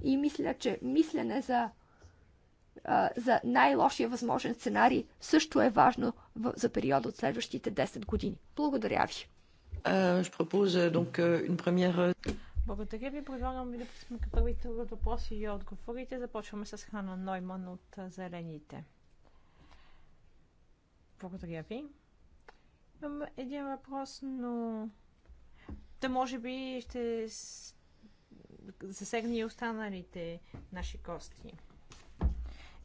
S2: И мисля, че мислене за за най-лошия възможен сценарий също е важно за период от следващите 10 години. Благодаря ви.
S1: Благодаря ви. Предлагам ви да пуснем към първите въпроси и отговорите. Започваме с Хана Нойман от Зелените. Благодаря ви. Имам един въпрос, но да може би ще засегне и останалите наши гости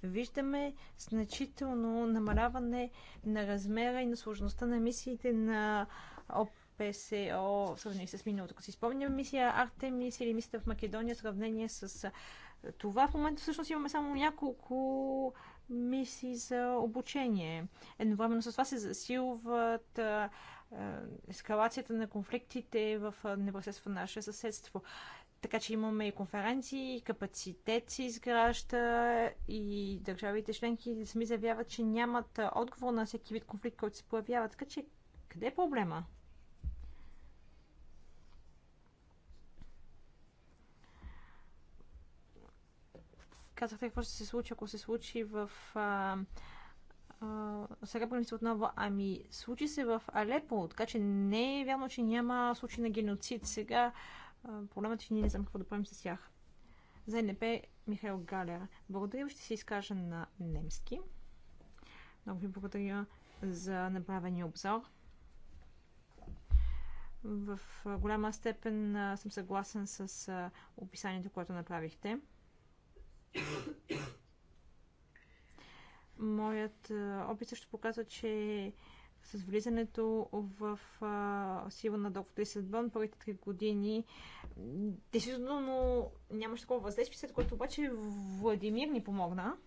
S1: виждаме значително намаляване на размера и на сложността на мисиите на ОПСО, сравнение с миналото. Ако си спомням мисия Артемис или мисията в Македония, в сравнение с това, в момента всъщност имаме само няколко мисии за обучение. Едновременно с това се засилват ескалацията на конфликтите в непосредствено наше съседство. Така че имаме и конференции, и капацитет се изгражда и държавите членки сами заявяват, че нямат отговор на всеки вид конфликт, който се появява. Така че къде е проблема? Казахте какво ще се случи, ако се случи в... А, а, сега помисля отново, ами случи се в Алепо, така че не е вярно, че няма случай на геноцид. Сега а, Проблемът е, че ние не знам какво да правим с тях. За НП Михаил Галер. Благодаря, ще се изкажа на немски. Много ви благодаря за направения обзор. В голяма степен съм съгласен с описанието, което направихте. Моят опит също показва, че с влизането в а, сила на доктор бън първите три години, действително нямаше такова въздействие, след което обаче Владимир ни помогна.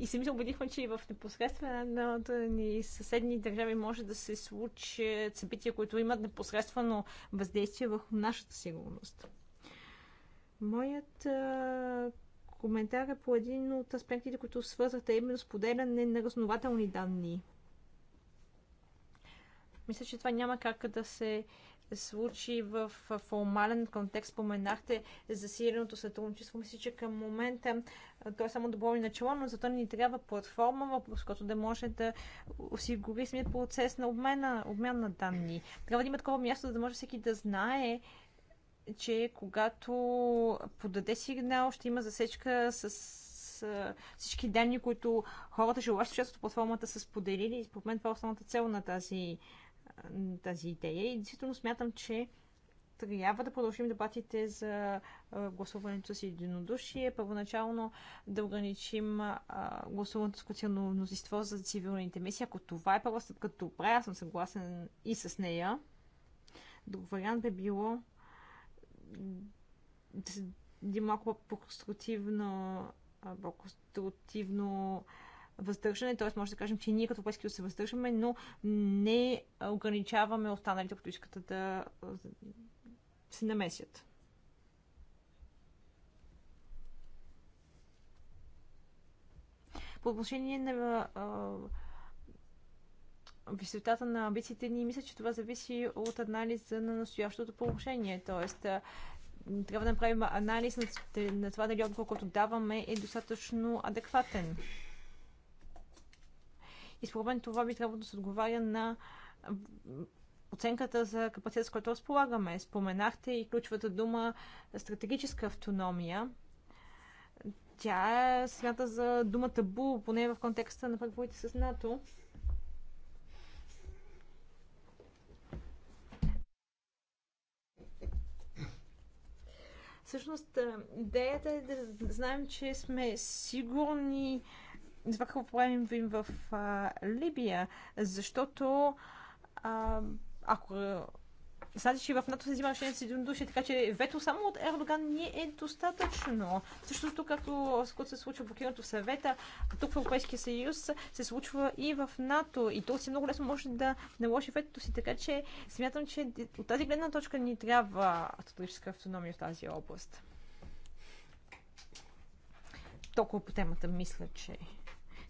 S1: И сами се убедихме, че и в непосредствената ни съседни държави може да се случат събития, които имат непосредствено въздействие върху нашата сигурност. Моят а, коментара по един от аспектите, които свързахте, именно споделяне на разнователни данни. Мисля, че това няма как да се случи в формален контекст. Споменахте за сиреното сътрудничество. Мисля, че към момента то е само и начало, но зато ни трябва платформа, въпрос, която да може да осигури самият процес на обмена, обмен на данни. Трябва да има такова място, за да може всеки да знае че когато подаде сигнал, ще има засечка с, с всички данни, които хората, желащи част от платформата, са споделили. И според мен това е основната цел на тази, тази идея. И действително смятам, че трябва да продължим дебатите за гласуването с единодушие. Първоначално да ограничим гласуването с квотирно мнозинство за цивилните мисии. Ако това е първа стъпка, добре, аз съм съгласен и с нея. Друг вариант би било да се да малко по-конструктивно, по-конструктивно въздържане, т.е. може да кажем, че ние като да се въздържаме, но не ограничаваме останалите, които искат да се намесят. По отношение на висотата на амбициите ни, мисля, че това зависи от анализа на настоящото положение. Тоест, трябва да направим анализ на, на това дали отговор, който даваме, е достатъчно адекватен. И според мен това би трябвало да се отговаря на оценката за капацитет, с който разполагаме. Споменахте и ключовата дума стратегическа автономия. Тя е смята за думата БУ, поне в контекста на преговорите с НАТО. Всъщност, идеята е да знаем, че сме сигурни това какво правим в а, Либия, защото а, ако Знаете, че в НАТО се взима решение с души, така че вето само от Ердоган не е достатъчно. Същото както с което се случва блокирането в съвета, тук в Европейския съюз се случва и в НАТО. И си много лесно може да наложи ветото си, така че смятам, че от тази гледна точка ни трябва стратегическа автономия в тази област. Толкова по темата мисля, че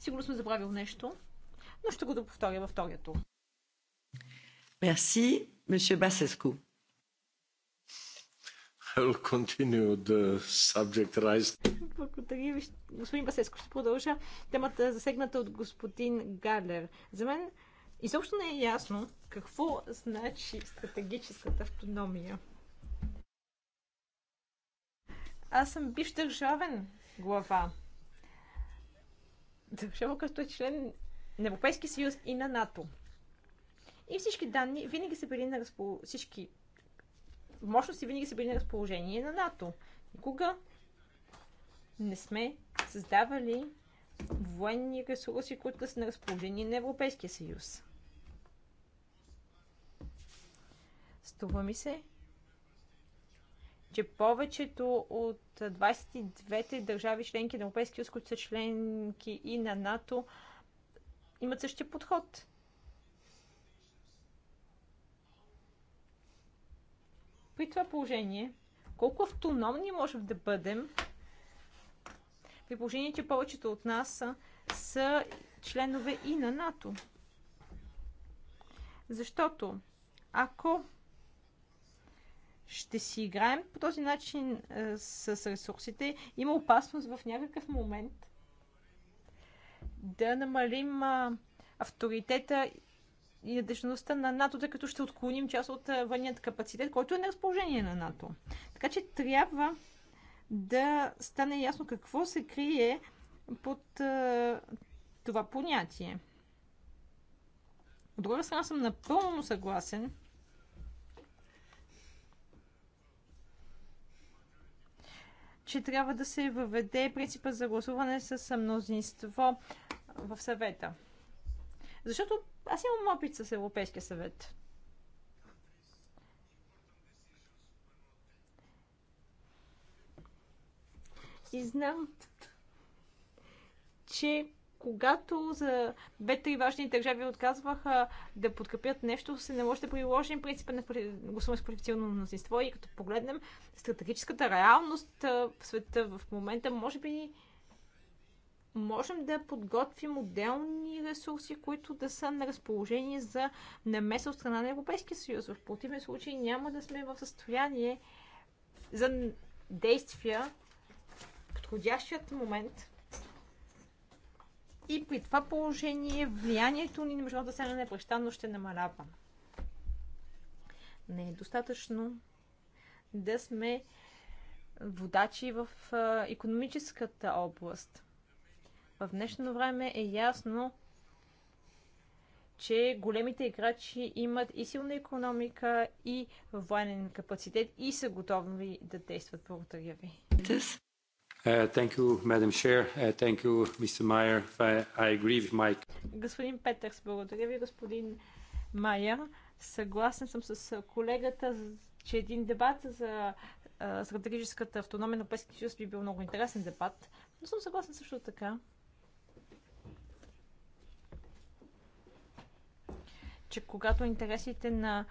S1: сигурно сме забравил нещо, но ще го повторя във вторият тур.
S4: Merci, Monsieur Basescu.
S3: I continue the subject raised.
S1: Благодаря ви, господин Басеско. Ще продължа темата, засегната от господин Галер. За мен изобщо не е ясно какво значи стратегическата автономия. Аз съм бивш държавен глава. Държава, като е член на Европейския съюз и на НАТО. И всички данни винаги са били на разположение. Всички мощности винаги са били на разположение на НАТО. Никога не сме създавали военни ресурси, които са на разположение на Европейския съюз. Струва ми се, че повечето от 22-те държави членки на Европейския съюз, които са членки и на НАТО, имат същия подход. При това положение, колко автономни можем да бъдем, при положение, че повечето от нас са, са членове и на НАТО? Защото ако ще си играем по този начин е, с ресурсите, има опасност в някакъв момент да намалим е, авторитета и надежността на НАТО, тъй като ще отклоним част от военният капацитет, който е на разположение на НАТО. Така че трябва да стане ясно какво се крие под а, това понятие. От друга страна съм напълно съгласен, че трябва да се въведе принципа за гласуване с мнозинство в съвета. Защото аз имам опит с Европейския съвет. И знам, че когато за две-три важни държави отказваха да подкрепят нещо, се не може да приложим принципа на гласуване с квалифицирано мнозинство и като погледнем стратегическата реалност в света в момента, може би можем да подготвим отделни ресурси, които да са на разположение за намеса от страна на Европейския съюз. В противен случай няма да сме в състояние за действия в подходящият момент и при това положение влиянието ни на международната сцена непрестанно ще намалява. Не е достатъчно да сме водачи в економическата област – в днешно време е ясно, че големите играчи имат и силна економика, и военен капацитет, и са готови да действат. Благодаря ви. Uh, uh, господин Петърс, благодаря ви, господин Майер. Съгласен съм с колегата, че един дебат за стратегическата автономия на Европейския съюз би бил много интересен дебат, но съм съгласен също така, че когато интересите на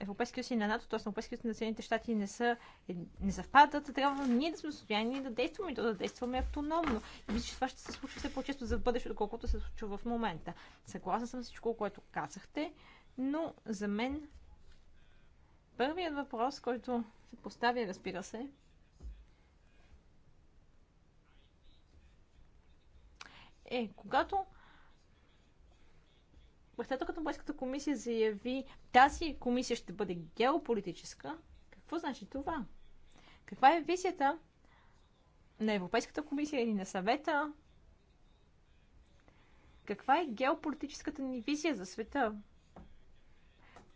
S1: Европейския съюз и на НАТО, т.е. на Европейския съюз на Съединените щати не, са, е, не съвпадат, трябва ние да сме в състояние да действаме и да действаме автономно. И мисля, че това ще се случи все по-често за бъдещето, колкото се случва в момента. Съгласна съм с всичко, което казахте, но за мен първият въпрос, който се поставя, разбира се, е, когато след като Бойската комисия заяви, тази комисия ще бъде геополитическа, какво значи това? Каква е визията на Европейската комисия или на съвета? Каква е геополитическата ни визия за света?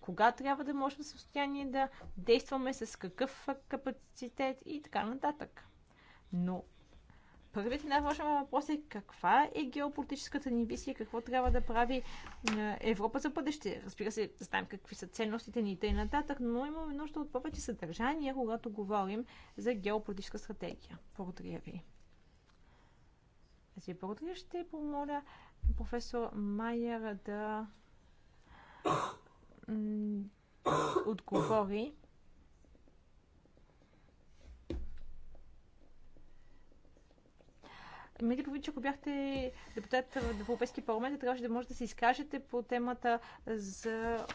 S1: Кога трябва да можем в състояние да действаме, с какъв капацитет и така нататък. Но Първият и най-важен въпрос е каква е геополитическата ни визия, какво трябва да прави е, Европа за бъдеще. Разбира се, знаем какви са ценностите ни и т.н., но имаме нужда от повече съдържание, когато говорим за геополитическа стратегия. Благодаря ви. Аз ви благодаря. Ще помоля професор Майер да отговори Имайте ако бяхте депутат в Европейския парламент, трябваше да може да се изкажете по темата за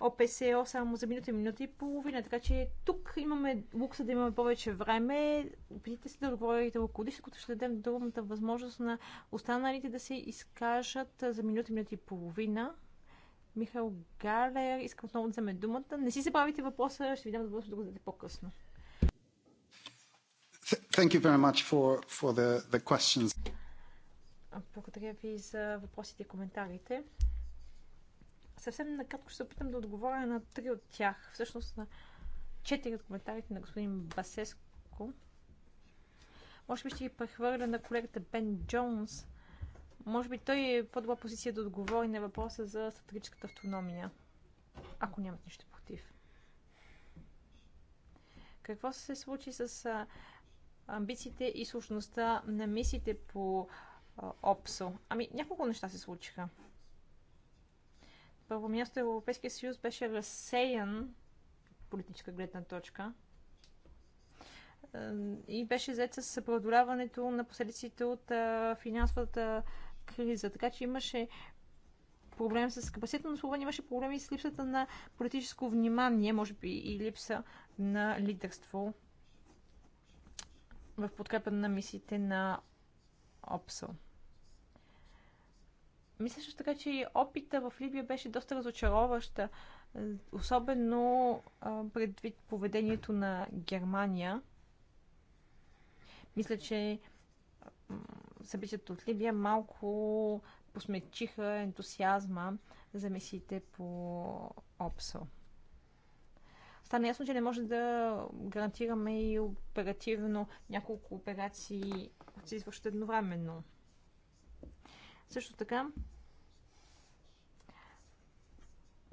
S1: ОПСО само за минута и минута и половина. Така че тук имаме лукса да имаме повече време. Опитайте се да говорите около като ще дадем другата възможност на останалите да се изкажат за минута и минута и половина. Михаил Галер, искам отново да вземе думата. Не си забравите въпроса, ще ви дам да го дадете по-късно.
S4: Thank you very much for, for the, the questions.
S1: Благодаря ви за въпросите и коментарите. Съвсем накратко ще се опитам да отговоря на три от тях. Всъщност на четири от коментарите на господин Басеско. Може би ще ги прехвърля на колегата Бен Джонс. Може би той е по-добра позиция да отговори на въпроса за стратегическата автономия. Ако нямат нищо против. Какво се случи с амбициите и сложността на мисиите по ОПСО? Ами, няколко неща се случиха. Първо място Европейския съюз беше разсеян политическа гледна точка и беше взет с преодоляването на последиците от финансовата криза. Така че имаше проблем с капацитета на Словения, имаше проблеми с липсата на политическо внимание, може би и липса на лидерство в подкрепа на мисиите на ОПСО. Мисля също така, че и опита в Либия беше доста разочароваща, особено предвид поведението на Германия. Мисля, че събитията от Либия малко посмечиха ентусиазма за мисиите по ОПСО стана ясно, че не може да гарантираме и оперативно няколко операции, които се извършат едновременно. Също така,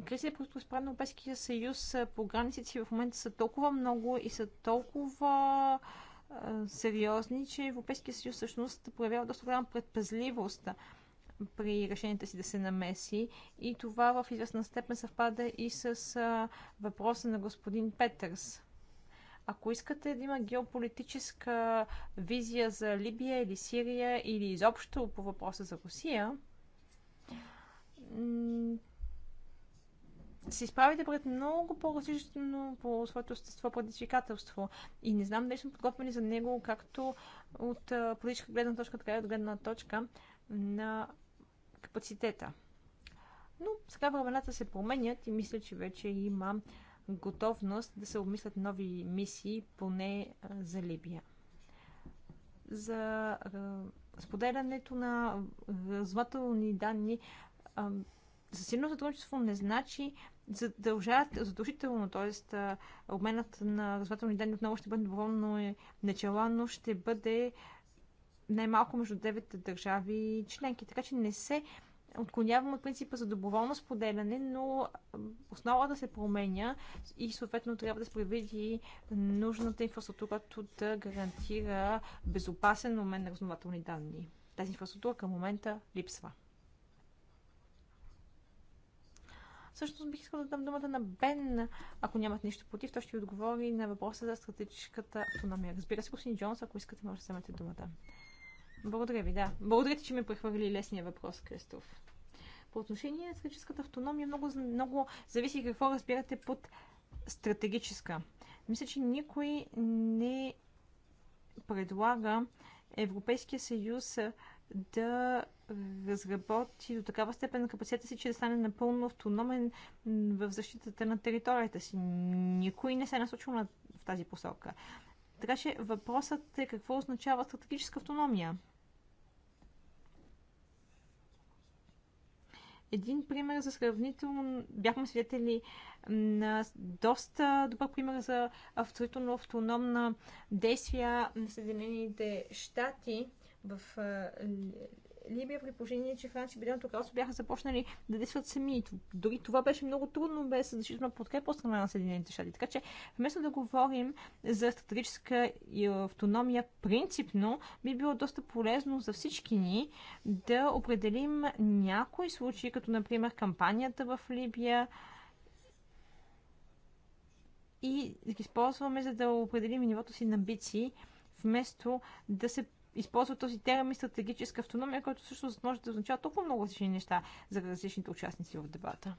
S1: кризите, които е на Европейския съюз по границите си в момента са толкова много и са толкова сериозни, че Европейския съюз всъщност проявява доста голяма предпазливост при решението си да се намеси. И това в известна степен съвпада и с а, въпроса на господин Петърс. Ако искате да има геополитическа визия за Либия или Сирия или изобщо по въпроса за Русия, се изправите пред много по-различно по своето естество предизвикателство. И не знам дали сме подготвени за него, както от политическа гледна точка, така и от гледна точка на капацитета. Но сега времената се променят и мисля, че вече има готовност да се обмислят нови мисии, поне за Либия. За споделянето на разузнавателни данни за силно сътрудничество не значи задължат, задължително, т.е. обменът на разузнавателни данни отново ще бъде доволно е но ще бъде най-малко между девете държави членки. Така че не се отклоняваме от принципа за доброволно споделяне, но основа да се променя и съответно трябва да се предвиди нужната инфраструктура, която да гарантира безопасен момент на разнователни данни. Тази инфраструктура към момента липсва. Всъщност бих искала да дам думата на Бен, ако нямат нищо против, той ще ви отговори на въпроса за стратегическата автономия. Разбира се, господин Джонс, ако искате, може да вземете думата. Благодаря ви, да. Благодаря ти, че ми прехвърли лесния въпрос, Кристоф. По отношение на стратегическата автономия много, много зависи какво разбирате под стратегическа. Мисля, че никой не предлага Европейския съюз да разработи до такава степен капацитета си, че да стане напълно автономен в защитата на територията си. Никой не се е насочил на, в тази посока. Така че въпросът е какво означава стратегическа автономия. един пример за сравнително... Бяхме свидетели на доста добър пример за абсолютно автономна действия на Съединените щати в е, Либия, при положение, че Франция и Обединеното кралство бяха започнали да действат сами. Дори това беше много трудно без защитна подкрепа от страна на Съединените щати. Така че, вместо да говорим за стратегическа и автономия принципно, би било доста полезно за всички ни да определим някои случаи, като например кампанията в Либия, и да ги използваме, за да определим нивото си на амбиции, вместо да се използва този термин стратегическа автономия, който всъщност може да означава толкова много различни неща за различните участници в дебата.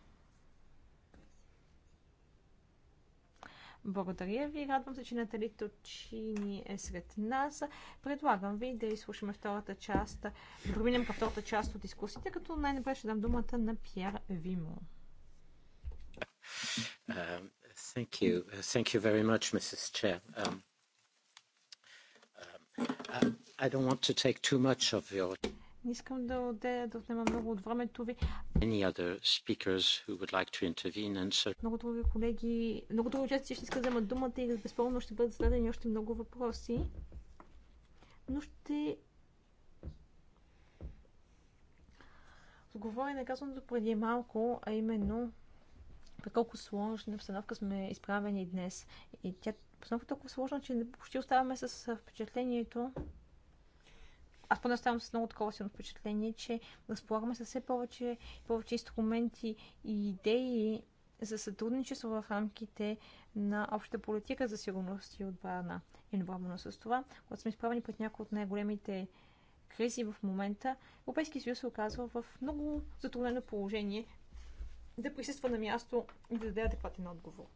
S1: Благодаря ви. Радвам се, че Натали Точини е сред нас. Предлагам ви да изслушаме втората част, да преминем към втората част от дискусията, като най-напред ще дам думата на Пьер Вимо.
S4: Um, thank you. Thank you very much, Mrs. Chair. Um, um, uh, I don't
S1: want to take too much of your... Не искам да, отделя, да отнема много от времето Any other speakers
S3: who would like to intervene and so...
S1: Много други колеги, много други участници ще искат да вземат думата и безспорно ще бъдат зададени още много въпроси. Но ще отговоря на казаното преди малко, а именно колко сложна обстановка сме изправени днес. И тя обстановка е толкова сложна, че почти оставаме с впечатлението, аз поне оставам с много такова силно впечатление, че разполагаме с все повече, повече инструменти и идеи за сътрудничество в рамките на общата политика за сигурност и отбрана. И едновременно с това, когато сме изправени пред някои от най-големите кризи в момента, Европейския съюз се оказва в много затруднено положение да присъства на място и да даде адекватен отговор.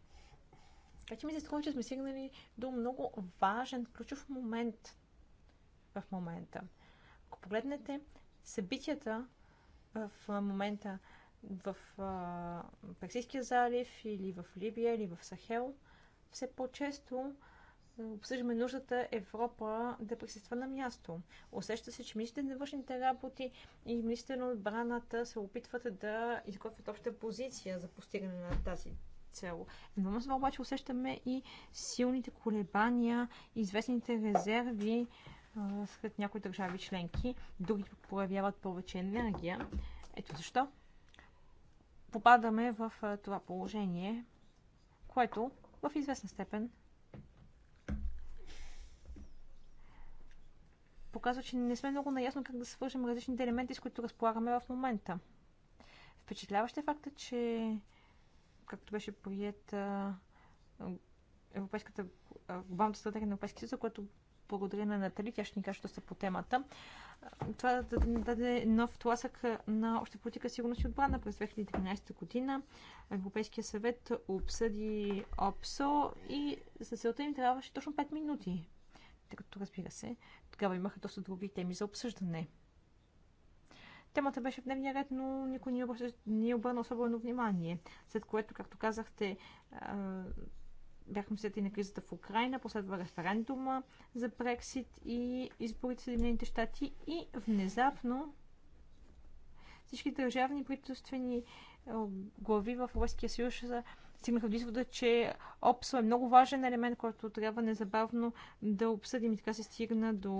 S1: Така че ми се струва, че сме стигнали до много важен, ключов момент в момента погледнете събитията в момента в Персийския залив или в Либия или в Сахел, все по-често обсъждаме нуждата Европа да присъства на място. Усеща се, че министрите на външните работи и министрите на отбраната се опитват да изготвят обща позиция за постигане на тази цел. Но с това обаче усещаме и силните колебания, известните резерви сред някои държави членки, други проявяват повече енергия. Ето защо попадаме в това положение, което в известна степен показва, че не сме много наясно как да свържем различните елементи, с които разполагаме в момента. Впечатляващ е факта, че както беше прият Европейската глобалната стратегия на Европейския съюз, което благодаря на Натали, тя ще ни каже, са по темата. Това даде нов тласък на още политика сигурност и отбрана през 2013 година. Европейския съвет обсъди ОПСО и за целта им трябваше точно 5 минути. Тъй като, разбира се, тогава имаха доста други теми за обсъждане. Темата беше в дневния ред, но никой не обърна особено внимание. След което, както казахте, бяхме след и на кризата в Украина, последва референдума за Брексит и изборите в Съединените щати и внезапно всички държавни правителствени е, глави в Европейския съюз е, стигнаха до извода, че ОПСО е много важен елемент, който трябва незабавно да обсъдим и така се стигна до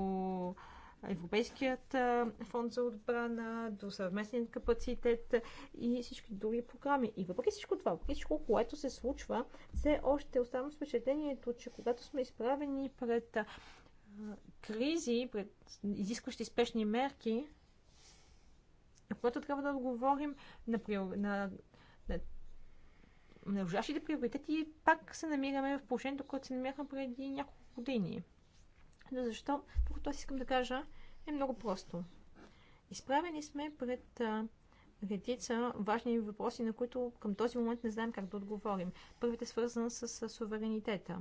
S1: Европейският фонд за отбрана, до съвместен капацитет и всички други програми. И въпреки всичко това, въпреки всичко, което се случва, все още оставам с впечатлението, че когато сме изправени пред кризи, пред изискващи спешни мерки, когато трябва да отговорим на, на, на на ужасните приоритети пак се намираме в положението, което се намирахме преди няколко години. Но защо? Другото аз искам да кажа е много просто. Изправени сме пред редица важни въпроси, на които към този момент не знаем как да отговорим. Първият е свързан с, с суверенитета.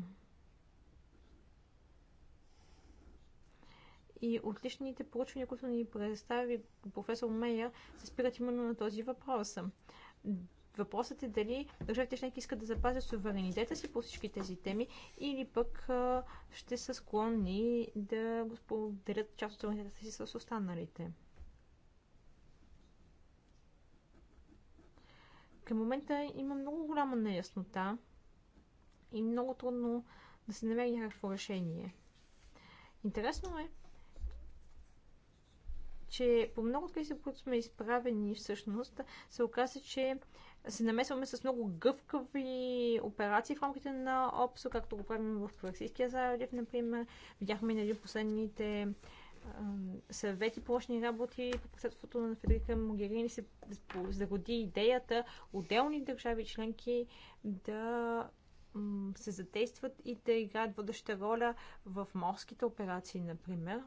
S1: И отличните проучвания, които ни представи професор Мейер, се спират именно на този въпрос. Въпросът е дали държавите членки искат да запазят суверенитета си по всички тези теми или пък ще са склонни да го споделят част от суверенитета си с останалите. Към момента има много голяма неяснота и много трудно да се намери някакво решение. Интересно е, че по много от тези, които сме изправени всъщност, се оказа, че се намесваме с много гъвкави операции в рамките на ОПСО, както го правим в Парсийския залив, например. Видяхме един последните съвети по очни работи по председателството на Федерика Могерини се загоди идеята отделни държави членки да се задействат и да играят водеща роля в морските операции, например,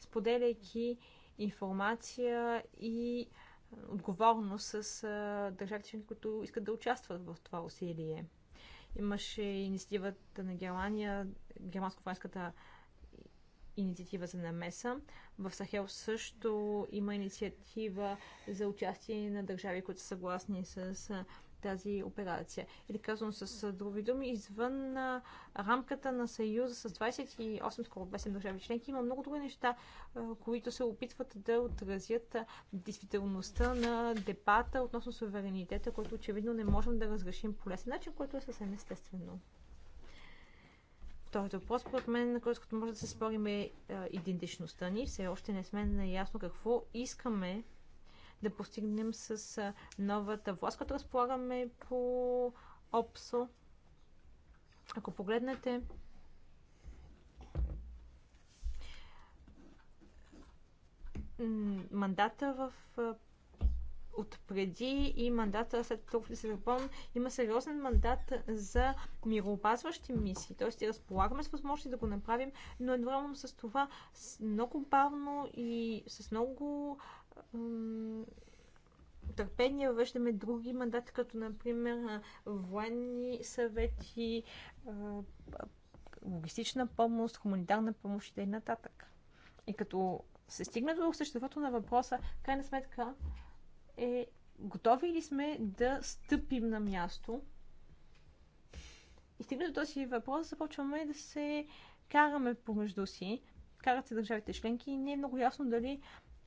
S1: споделяйки информация и отговорност с държавите които искат да участват в това усилие. Имаше инициативата на Германия, германско-франската инициатива за намеса. В Сахел също има инициатива за участие на държави, които са съгласни с тази операция. Или казвам с други думи, извън рамката на Съюза с 28 скоро 8 държави членки има много други неща, които се опитват да отразят действителността на дебата относно суверенитета, който очевидно не можем да разрешим по лесен начин, което е съвсем естествено. Вторият въпрос, според мен, на който може да се спорим е идентичността ни. Все още не сме наясно какво искаме да постигнем с новата власт, която разполагаме по ОПСО. Ако погледнете мандата в от преди и мандата след Турф Лисабон има сериозен мандат за мироопазващи мисии. Тоест, разполагаме с възможности да го направим, но едновременно с това с много бавно и с много търпение въвеждаме други мандати, като например военни съвети, логистична помощ, хуманитарна помощ и т.н. И като се стигне до съществото на въпроса, крайна сметка е готови ли сме да стъпим на място? И стигна до този въпрос, започваме да се караме помежду си, карат се държавите членки и не е много ясно дали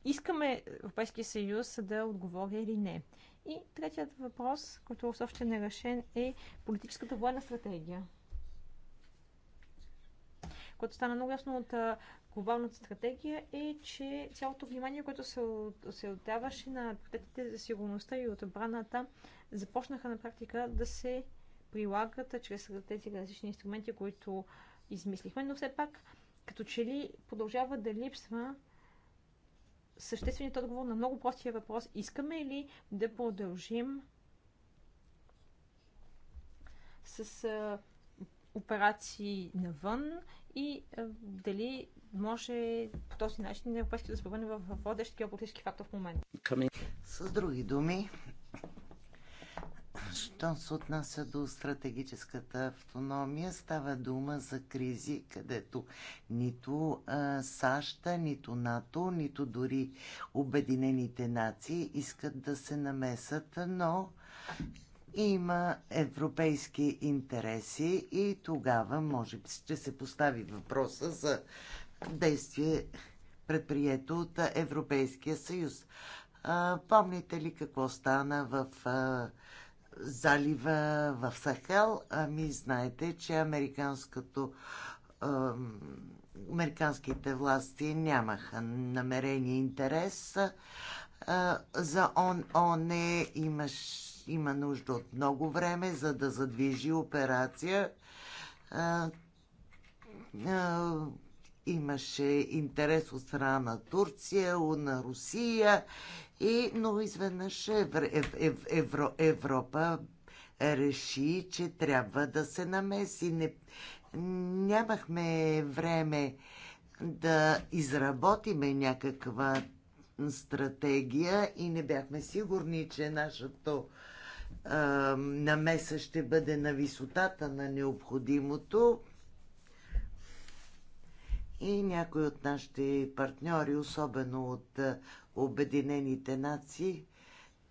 S1: искаме Европейския съюз да отговори или не. И третият въпрос, който още не е решен, е политическата военна стратегия. Което стана много ясно от глобалната стратегия е, че цялото внимание, което се, се отдаваше на приоритетите за сигурността и отбраната, започнаха на практика да се прилагат чрез тези различни инструменти, които измислихме, но все пак като че ли продължава да липсва същественият отговор на много простия въпрос. Искаме ли да продължим с а, операции навън и а, дали може по този начин Европейския да се превърне в водещ геополитически фактор в момента.
S4: С други думи, Що се отнася до стратегическата автономия, става дума за кризи, където нито а, САЩ, нито НАТО, нито дори Обединените нации искат да се намесат, но има европейски интереси и тогава може би ще се постави въпроса за действие предприето от Европейския съюз. А, помните ли какво стана в а, залива в Сахел. Ами знаете, че американското американските власти нямаха намерение интерес. За он, он имаш, има нужда от много време, за да задвижи операция. Имаше интерес от страна на Турция, на Русия и, но изведнъж Евро, Ев, Евро, Европа реши, че трябва да се намеси. Не, нямахме време да изработиме някаква стратегия и не бяхме сигурни, че нашето е, намеса ще бъде на висотата на необходимото. И някои от нашите партньори, особено от Обединените нации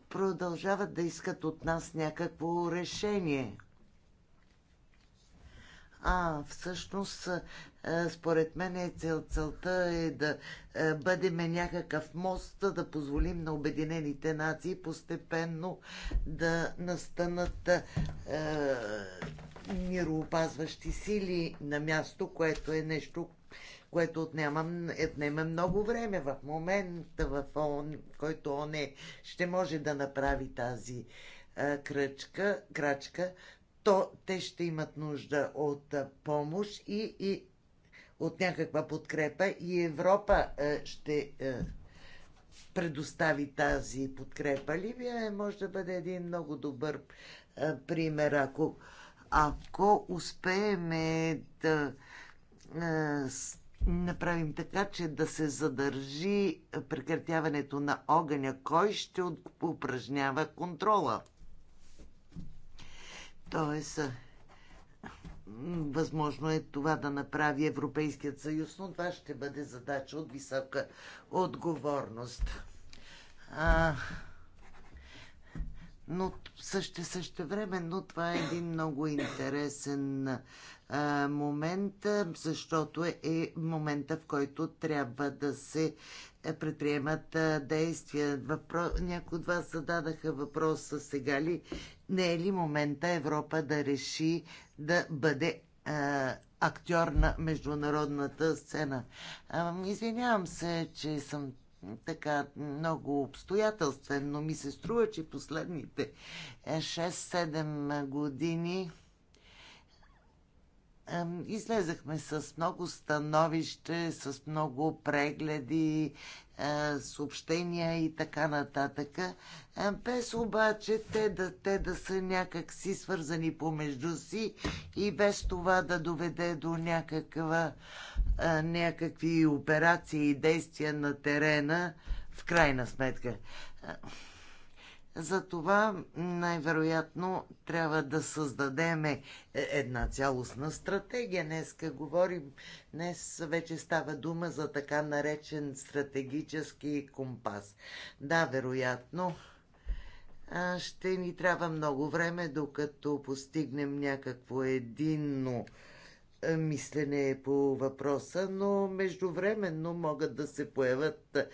S4: продължават да искат от нас някакво решение. А, всъщност, е, според мен е цел, целта е да е, бъдеме някакъв мост, да позволим на Обединените нации постепенно да настанат е, мироопазващи сили на място, което е нещо, което отнема, отнема много време. В момента, в он, който он е, ще може да направи тази а, кръчка, крачка, то те ще имат нужда от а, помощ и, и от някаква подкрепа и Европа а, ще а, предостави тази подкрепа. Ливия е, може да бъде един много добър а, пример, ако, ако успеем да а, направим така, че да се задържи прекратяването на огъня? Кой ще упражнява контрола? Тоест, възможно е това да направи Европейският съюз, но това ще бъде задача от висока отговорност. А, но също, също време, но това е един много интересен момент, защото е, е момента, в който трябва да се е, предприемат действия. Въпро... Някои от вас зададаха въпроса сега ли, не е ли момента Европа да реши да бъде актьор на международната сцена. извинявам се, че съм така много обстоятелствен, но ми се струва, че последните 6-7 е, години Излезахме с много становище, с много прегледи, съобщения и така нататък, без обаче те да, те да са си свързани помежду си и без това да доведе до някаква, някакви операции и действия на терена, в крайна сметка. Затова най-вероятно трябва да създадем е, една цялостна стратегия. Днеска говорим, днес вече става дума за така наречен стратегически компас. Да, вероятно, ще ни трябва много време, докато постигнем някакво единно е, мислене по въпроса, но междувременно могат да се появят а,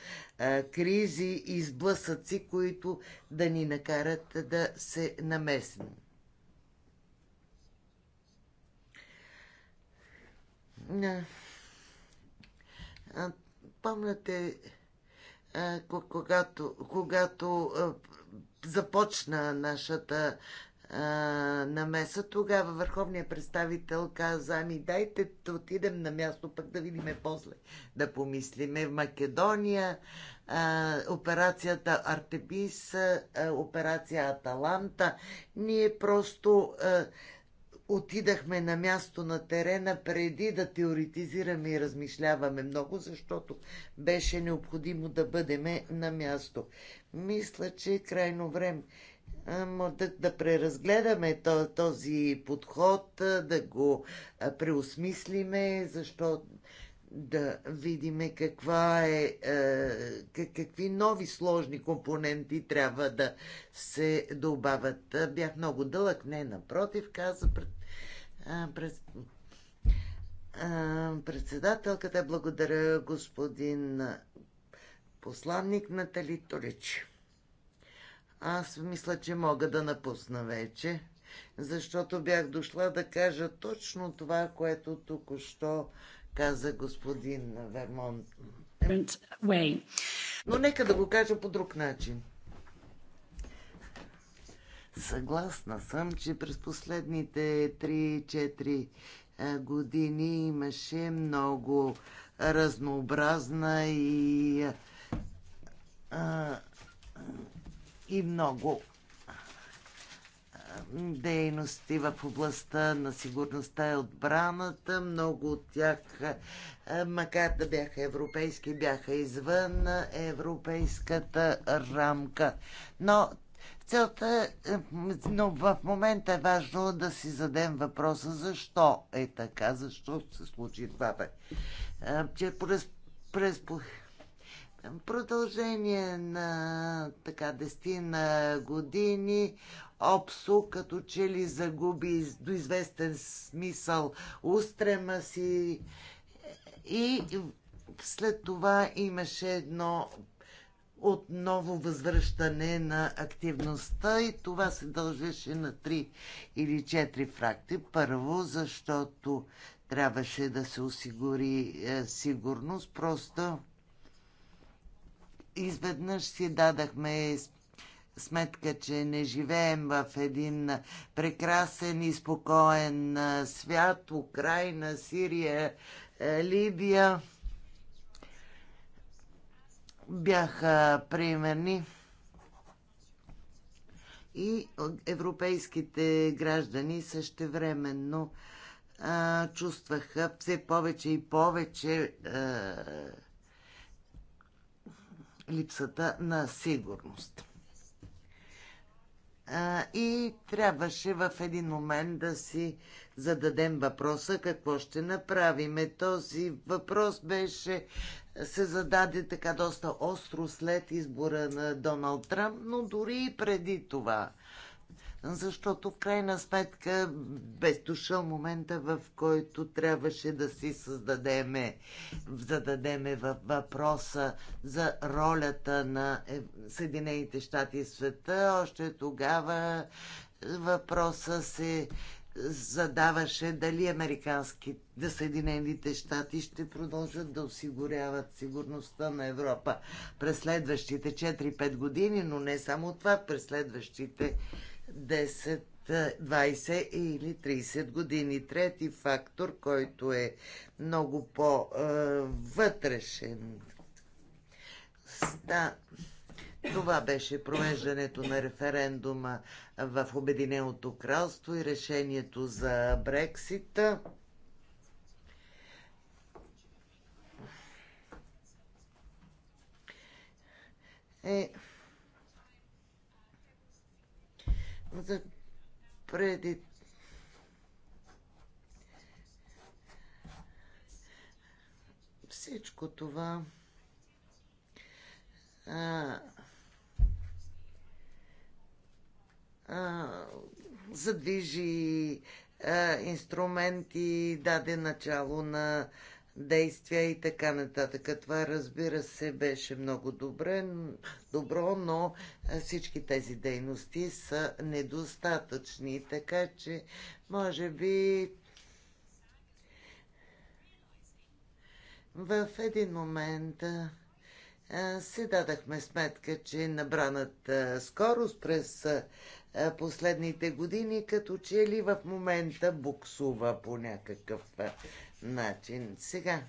S4: е, кризи и сблъсъци, които да ни накарат да се намесим. Е, а, помняте, а, когато, когато започна нашата намеса. Тогава върховният представител каза, ами дайте да отидем на място, пък да видиме после, да помислиме. В Македония а, операцията Артебис, а, операция Аталанта. Ние просто а, отидахме на място на терена преди да теоретизираме и размишляваме много, защото беше необходимо да бъдеме на място. Мисля, че е крайно време да, да преразгледаме този подход, да го преосмислиме, защо да видиме каква е, какви нови сложни компоненти трябва да се добавят. Бях много дълъг, не напротив, каза пред, пред, председателката. Благодаря господин посланник Натали Толичи. Аз мисля, че мога да напусна вече, защото бях дошла да кажа точно това, което току-що каза господин Вермон. Но нека да го кажа по друг начин. Съгласна съм, че през последните 3-4 е, години имаше много разнообразна и а, е, е, и много дейности в областта на сигурността и отбраната. Много от тях, макар да бяха европейски, бяха извън европейската рамка. Но целта, е, но в момента е важно да си задем въпроса защо е така, защо се случи това бе. Че през, през продължение на така дестина години ОПСО като че ли загуби до известен смисъл устрема си и след това имаше едно отново възвръщане на активността и това се дължеше на три или четири фракти. Първо, защото трябваше да се осигури е, сигурност, просто изведнъж си дадахме сметка, че не живеем в един прекрасен и спокоен свят, Украина, Сирия, Либия. Бяха примерни и европейските граждани същевременно а, чувстваха все повече и повече а, липсата на сигурност. А, и трябваше в един момент да си зададем въпроса какво ще направиме. Този въпрос беше се зададе така доста остро след избора на Доналд Трамп, но дори и преди това защото в крайна сметка без дошъл момента, в който трябваше да си създадеме, зададеме въпроса за ролята на Съединените щати и света. Още тогава въпроса се задаваше дали американски, да Съединените щати ще продължат да осигуряват сигурността на Европа през следващите 4-5 години, но не само това, през следващите 10, 20 или 30 години. Трети фактор, който е много по-вътрешен. Да, това беше провеждането на референдума в Обединеното кралство и решението за Брексита. Е, за преди всичко това а, а, задвижи а, инструменти, даде начало на действия и така нататък. Това, разбира се, беше много добре, добро, но всички тези дейности са недостатъчни, така че може би в един момент се дадахме сметка, че набраната скорост през последните години, като че ли в момента буксува по някакъв начин. Сега,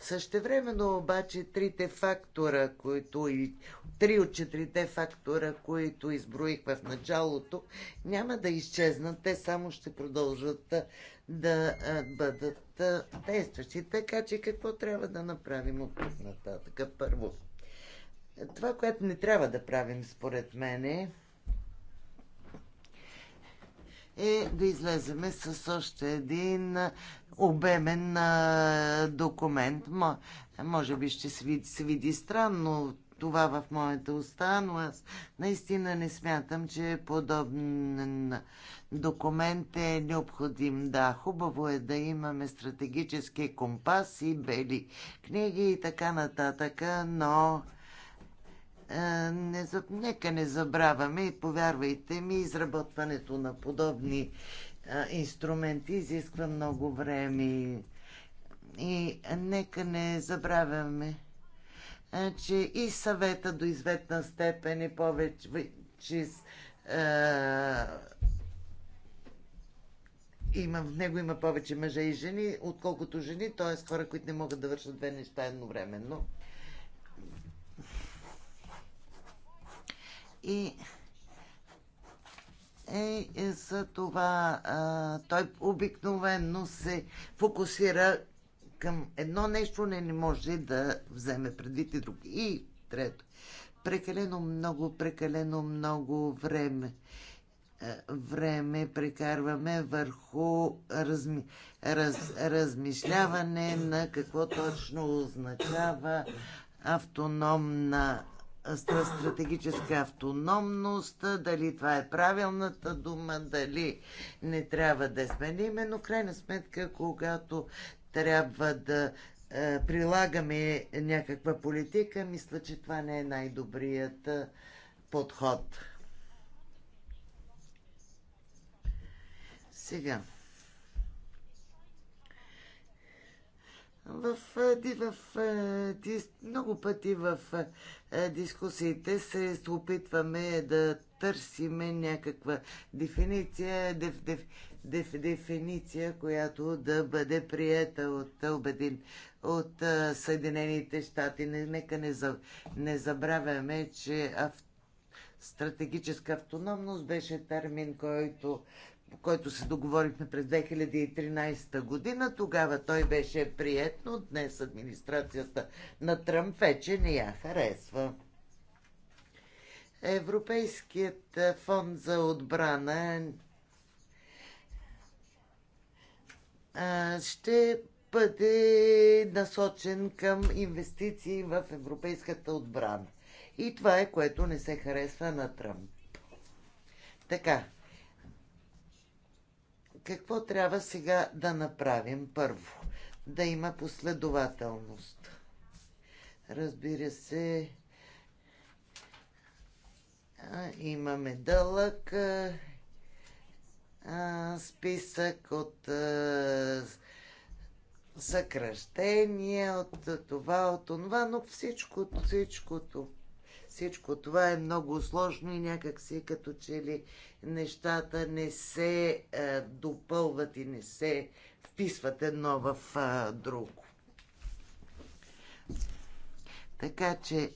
S4: същевременно обаче трите фактора, които и три от четирите фактора, които изброих в началото, няма да изчезнат. Те само ще продължат да бъдат действащи. Така че какво трябва да направим от тук нататък? Първо, това, което не трябва да правим според мен е е да излеземе с още един обемен а, документ. Може би ще се види, се види странно това в моята уста, но аз наистина не смятам, че подобен документ е необходим. Да, хубаво е да имаме стратегически компас и бели книги и така нататък, но е, не, нека не забравяме и повярвайте ми, изработването на подобни инструмент изисква много време. И нека не забравяме, че и съвета до известна степен и е повече че, е, има, в него има повече мъже и жени, отколкото жени, т.е. хора, които не могат да вършат две неща едновременно. И е, е, за това а, той обикновенно се фокусира към едно нещо, не, не може да вземе предвид и друго. И трето, прекалено много, прекалено много време време прекарваме върху разми, раз, размишляване на какво точно означава автономна стратегическа автономност, дали това е правилната дума, дали не трябва да сме. но крайна сметка, когато трябва да е, прилагаме някаква политика, мисля, че това не е най-добрият е, подход. Сега. В, в, в много пъти в дискусиите се опитваме да търсиме някаква дефиниция, деф, деф, деф, дефиниция, която да бъде приета от, обедин, от Съединените щати. Нека не, за, не забравяме, че ав, стратегическа автономност беше термин, който който се договорихме през 2013 година. Тогава той беше прият, но днес администрацията на Тръмп вече не я харесва. Европейският фонд за отбрана ще бъде насочен към инвестиции в европейската отбрана. И това е което не се харесва на Тръмп. Така, какво трябва сега да направим? Първо, да има последователност. Разбира се, имаме дълъг списък от съкръщения, от това, от това, но всичко, всичкото всичко това е много сложно и някакси е като че ли нещата не се е, допълват и не се вписват едно в е, друго. Така че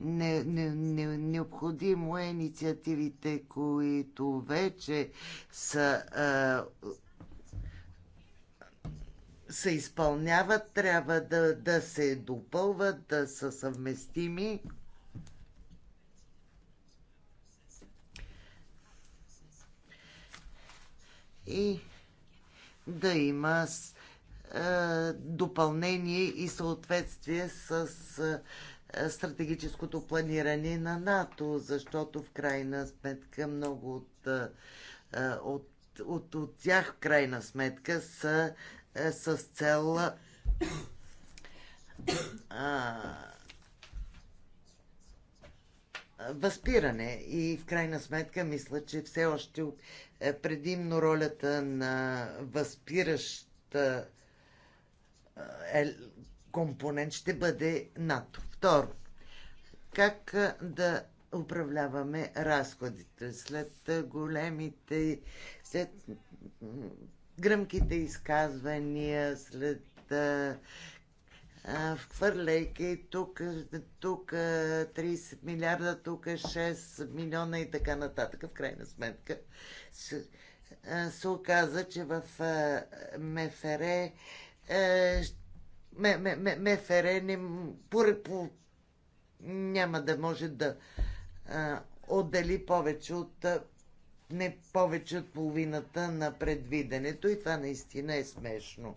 S4: не, не, не, необходимо е инициативите, които вече са, а, е, се изпълняват, трябва да, да се допълват, да са съвместими. и да има е, допълнение и съответствие с е, стратегическото планиране на НАТО, защото в крайна сметка много от, е, от, от, от тях в крайна сметка са с цел а, възпиране и в крайна сметка мисля, че все още е предимно ролята на възпираща е, е, компонент ще бъде НАТО. Второ, как да управляваме разходите след големите, след гръмките изказвания, след хвърляйки тук, тук 30 милиарда, тук 6 милиона и така нататък. В крайна сметка се, се оказа, че в МФР МФР не, по, по, няма да може да отдели повече от не повече от половината на предвиденето и това наистина е смешно.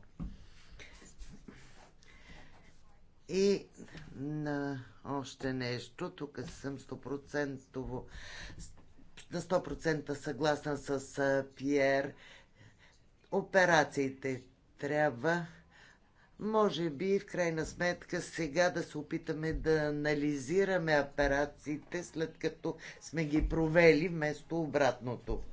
S4: И на още нещо, тук съм 100% на 100% съгласна с Пьер. Операциите трябва може би в крайна сметка сега да се опитаме да анализираме операциите, след като сме ги провели вместо обратното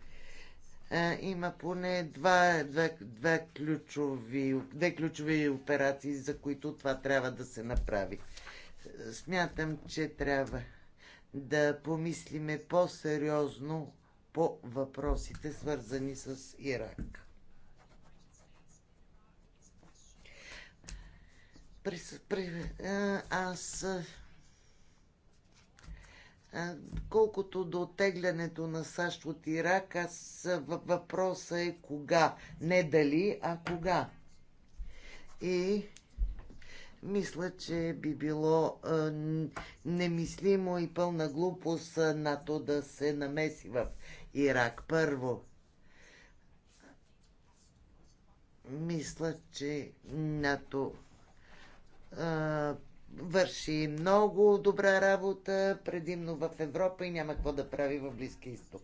S4: има поне два, два, два ключови, две ключови операции, за които това трябва да се направи. Смятам, че трябва да помислиме по-сериозно по въпросите, свързани с Ирак. През, през, аз Колкото до оттеглянето на САЩ от Ирак, аз въпроса е кога. Не дали, а кога. И мисля, че би било е, немислимо и пълна глупост НАТО да се намеси в Ирак. Първо, мисля, че НАТО е, върши много добра работа, предимно в Европа и няма какво да прави в Близкия изток.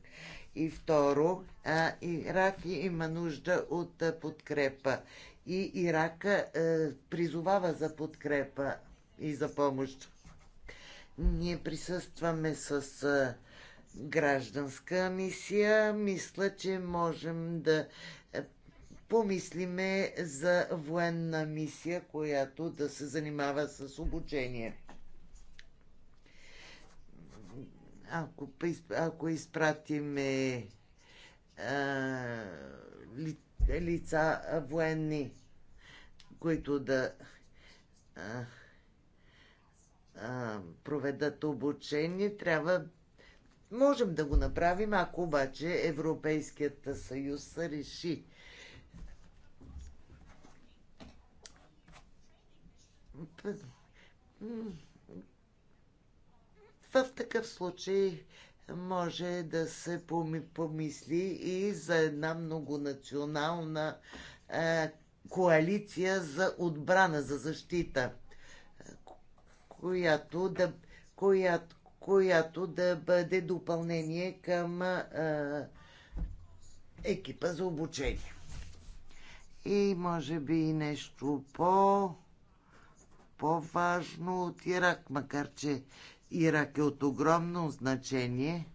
S4: И второ, а, Ирак има нужда от а, подкрепа. И Ирак а, призовава за подкрепа и за помощ. Ние присъстваме с а, гражданска мисия. Мисля, че можем да помислиме за военна мисия, която да се занимава с обучение. Ако, ако изпратиме а, лица а, военни, които да а, а, проведат обучение, трябва можем да го направим, ако обаче Европейският съюз реши В такъв случай може да се помисли и за една многонационална е, коалиция за отбрана, за защита, която да, която, която да бъде допълнение към е, екипа за обучение. И може би нещо по по-важно от Ирак, макар че Ирак е от огромно значение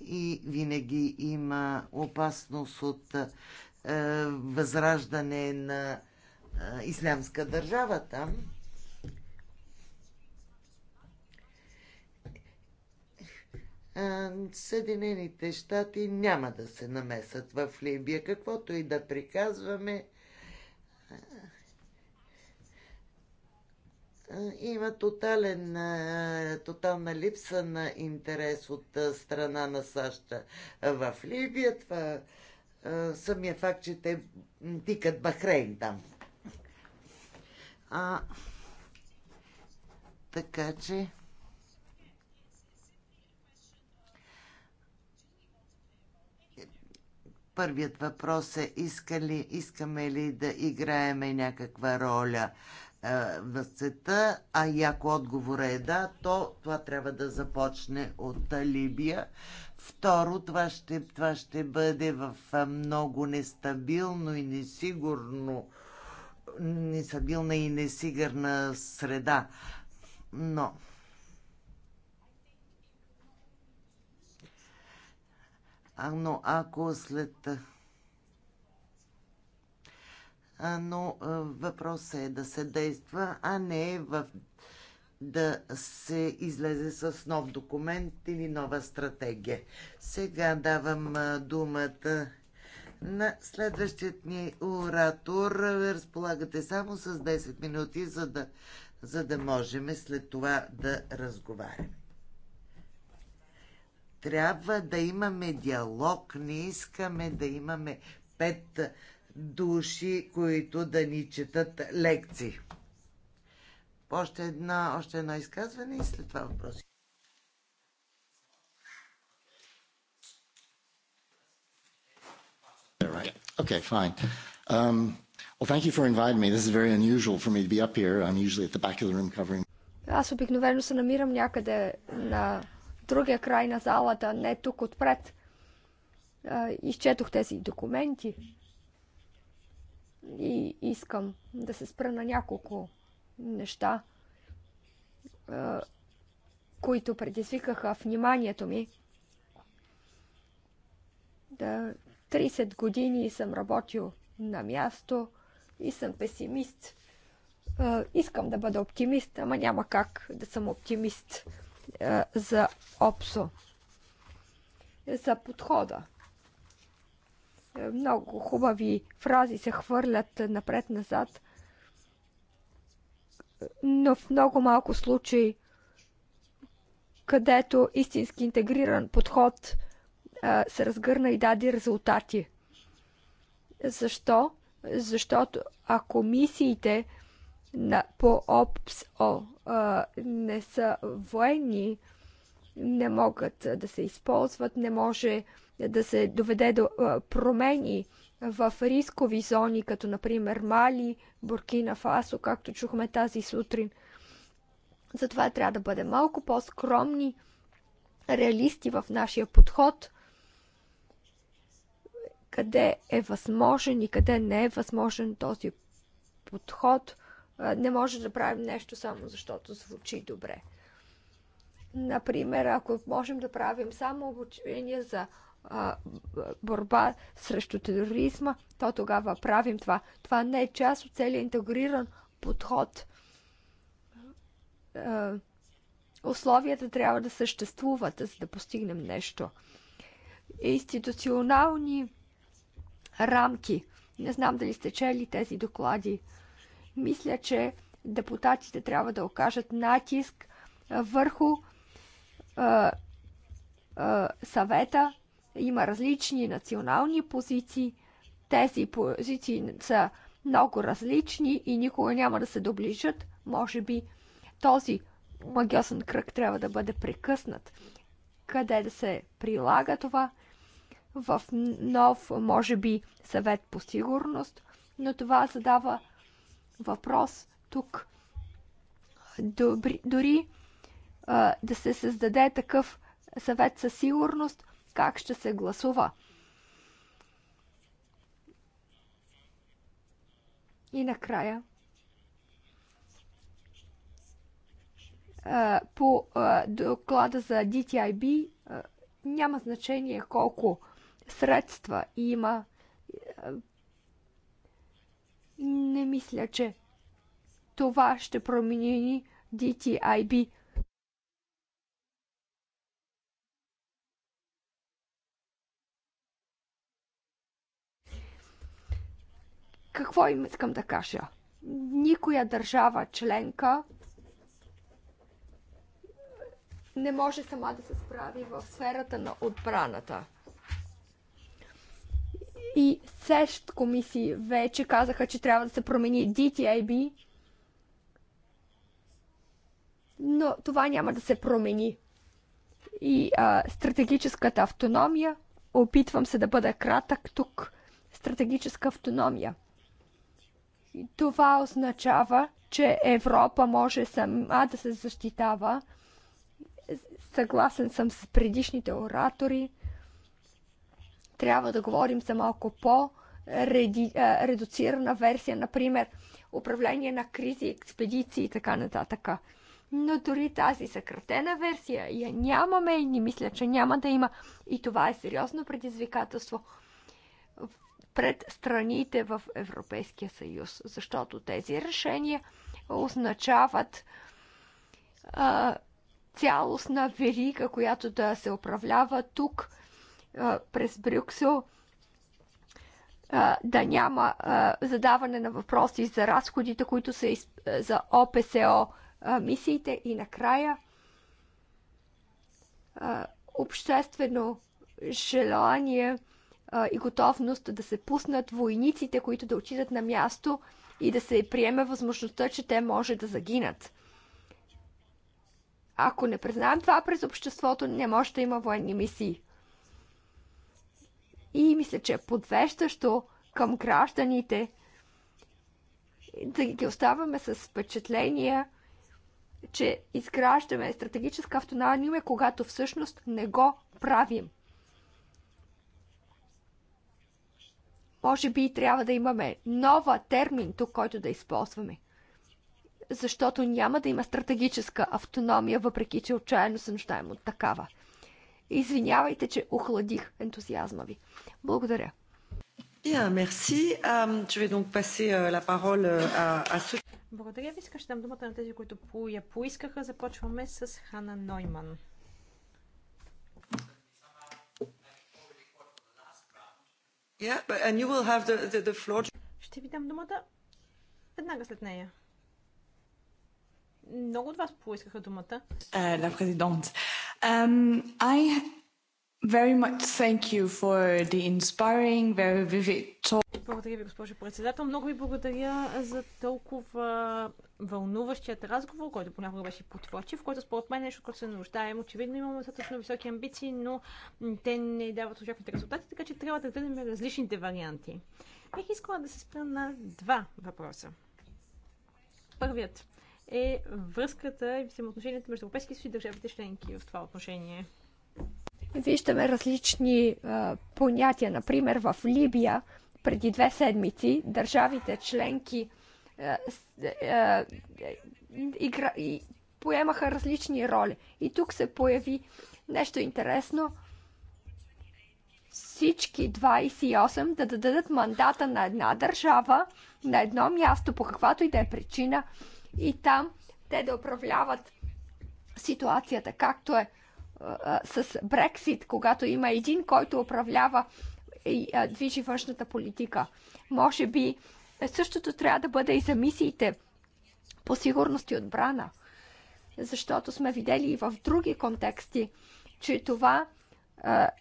S4: и винаги има опасност от е, възраждане на е, ислямска държава там. Е, Съединените щати няма да се намесат в Либия, каквото и да приказваме има тотален, тотална липса на интерес от страна на САЩ в Либия. Това самия факт, че те тикат Бахрейн там. А, така че... Първият въпрос е иска искаме ли да играеме някаква роля е, в света, а и ако отговора е да, то това трябва да започне от Либия. Второ, това ще, това ще бъде в е, много нестабилно и несигурно, нестабилна и несигурна среда. Но но ако след но въпросът е да се действа, а не в да се излезе с нов документ или нова стратегия. Сега давам думата на следващият ни оратор. Разполагате само с 10 минути, за да, за да можем след това да разговаряме. Трябва да имаме диалог, не искаме да имаме пет души, които да ни четат лекции. Още, една, още едно изказване и след това въпроси. Okay, fine. Um, well, thank you for inviting me. This is very unusual for me to be up here. I'm usually at the back of the room covering.
S2: Аз обикновено се намирам някъде на другия край на залата, не тук отпред. Изчетох тези документи. И искам да се спра на няколко неща, които предизвикаха вниманието ми. Да, 30 години съм работил на място и съм песимист. Искам да бъда оптимист, ама няма как да съм оптимист за ОПСО. За подхода много хубави фрази се хвърлят напред-назад, но в много малко случаи, където истински интегриран подход се разгърна и даде резултати. Защо? Защото ако мисиите на, по ОПСО а, не са военни, не могат да се използват, не може да се доведе до промени в рискови зони, като например Мали, Буркина Фасо, както чухме тази сутрин. Затова трябва да бъдем малко по-скромни, реалисти в нашия подход, къде е възможен и къде не е възможен този подход. Не може да правим нещо само защото звучи добре. Например, ако можем да правим само обучение за борба срещу тероризма, то тогава правим това. Това не е част от целият интегриран подход. Условията трябва да съществуват, за да постигнем нещо. Институционални рамки. Не знам дали сте чели тези доклади. Мисля, че депутатите трябва да окажат натиск върху съвета има различни национални позиции. Тези позиции са много различни и никога няма да се доближат. Може би този магиосен кръг трябва да бъде прекъснат. Къде да се прилага това? В нов, може би, съвет по сигурност, но това задава въпрос тук. Добри, дори а, да се създаде такъв съвет със сигурност, как ще се гласува. И накрая. По доклада за DTIB няма значение колко средства има. Не мисля, че това ще промени DTIB Какво им искам да кажа? Никоя държава членка не може сама да се справи в сферата на отбраната. И СЕЩ комисии вече казаха, че трябва да се промени DTIB, но това няма да се промени. И а, стратегическата автономия, опитвам се да бъда кратък тук, стратегическа автономия – това означава, че Европа може сама да се защитава. Съгласен съм с предишните оратори. Трябва да говорим за малко по-редуцирана версия, например, управление на кризи, експедиции и така нататък. Но дори тази съкратена версия я нямаме и не мисля, че няма да има. И това е сериозно предизвикателство пред страните в Европейския съюз, защото тези решения означават а, цялостна верига, която да се управлява тук а, през Брюксел, а, да няма а, задаване на въпроси за разходите, които са из, за ОПСО а, мисиите и накрая а, обществено желание и готовност да се пуснат войниците, които да отидат на място и да се приеме възможността, че те може да загинат. Ако не признаем това през обществото, не може да има военни мисии. И мисля, че е подвеждащо към гражданите да ги оставаме с впечатления, че изграждаме стратегическа автономия, когато всъщност не го правим. Може би трябва да имаме нова термин тук, който да използваме. Защото няма да има стратегическа автономия, въпреки че отчаяно се нуждаем от такава. Извинявайте, че охладих ентузиазма ви. Благодаря.
S3: Bien, merci. Um, je vais donc passer uh, la parole euh, à, à ceux...
S1: Благодаря ви. Искаш да дам думата на тези, които по я поискаха. Започваме с Хана Нойман.
S2: Yeah, but and you will have the, the, the floor.
S1: Ще ви дам думата веднага след нея. Много от вас поискаха думата. La президент. Um, I very much thank you for the inspiring, very vivid talk. Благодаря ви, госпожо председател. Много ви благодаря за толкова вълнуващият разговор, който понякога беше потворчив, който според мен е нещо, което се нуждаем. Очевидно имаме достатъчно високи амбиции, но те не дават очакваните резултати, така че трябва да гледаме различните варианти. Бих искала да се спра на два въпроса. Първият е връзката и взаимоотношенията между Европейския съюз и държавите членки в това отношение виждаме
S2: различни а, понятия. Например, в Либия преди две седмици държавите членки е, е, е, игра, и поемаха различни роли. И тук се появи нещо интересно. Всички 28 да дадат мандата на една държава, на едно място, по каквато и да е причина, и там те да управляват ситуацията, както е, е, е с Брексит, когато има един, който управлява движи външната политика. Може би е, същото трябва да бъде и за мисиите по сигурност и отбрана, защото сме видели и в други контексти, че това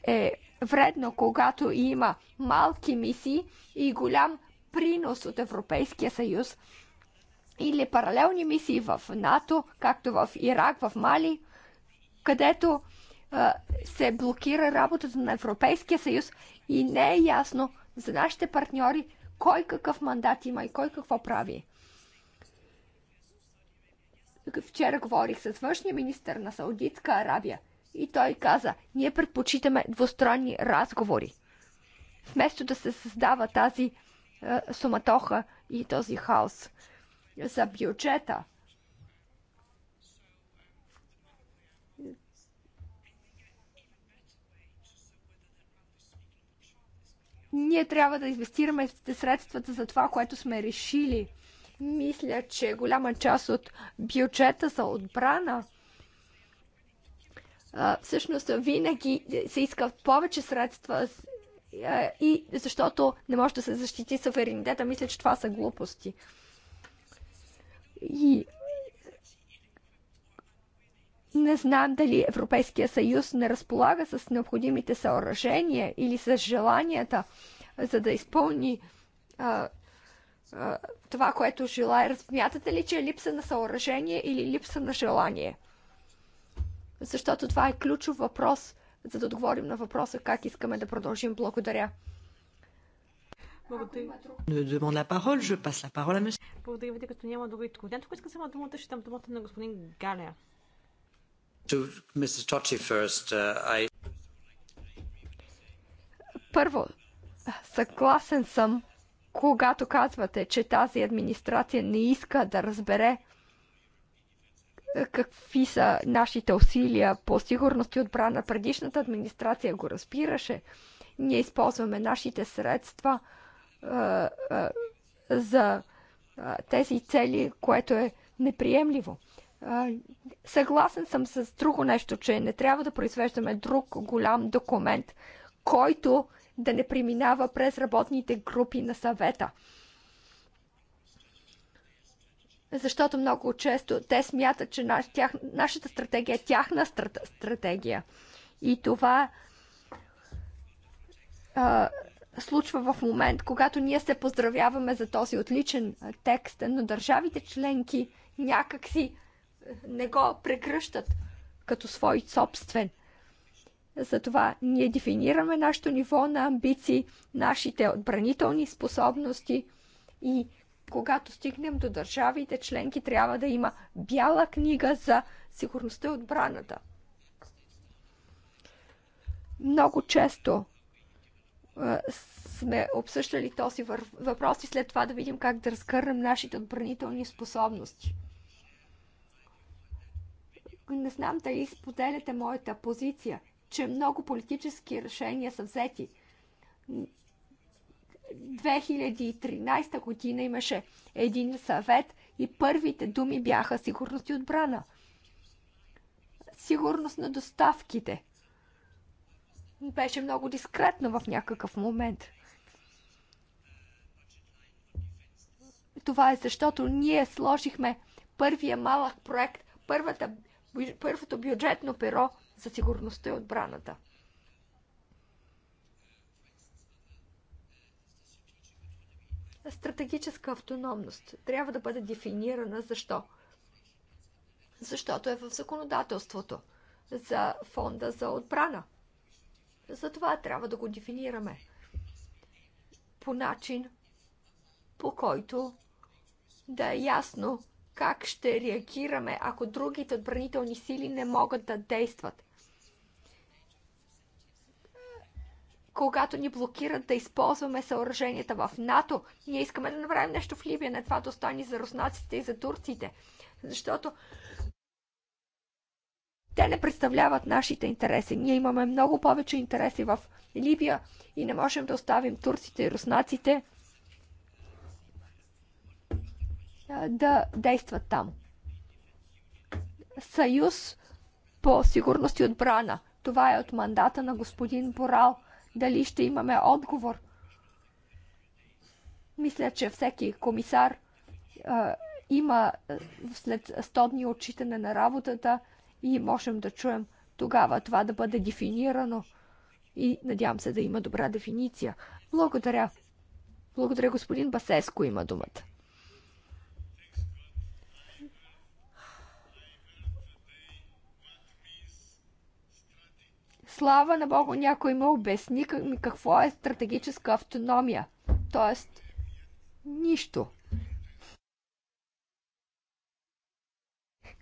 S2: е вредно, когато има малки мисии и голям принос от Европейския съюз или паралелни мисии в НАТО, както в Ирак, в Мали, където се блокира работата на Европейския съюз и не е ясно за нашите партньори кой какъв мандат има и кой какво прави. Вчера говорих с външния министр на Саудитска Арабия и той каза, ние предпочитаме двустранни разговори. Вместо да се създава тази е, суматоха и този хаос за бюджета – Ние трябва да инвестираме средствата за това, което сме решили. Мисля, че голяма част от бюджета за отбрана всъщност винаги се искат повече средства и защото не може да се защити суверенитета, мисля, че това са глупости. И не знам дали Европейския съюз не разполага с необходимите съоръжения или с желанията, за да изпълни а, а, това, което желая. Размятате ли, че е липса на съоръжение или липса на желание? Защото това е ключов въпрос, за да отговорим на въпроса как искаме да продължим. Благодаря.
S1: Благодаря. Благодаря ви, като няма други Тук Искам само думата, ще дам думата на господин Галя.
S4: Uh,
S2: Първо, съгласен съм, когато казвате, че тази администрация не иска да разбере е, какви са нашите усилия по сигурност и отбрана. Предишната администрация го разбираше. Ние използваме нашите средства е, е, за тези цели, което е неприемливо. Съгласен съм с друго нещо, че не трябва да произвеждаме друг голям документ, който да не преминава през работните групи на съвета. Защото много често те смятат, че наш, тях, нашата стратегия е тяхна страт, стратегия. И това а, случва в момент, когато ние се поздравяваме за този отличен текст, но държавите членки някакси не го прегръщат като свой собствен. Затова ние дефинираме нашето ниво на амбиции, нашите отбранителни способности и когато стигнем до държавите членки, трябва да има бяла книга за сигурността и отбраната. Много често сме обсъщали този въпрос и след това да видим как да разкърнем нашите отбранителни способности – не знам дали споделяте моята позиция, че много политически решения са взети. 2013 година имаше един съвет и първите думи бяха сигурност и отбрана. Сигурност на доставките. Беше много дискретно в някакъв момент. Това е защото ние сложихме първия малък проект, първата първото бюджетно перо за сигурността и отбраната. Стратегическа автономност трябва да бъде дефинирана защо? Защото е в законодателството за фонда за отбрана. Затова трябва да го дефинираме по начин, по който да е ясно как ще реагираме, ако другите отбранителни сили не могат да действат. Когато ни блокират да използваме съоръженията в НАТО, ние искаме да направим нещо в Либия, не това да остане за руснаците и за турците. Защото те не представляват нашите интереси. Ние имаме много повече интереси в Либия и не можем да оставим турците и руснаците да действат там. Съюз по сигурност и отбрана. Това е от мандата на господин Борал. Дали ще имаме отговор? Мисля, че всеки комисар а, има след 100 дни отчитане на работата и можем да чуем тогава това да бъде дефинирано. И надявам се да има добра дефиниция. Благодаря. Благодаря, господин Басеско има думата. слава на Бога, някой ме обясни какво е стратегическа автономия. Тоест, нищо.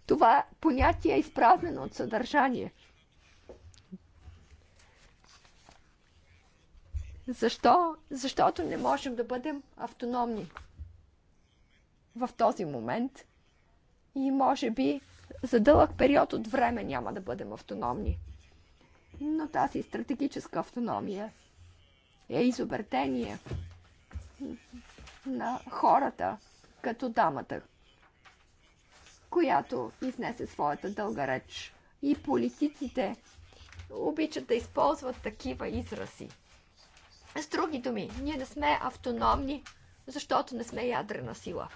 S2: Това понятие е изпразнено от съдържание. Защо? Защото не можем да бъдем автономни в този момент и може би за дълъг период от време няма да бъдем автономни но тази стратегическа автономия е изобретение на хората, като дамата, която изнесе своята дълга реч. И политиците обичат да използват такива изрази. С други думи, ние не сме автономни, защото не сме ядрена сила.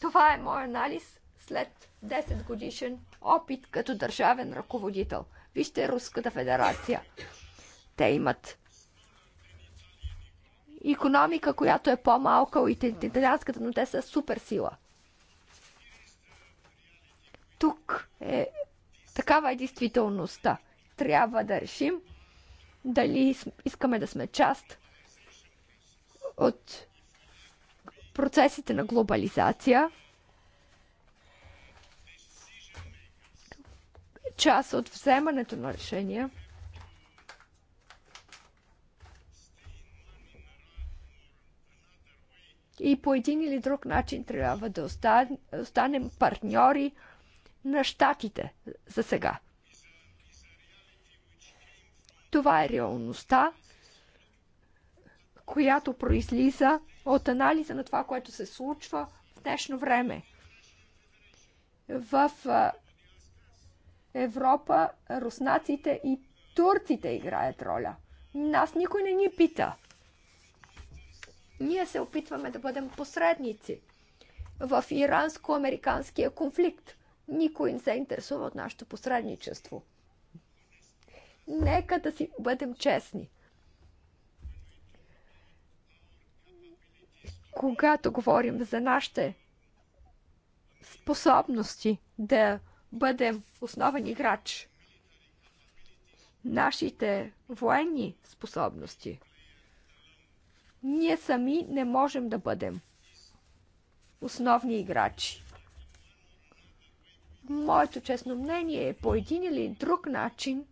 S2: Това е мой анализ след 10 годишен опит като държавен ръководител. Вижте Руската федерация. Те имат економика, която е по-малка от италианската, но те са суперсила. Тук е такава е действителността. Трябва да решим дали искаме да сме част от процесите на глобализация – част от вземането на решения. И по един или друг начин трябва да останем партньори на щатите за сега. Това е реалността, която произлиза от анализа на това, което се случва в днешно време в Европа, руснаците и турците играят роля. Нас никой не ни пита. Ние се опитваме да бъдем посредници в иранско-американския конфликт. Никой не се интересува от нашето посредничество. Нека да си бъдем честни. Когато говорим за нашите способности да бъдем основен играч. Нашите военни способности. Ние сами не можем да бъдем основни играчи. Моето честно мнение е по един или друг начин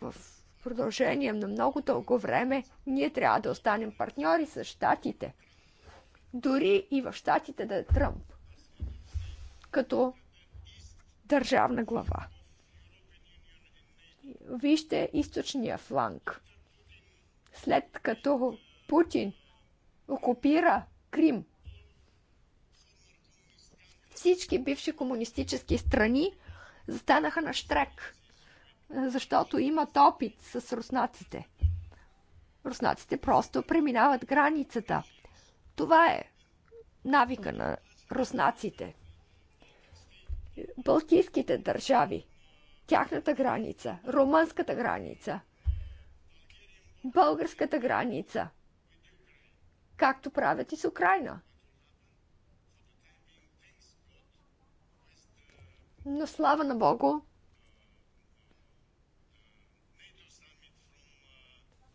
S2: в продължение на много дълго време ние трябва да останем партньори с щатите. Дори и в щатите да е Тръмп. Като държавна глава. Вижте източния фланг. След като Путин окупира Крим, всички бивши комунистически страни застанаха на штрек, защото имат опит с руснаците. Руснаците просто преминават границата. Това е навика на руснаците – Балтийските държави, тяхната граница, румънската граница, българската граница, както правят и с Украина. Но слава на Богу,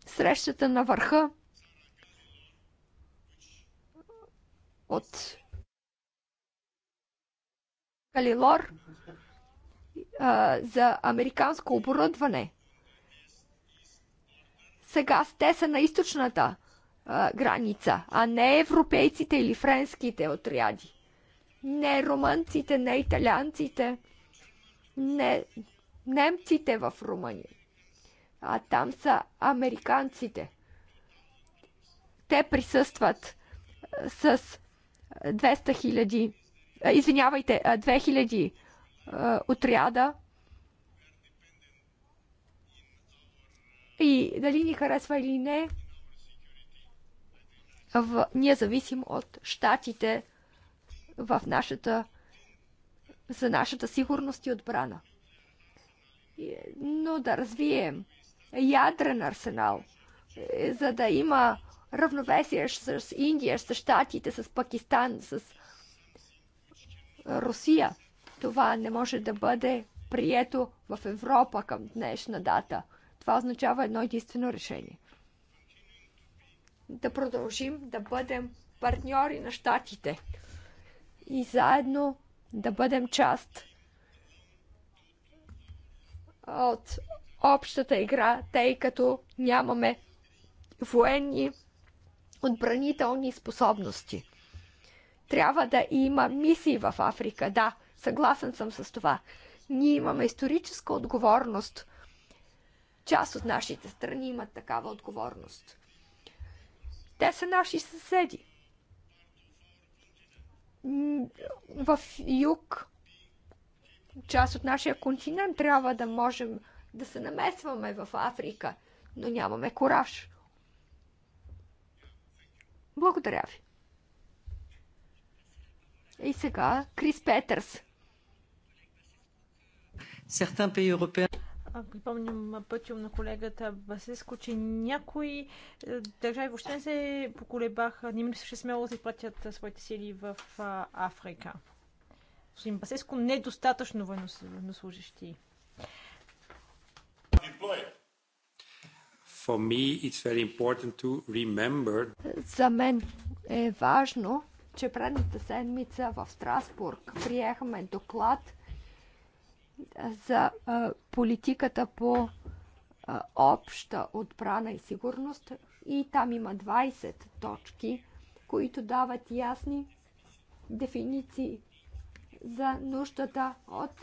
S2: срещата на върха от Калилор а, за американско оборудване. Сега те са на източната а, граница, а не европейците или френските отряди. Не румънците, не италианците, не немците в Румъния. А там са американците. Те присъстват с 200 000 извинявайте, 2000 отряда. И дали ни харесва или не, в... ние зависим от щатите в нашата, за нашата сигурност и отбрана. Но да развием ядрен арсенал, е, за да има равновесие с Индия, с Штатите, с Пакистан, с Русия. Това не може да бъде прието в Европа към днешна дата. Това означава едно единствено решение. Да продължим да бъдем партньори на щатите и заедно да бъдем част от общата игра, тъй като нямаме военни отбранителни способности. Трябва да има мисии в Африка, да, съгласен съм с това. Ние имаме историческа отговорност. Част от нашите страни имат такава отговорност. Те са наши съседи. В юг, част от нашия континент, трябва да можем да се намесваме в Африка, но нямаме кораж. Благодаря ви. И сега Крис Петърс. Certains
S3: pays
S1: припомням пътим на колегата Басиско, че някои е, държави въобще не се поколебаха, не мисля, че смело да изпратят е, своите сили в Африка. Господин Басиско, недостатъчно военнослужащи. For me, it's very important
S4: to remember.
S2: За мен е важно че предната седмица в Страсбург приехаме доклад за политиката по обща отбрана и сигурност и там има 20 точки, които дават ясни дефиниции за нуждата от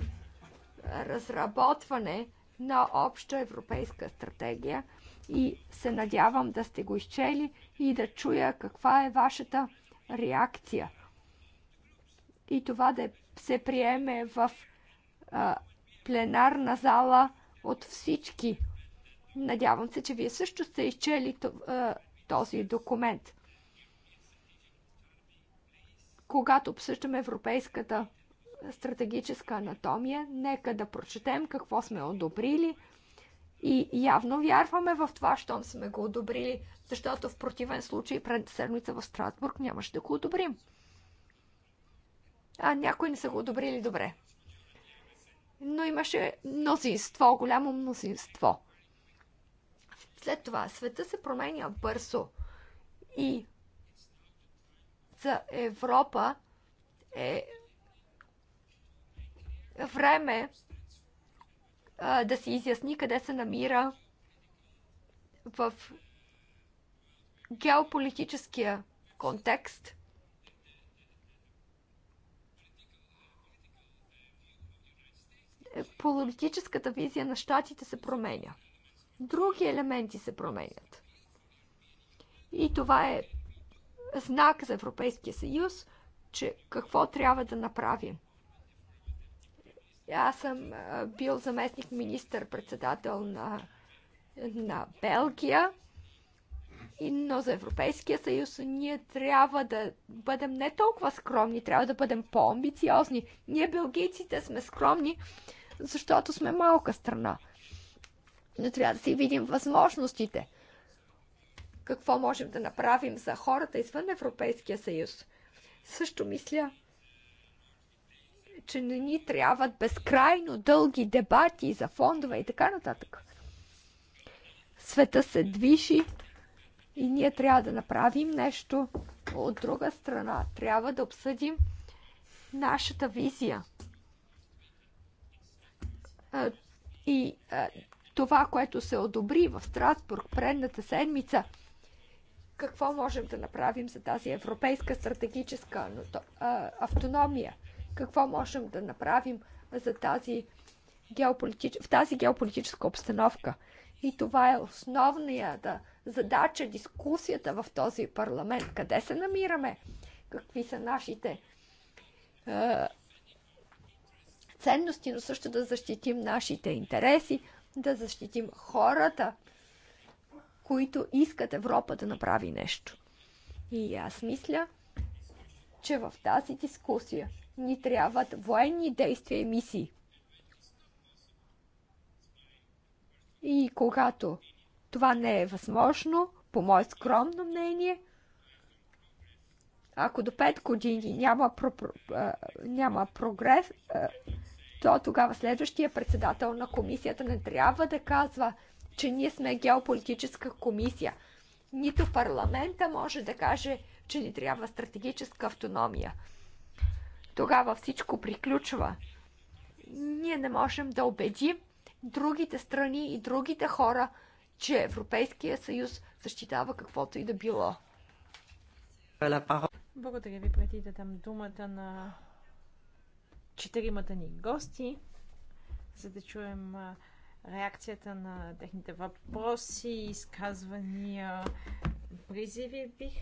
S2: разработване на обща европейска стратегия и се надявам да сте го изчели и да чуя каква е вашата реакция. И това да се приеме в а, пленарна зала от всички. Надявам се, че вие също сте изчели този документ. Когато обсъждаме европейската стратегическа анатомия, нека да прочетем какво сме одобрили – и явно вярваме в това, щом сме го одобрили, защото в противен случай пред седмица в Страсбург нямаше да го одобрим. А някои не са го одобрили добре. Но имаше мнозинство, голямо мнозинство. След това света се променя бързо. И за Европа е време а, да се изясни къде се намира в геополитическия контекст политическата визия на щатите се променя. Други елементи се променят. И това е знак за Европейския съюз, че какво трябва да направим. Аз съм бил заместник министър-председател на, на Белгия, но за Европейския съюз ние трябва да бъдем не толкова скромни, трябва да бъдем по-амбициозни. Ние, белгийците, сме скромни, защото сме малка страна. Но трябва да си видим възможностите. Какво можем да направим за хората извън Европейския съюз? Също мисля, че не ни трябват безкрайно дълги дебати за фондове и така нататък. Света се движи и ние трябва да направим нещо. От друга страна, трябва да обсъдим нашата визия. И това, което се одобри в Страсбург предната седмица, какво можем да направим за тази европейска стратегическа автономия – какво можем да направим за тази геополитич... в тази геополитическа обстановка. И това е основната задача, дискусията в този парламент. Къде се намираме? Какви са нашите е, ценности, но също да защитим нашите интереси, да защитим хората, които искат Европа да направи нещо. И аз мисля, че в тази дискусия ни трябват военни действия и мисии. И когато това не е възможно, по мое скромно мнение, ако до 5 години няма, про, а, няма прогрес, а, то тогава следващия председател на комисията не трябва да казва, че ние сме геополитическа комисия. Нито парламента може да каже, че ни трябва стратегическа автономия тогава всичко приключва. Ние не можем да убедим другите страни и другите хора, че Европейския съюз защитава каквото и да било.
S1: Благодаря ви, преди да дам думата на четиримата ни гости, за да чуем реакцията на техните въпроси, изказвания, призиви, бих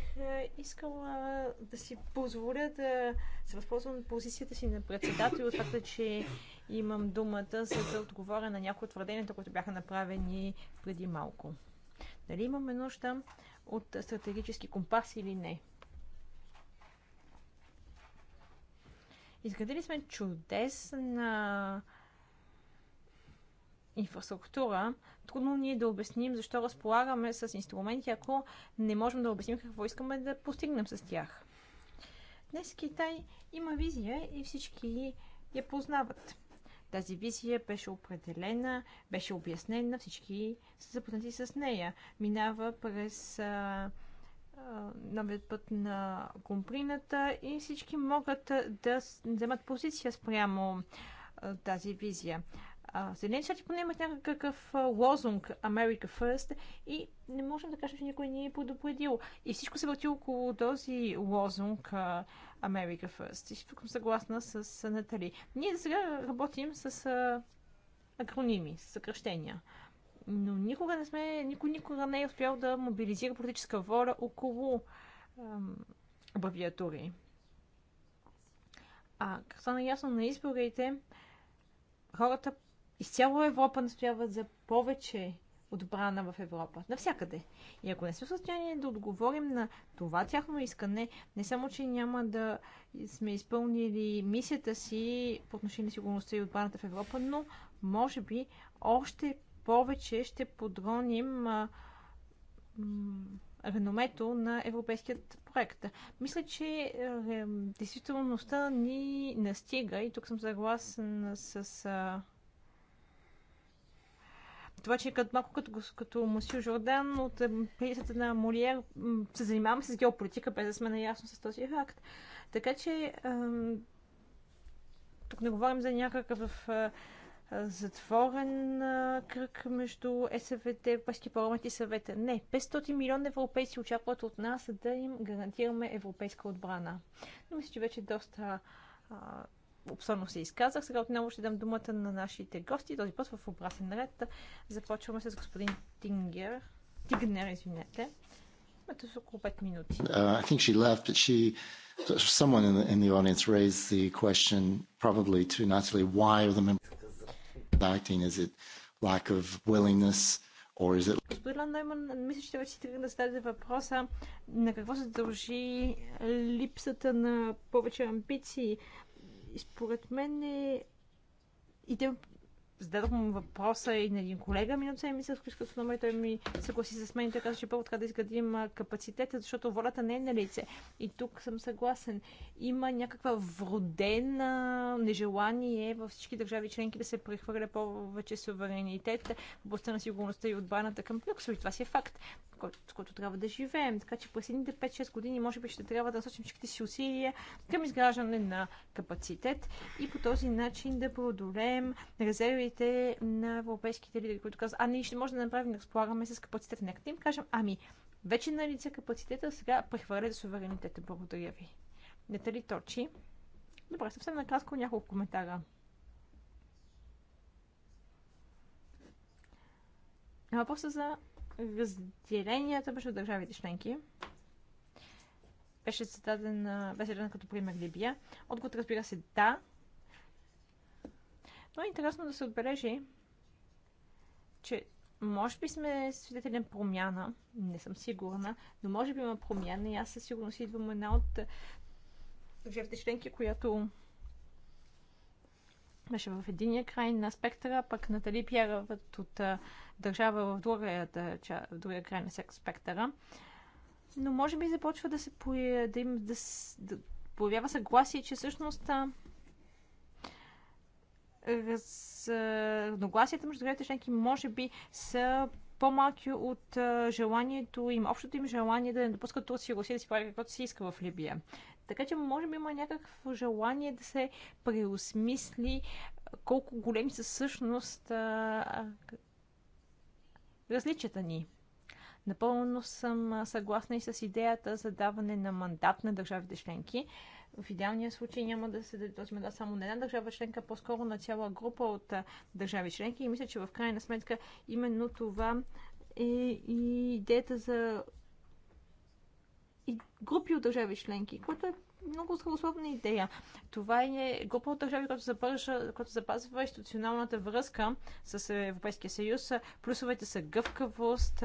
S1: искала да си позволя да се възползвам позицията си на председател от факта, че имам думата, за да отговоря на някои от твърденията, които бяха направени преди малко. Дали имаме нужда от стратегически компас или не? Изградили сме чудесна инфраструктура, трудно ни е да обясним защо разполагаме с инструменти, ако не можем да обясним какво искаме да постигнем с тях. Днес Китай има визия и всички я познават. Тази визия беше определена, беше обяснена, всички са запознати с нея. Минава през а, а, новият път на комприната и всички могат да вземат позиция спрямо а, тази визия. Съединените щати поне имат някакъв лозунг America First и не можем да кажем, че никой ни е предупредил. И всичко се върти около този лозунг America First. И тук съм съгласна с Натали. Ние сега работим с акроними, с съкръщения. Но никога не сме, никой никога не е успял да мобилизира политическа воля около ам, абавиатури. А, как стана ясно на изборите, хората из цяла Европа настояват за повече отбрана в Европа. Навсякъде. И ако не сме в състояние да отговорим на това тяхно искане, не само, че няма да сме изпълнили мисията си по отношение на сигурността и отбраната в Европа, но може би още повече ще подроним а, реномето на европейският проект. Мисля, че е, действителността ни настига и тук съм съгласна с а, това, че като, малко като, като Мусил Жордан от пиесата на Молиер се занимаваме с геополитика, без да сме наясно с този факт. Така че тук не говорим за някакъв затворен кръг между СВТ, Европейски парламент и съвета. Не, 500 милиона европейци очакват от нас да им гарантираме европейска отбрана. Но мисля, че вече доста обсърно се изказах. Сега отново ще дам думата на нашите гости. Този път в обратен ред започваме с господин Тингер. Тигнер, извинете. Имате около 5 минути.
S4: Uh, I think she left, but she... Someone in the, in the audience raised the question probably to Natalie, why are the members acting? Is it lack of willingness? Or is it...
S1: Господин Ландайман, мисля, че вече си тръгна да зададе въпроса на какво се дължи липсата на повече амбиции според мен е и те му въпроса и на един колега минут седмица, с на той ми съгласи с мен и той каза, че е първо трябва да изградим капацитета, защото волята не е на лице. И тук съм съгласен. Има някаква вродена нежелание във всички държави членки да се прехвърля повече суверенитет в областта на сигурността и отбраната към Брюксел. И това си е факт, с който трябва да живеем. Така че през 5-6 години може би ще трябва да насочим всичките си усилия към изграждане на капацитет и по този начин да преодолеем резерви лидерите на европейските лидери, които казват, а ние ще можем да направим, да разполагаме с капацитета. Нека да им кажем, ами, вече е на лице капацитета, сега прехвърляте суверенитета. Благодаря ви. Не ли точи? Добре, съвсем накратко няколко коментара. Въпросът за разделенията между държавите членки беше зададен, беше зададен като пример Либия. Отговор разбира се да, но е интересно да се отбележи, че може би сме свидетели на промяна, не съм сигурна, но може би има промяна и аз със сигурност идвам една от е, държавите членки, която беше в единия край на спектъра, пък Натали Пьера от е, държава в другия, в другия край на спектъра. Но може би започва да се да им, да, да появява съгласие, че всъщност е, раз... разногласията между двете членки може би са по-малки от желанието им, общото им желание да не допускат Турция и Русия да си прави каквото си иска в Либия. Така че може би има някакво желание да се преосмисли колко големи са всъщност различията ни. Напълно съм съгласна и с идеята за даване на мандат на държавите членки. В идеалния случай няма да се даде този мандат само на една държава членка, по-скоро на цяла група от държави членки. И мисля, че в крайна сметка именно това е и идеята за и групи от държави членки, което е много здравословна идея. Това е група от държави, която, запържа, която запазва институционалната връзка с Европейския съюз. Плюсовете са гъвкавост,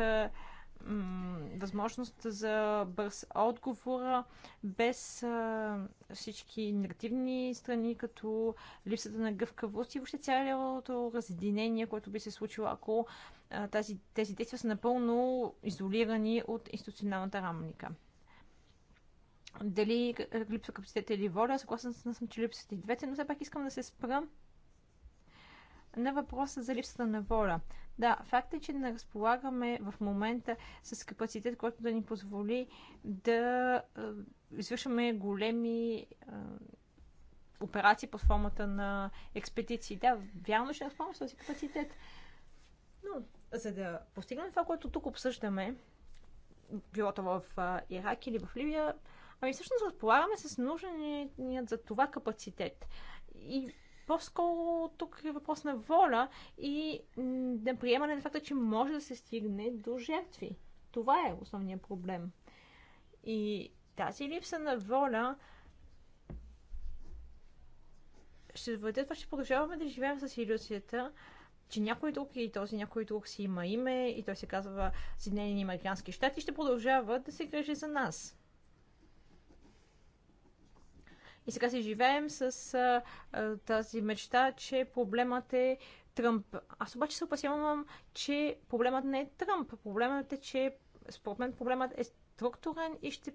S1: възможност за бърз отговор, без а, всички негативни страни, като липсата на гъвкавост и въобще цялото разединение, което би се случило, ако а, тази, тези действия са напълно изолирани от институционалната рамника. Дали липсва капацитет или воля, съгласен съм, че липсват и двете, но все пак искам да се спра на въпроса за липсата на воля. Да, факт е, че не разполагаме в момента с капацитет, който да ни позволи да извършваме големи операции под формата на експедиции. Да, вярно ще разполагаме с този капацитет. Но за да постигнем това, което тук обсъждаме, било то в Ирак или в Ливия, ами всъщност разполагаме с нужният за това капацитет. И по-скоро тук е въпрос на воля и на приемане на факта, че може да се стигне до жертви. Това е основният проблем. И тази липса на воля ще доведе това, че продължаваме да живеем с иллюзията, че някой друг и този някой друг си има име и той се казва Съединени американски щати и ще продължава да се грежи за нас. И сега си живеем с а, а, тази мечта, че проблемът е Тръмп. Аз обаче се опасявам, че проблемът не е Тръмп. Проблемът е, че според мен проблемът е структурен и ще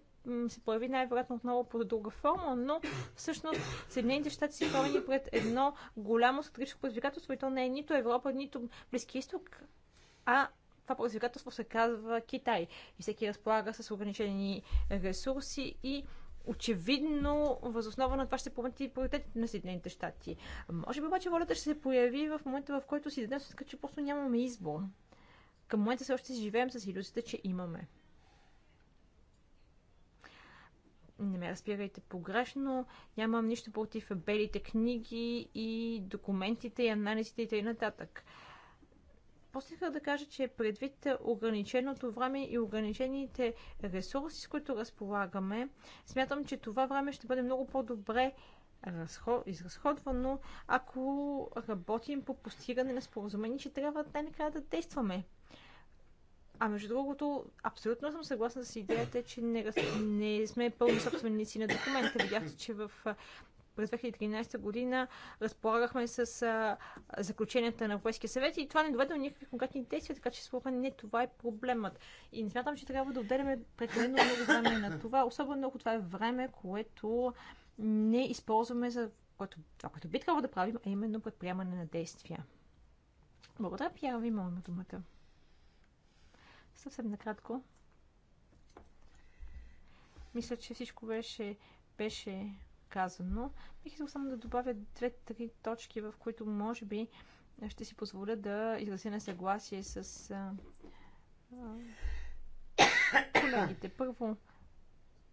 S1: се появи най-вероятно отново под друга форма, но всъщност Съединените щати са изправени пред едно голямо стратегическо предизвикателство и то не е нито Европа, нито Близки изток, а това предизвикателство се казва Китай. И всеки разполага с ограничени ресурси и очевидно възоснова на това ще помети и приоритетите на Съединените щати. Може би обаче волята ще се появи в момента, в който си дадем сметка, че просто нямаме избор. Към момента все още живеем с иллюзията, че имаме. не ме разбирайте погрешно, нямам нищо против белите книги и документите и анализите и т.н. нататък. После да кажа, че предвид ограниченото време и ограничените ресурси, с които разполагаме, смятам, че това време ще бъде много по-добре изразходвано, ако работим по постигане на споразумение, че трябва най-накрая да действаме. А между другото, абсолютно съм съгласна с идеята, че не, не сме пълни собственици на документа. Видяхте, че в през 2013 година разполагахме с а, заключенията на Европейския съвет и това не доведе до никакви конкретни действия, така че според мен не това е проблемът. И не смятам, че трябва да отделяме прекалено много време на това, особено ако това е време, което не използваме за което, това, което би трябвало да правим, а именно предприемане на действия. Благодаря, Пиара, ви моля думата. Съвсем накратко. Мисля, че всичко беше, беше казано. Бих искал само да добавя две-три точки, в които може би ще си позволя да изразя несъгласие с а, а, колегите. Първо,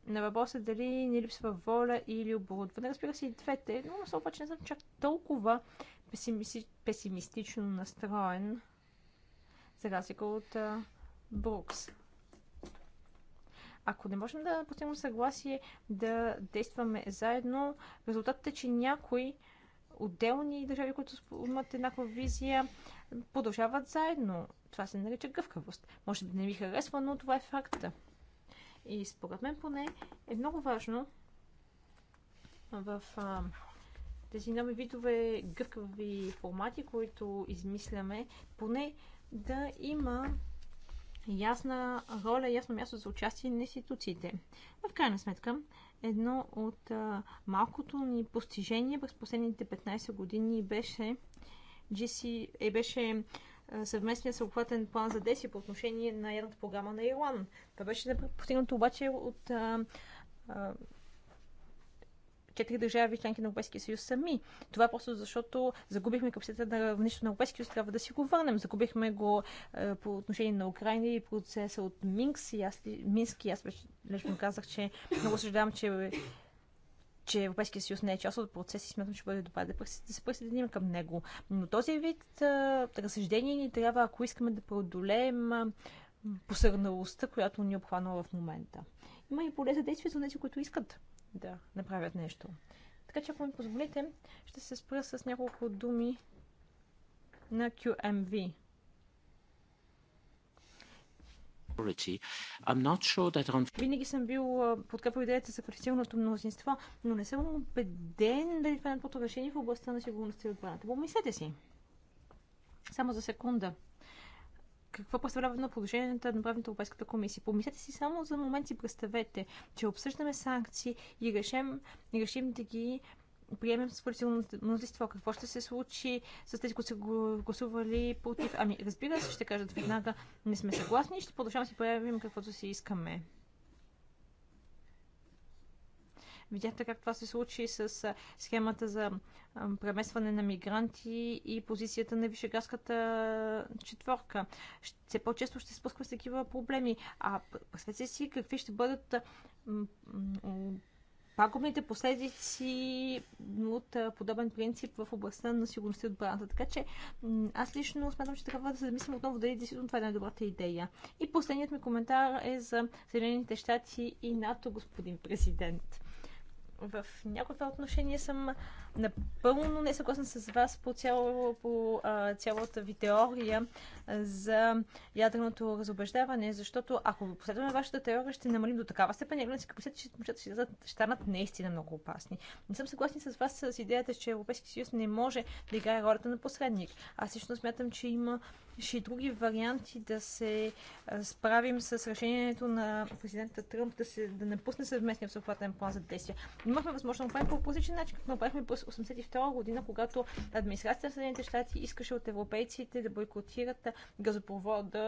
S1: на въпроса дали ни липсва воля или оборудване. Разбира се и двете, но обаче не съм чак толкова песимисти, песимистично настроен, за разлика от а, Брукс. Ако не можем да постигнем съгласие да действаме заедно, резултатът е, че някои отделни държави, които имат еднаква визия, продължават заедно. Това се нарича гъвкавост. Може би не ви харесва, но това е факта. И според мен поне е много важно в а, тези нови видове гъвкави формати, които измисляме, поне да има ясна роля, ясно място за участие на институциите. В крайна сметка, едно от малкото ни постижение през последните 15 години беше, GC, е, беше съвместният съобхватен план за действие по отношение на ядната програма на Иран. Това беше постигнато обаче от а, а, четири държави членки на Европейския съюз сами. Това е просто защото загубихме капацитета на равнището на Европейския съюз, трябва да си го върнем. Загубихме го е, по отношение на Украина и процеса от Минкс. И аз, и аз лично казах, че много съжалявам, че че Европейския съюз не е част от процеса и смятам, че бъде добре да, да се присъединим към него. Но този вид а, е, разсъждение ни трябва, ако искаме да преодолеем е, посъгналостта, която ни е обхванала в момента. Има и поле за действие за тези, които искат да направят нещо. Така че, ако ми позволите, ще се спра с няколко думи на QMV. Sure on... Винаги съм бил подкрепил идеята за квалифицираното мнозинство, но не съм убеден дали това е най решение в областта на сигурността и отбраната. Помислете си. Само за секунда какво представлява на положението на правната Европейската комисия. Помислете си само за момент и представете, че обсъждаме санкции и решим, и решим да ги приемем с коалиционно мнозинство. Какво ще се случи с тези, които са гласували против? Ами, разбира се, ще кажат веднага, не сме съгласни и ще продължаваме да си правим каквото си искаме. Видяхте как това се случи с схемата за преместване на мигранти и позицията на вишегарската четворка. Все по-често ще спускват с такива проблеми. А представете си какви ще бъдат пагубните последици от подобен принцип в областта на сигурността и отбраната. Така че аз лично смятам, че трябва да се замислим отново дали действително това е най-добрата идея. И последният ми коментар е за Съединените щати и НАТО, господин президент. В някои отношения отношение съм Напълно не съгласна с вас по, цяло, по а, цялата ви теория за ядреното разобеждаване, защото ако последваме вашата теория, ще намалим до такава степен ядрената капацитет, че нещата ще, ще станат наистина много опасни. Не съм съгласна с вас с идеята, че Европейски съюз не може да играе ролята на посредник. Аз лично смятам, че има ще и други варианти да се справим с решението на президента Тръмп да, се, да напусне съвместния всеобхватен план за действие. Имахме възможност да направим по различен начин, като направихме по 1982 година, когато администрацията на Съединените щати искаше от европейците да бойкотират газопровода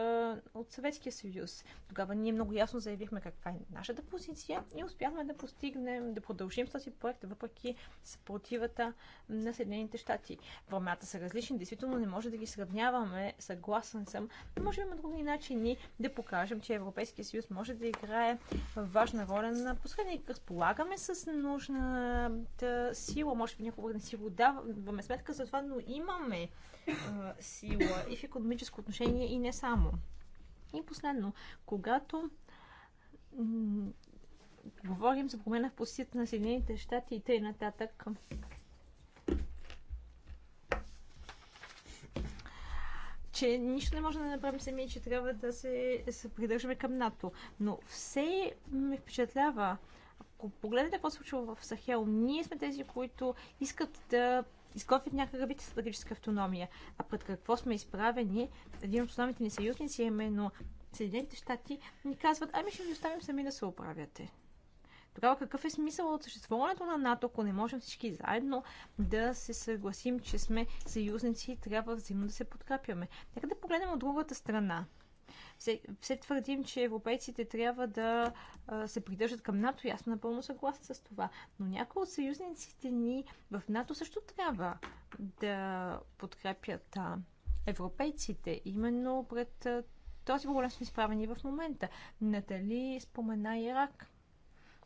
S1: от Съветския съюз. Тогава ние много ясно заявихме каква е нашата позиция и успяхме да постигнем, да продължим с този проект, въпреки съпротивата на Съединените щати. Времената са различни, действително не може да ги сравняваме, съгласен съм, но може има други начини да покажем, че Европейския съюз може да играе важна роля на посредник. Разполагаме с нужната сила, може би Някога не си го даваме сметка за това, но имаме а, сила и в економическо отношение и не само. И последно, когато говорим за промена в позицията на Съединените щати и т.н. нататък, че нищо не може да направим сами, че трябва да се, се придържаме към НАТО. Но все ме впечатлява ако погледнете какво се случва в Сахел, ние сме тези, които искат да изготвят някакъв вид стратегическа автономия. А пред какво сме изправени? Един от основните ни съюзници, именно Съединените щати, ни казват, ами ще ви оставим сами да се оправяте. Тогава какъв е смисъл от съществуването на НАТО, ако не можем всички заедно да се съгласим, че сме съюзници и трябва взаимно да се подкрепяме? Нека да погледнем от другата страна все, все твърдим, че европейците трябва да се придържат към НАТО и аз съм напълно съгласна с това. Но някои от съюзниците ни в НАТО също трябва да подкрепят европейците. Именно пред този проблем сме изправени в момента. Натали спомена Ирак.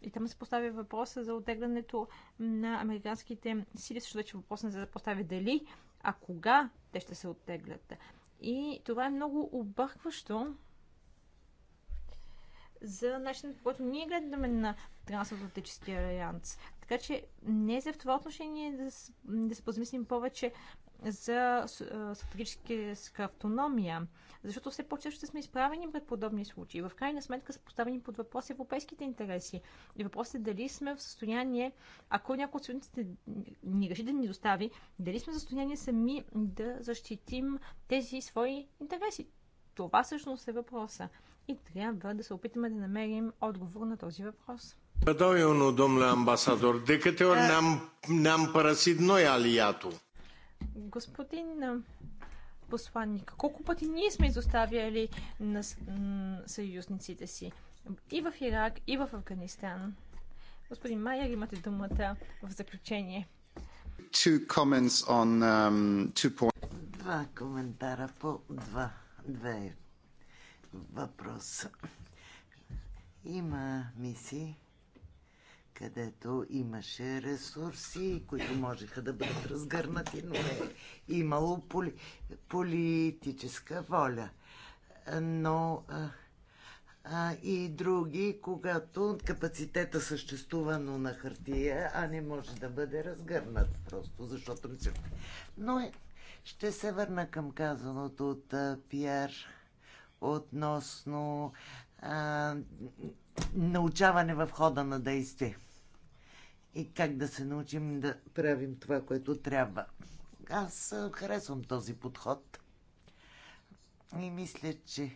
S1: И там се поставя въпроса за отеглянето на американските сили. Също вече въпросът се да поставя дали, а кога те ще се оттеглят. И това е много объркващо за начинът, по който ние гледаме на Трансатлантическия алианс. Така че не за в това отношение да, да се позмислим повече за стратегическа автономия, защото все по-често сме изправени пред подобни случаи. В крайна сметка са поставени под въпрос европейските интереси. И въпросът е дали сме в състояние, ако някой от съюзниците ни реши да ни достави, дали сме в състояние сами да защитим тези свои интереси. Това всъщност е въпроса. И трябва да се опитаме да намерим отговор на този въпрос.
S3: Предал eu unul, domnule ambasador, de câte ori ne-am, ne-am părăsit noi aliatul.
S1: Господин посланник, колко пъти ние сме изоставяли на съюзниците си? И в Ирак, и в Афганистан. Господин Майер, имате думата в заключение.
S4: Um, два коментара по два, две въпроса. Има мисии, където имаше ресурси, които можеха да бъдат разгърнати, но е имало поли, политическа воля. Но а, а, и други, когато капацитета съществува, но на хартия, а не може да бъде разгърнат просто, защото не се... Но е, ще се върна към казаното от а, Пиер относно а, научаване в хода на действие и как да се научим да правим това, което трябва. Аз харесвам този подход и мисля, че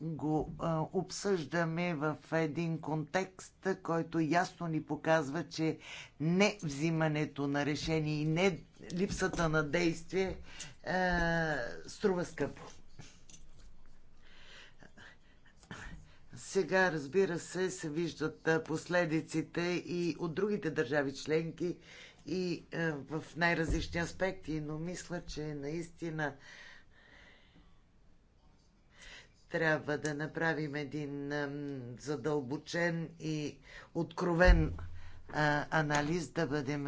S4: го а, обсъждаме в един контекст, който ясно ни показва, че не взимането на решение и не липсата на действие а, струва скъпо. Сега, разбира се, се виждат последиците и от другите държави членки и в най-различни аспекти, но мисля, че наистина трябва да направим един задълбочен и откровен анализ, да бъдем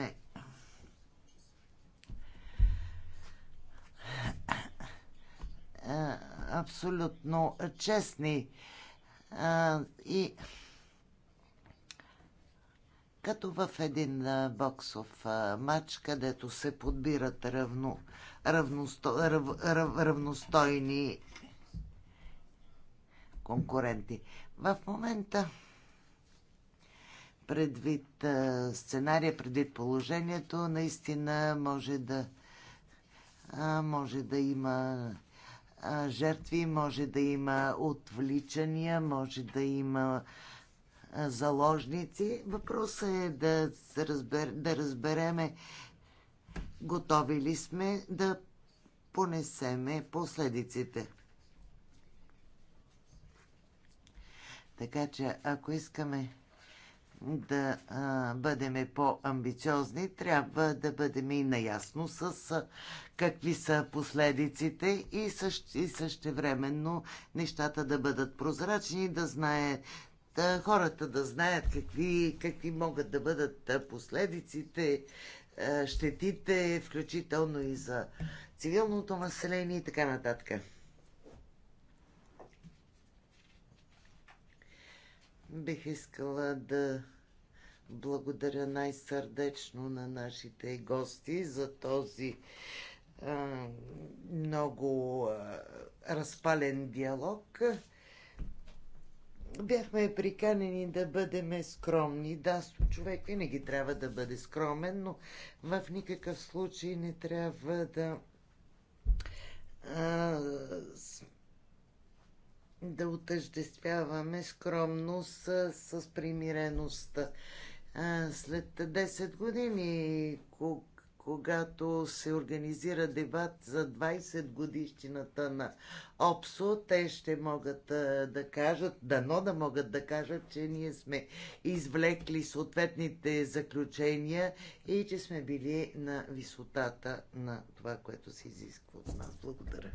S4: абсолютно честни и като в един боксов матч, където се подбират равно, равносто, рав, рав, равностойни конкуренти. В момента, предвид сценария, предвид положението, наистина може да, може да има жертви, може да има отвличания, може да има заложници. Въпросът е да, разбер, да разбереме готови ли сме да понесеме последиците. Така че, ако искаме да а, бъдем по-амбициозни, трябва да бъдем и наясно с а, какви са последиците и, същ, и същевременно нещата да бъдат прозрачни, да знаят да, хората да знаят какви, какви могат да бъдат последиците, щетите, включително и за цивилното население и така нататък. Бих искала да благодаря най-сърдечно на нашите гости за този а, много а, разпален диалог. Бяхме приканени да бъдем скромни. Да, човек винаги трябва да бъде скромен, но в никакъв случай не трябва да а, да отъждествяваме скромност с, с примиреност. След 10 години, когато се организира дебат за 20 годишната на ОПСО, те ще могат да кажат, дано да могат да кажат, че ние сме извлекли съответните заключения и че сме били на висотата на това, което се изисква от нас. Благодаря.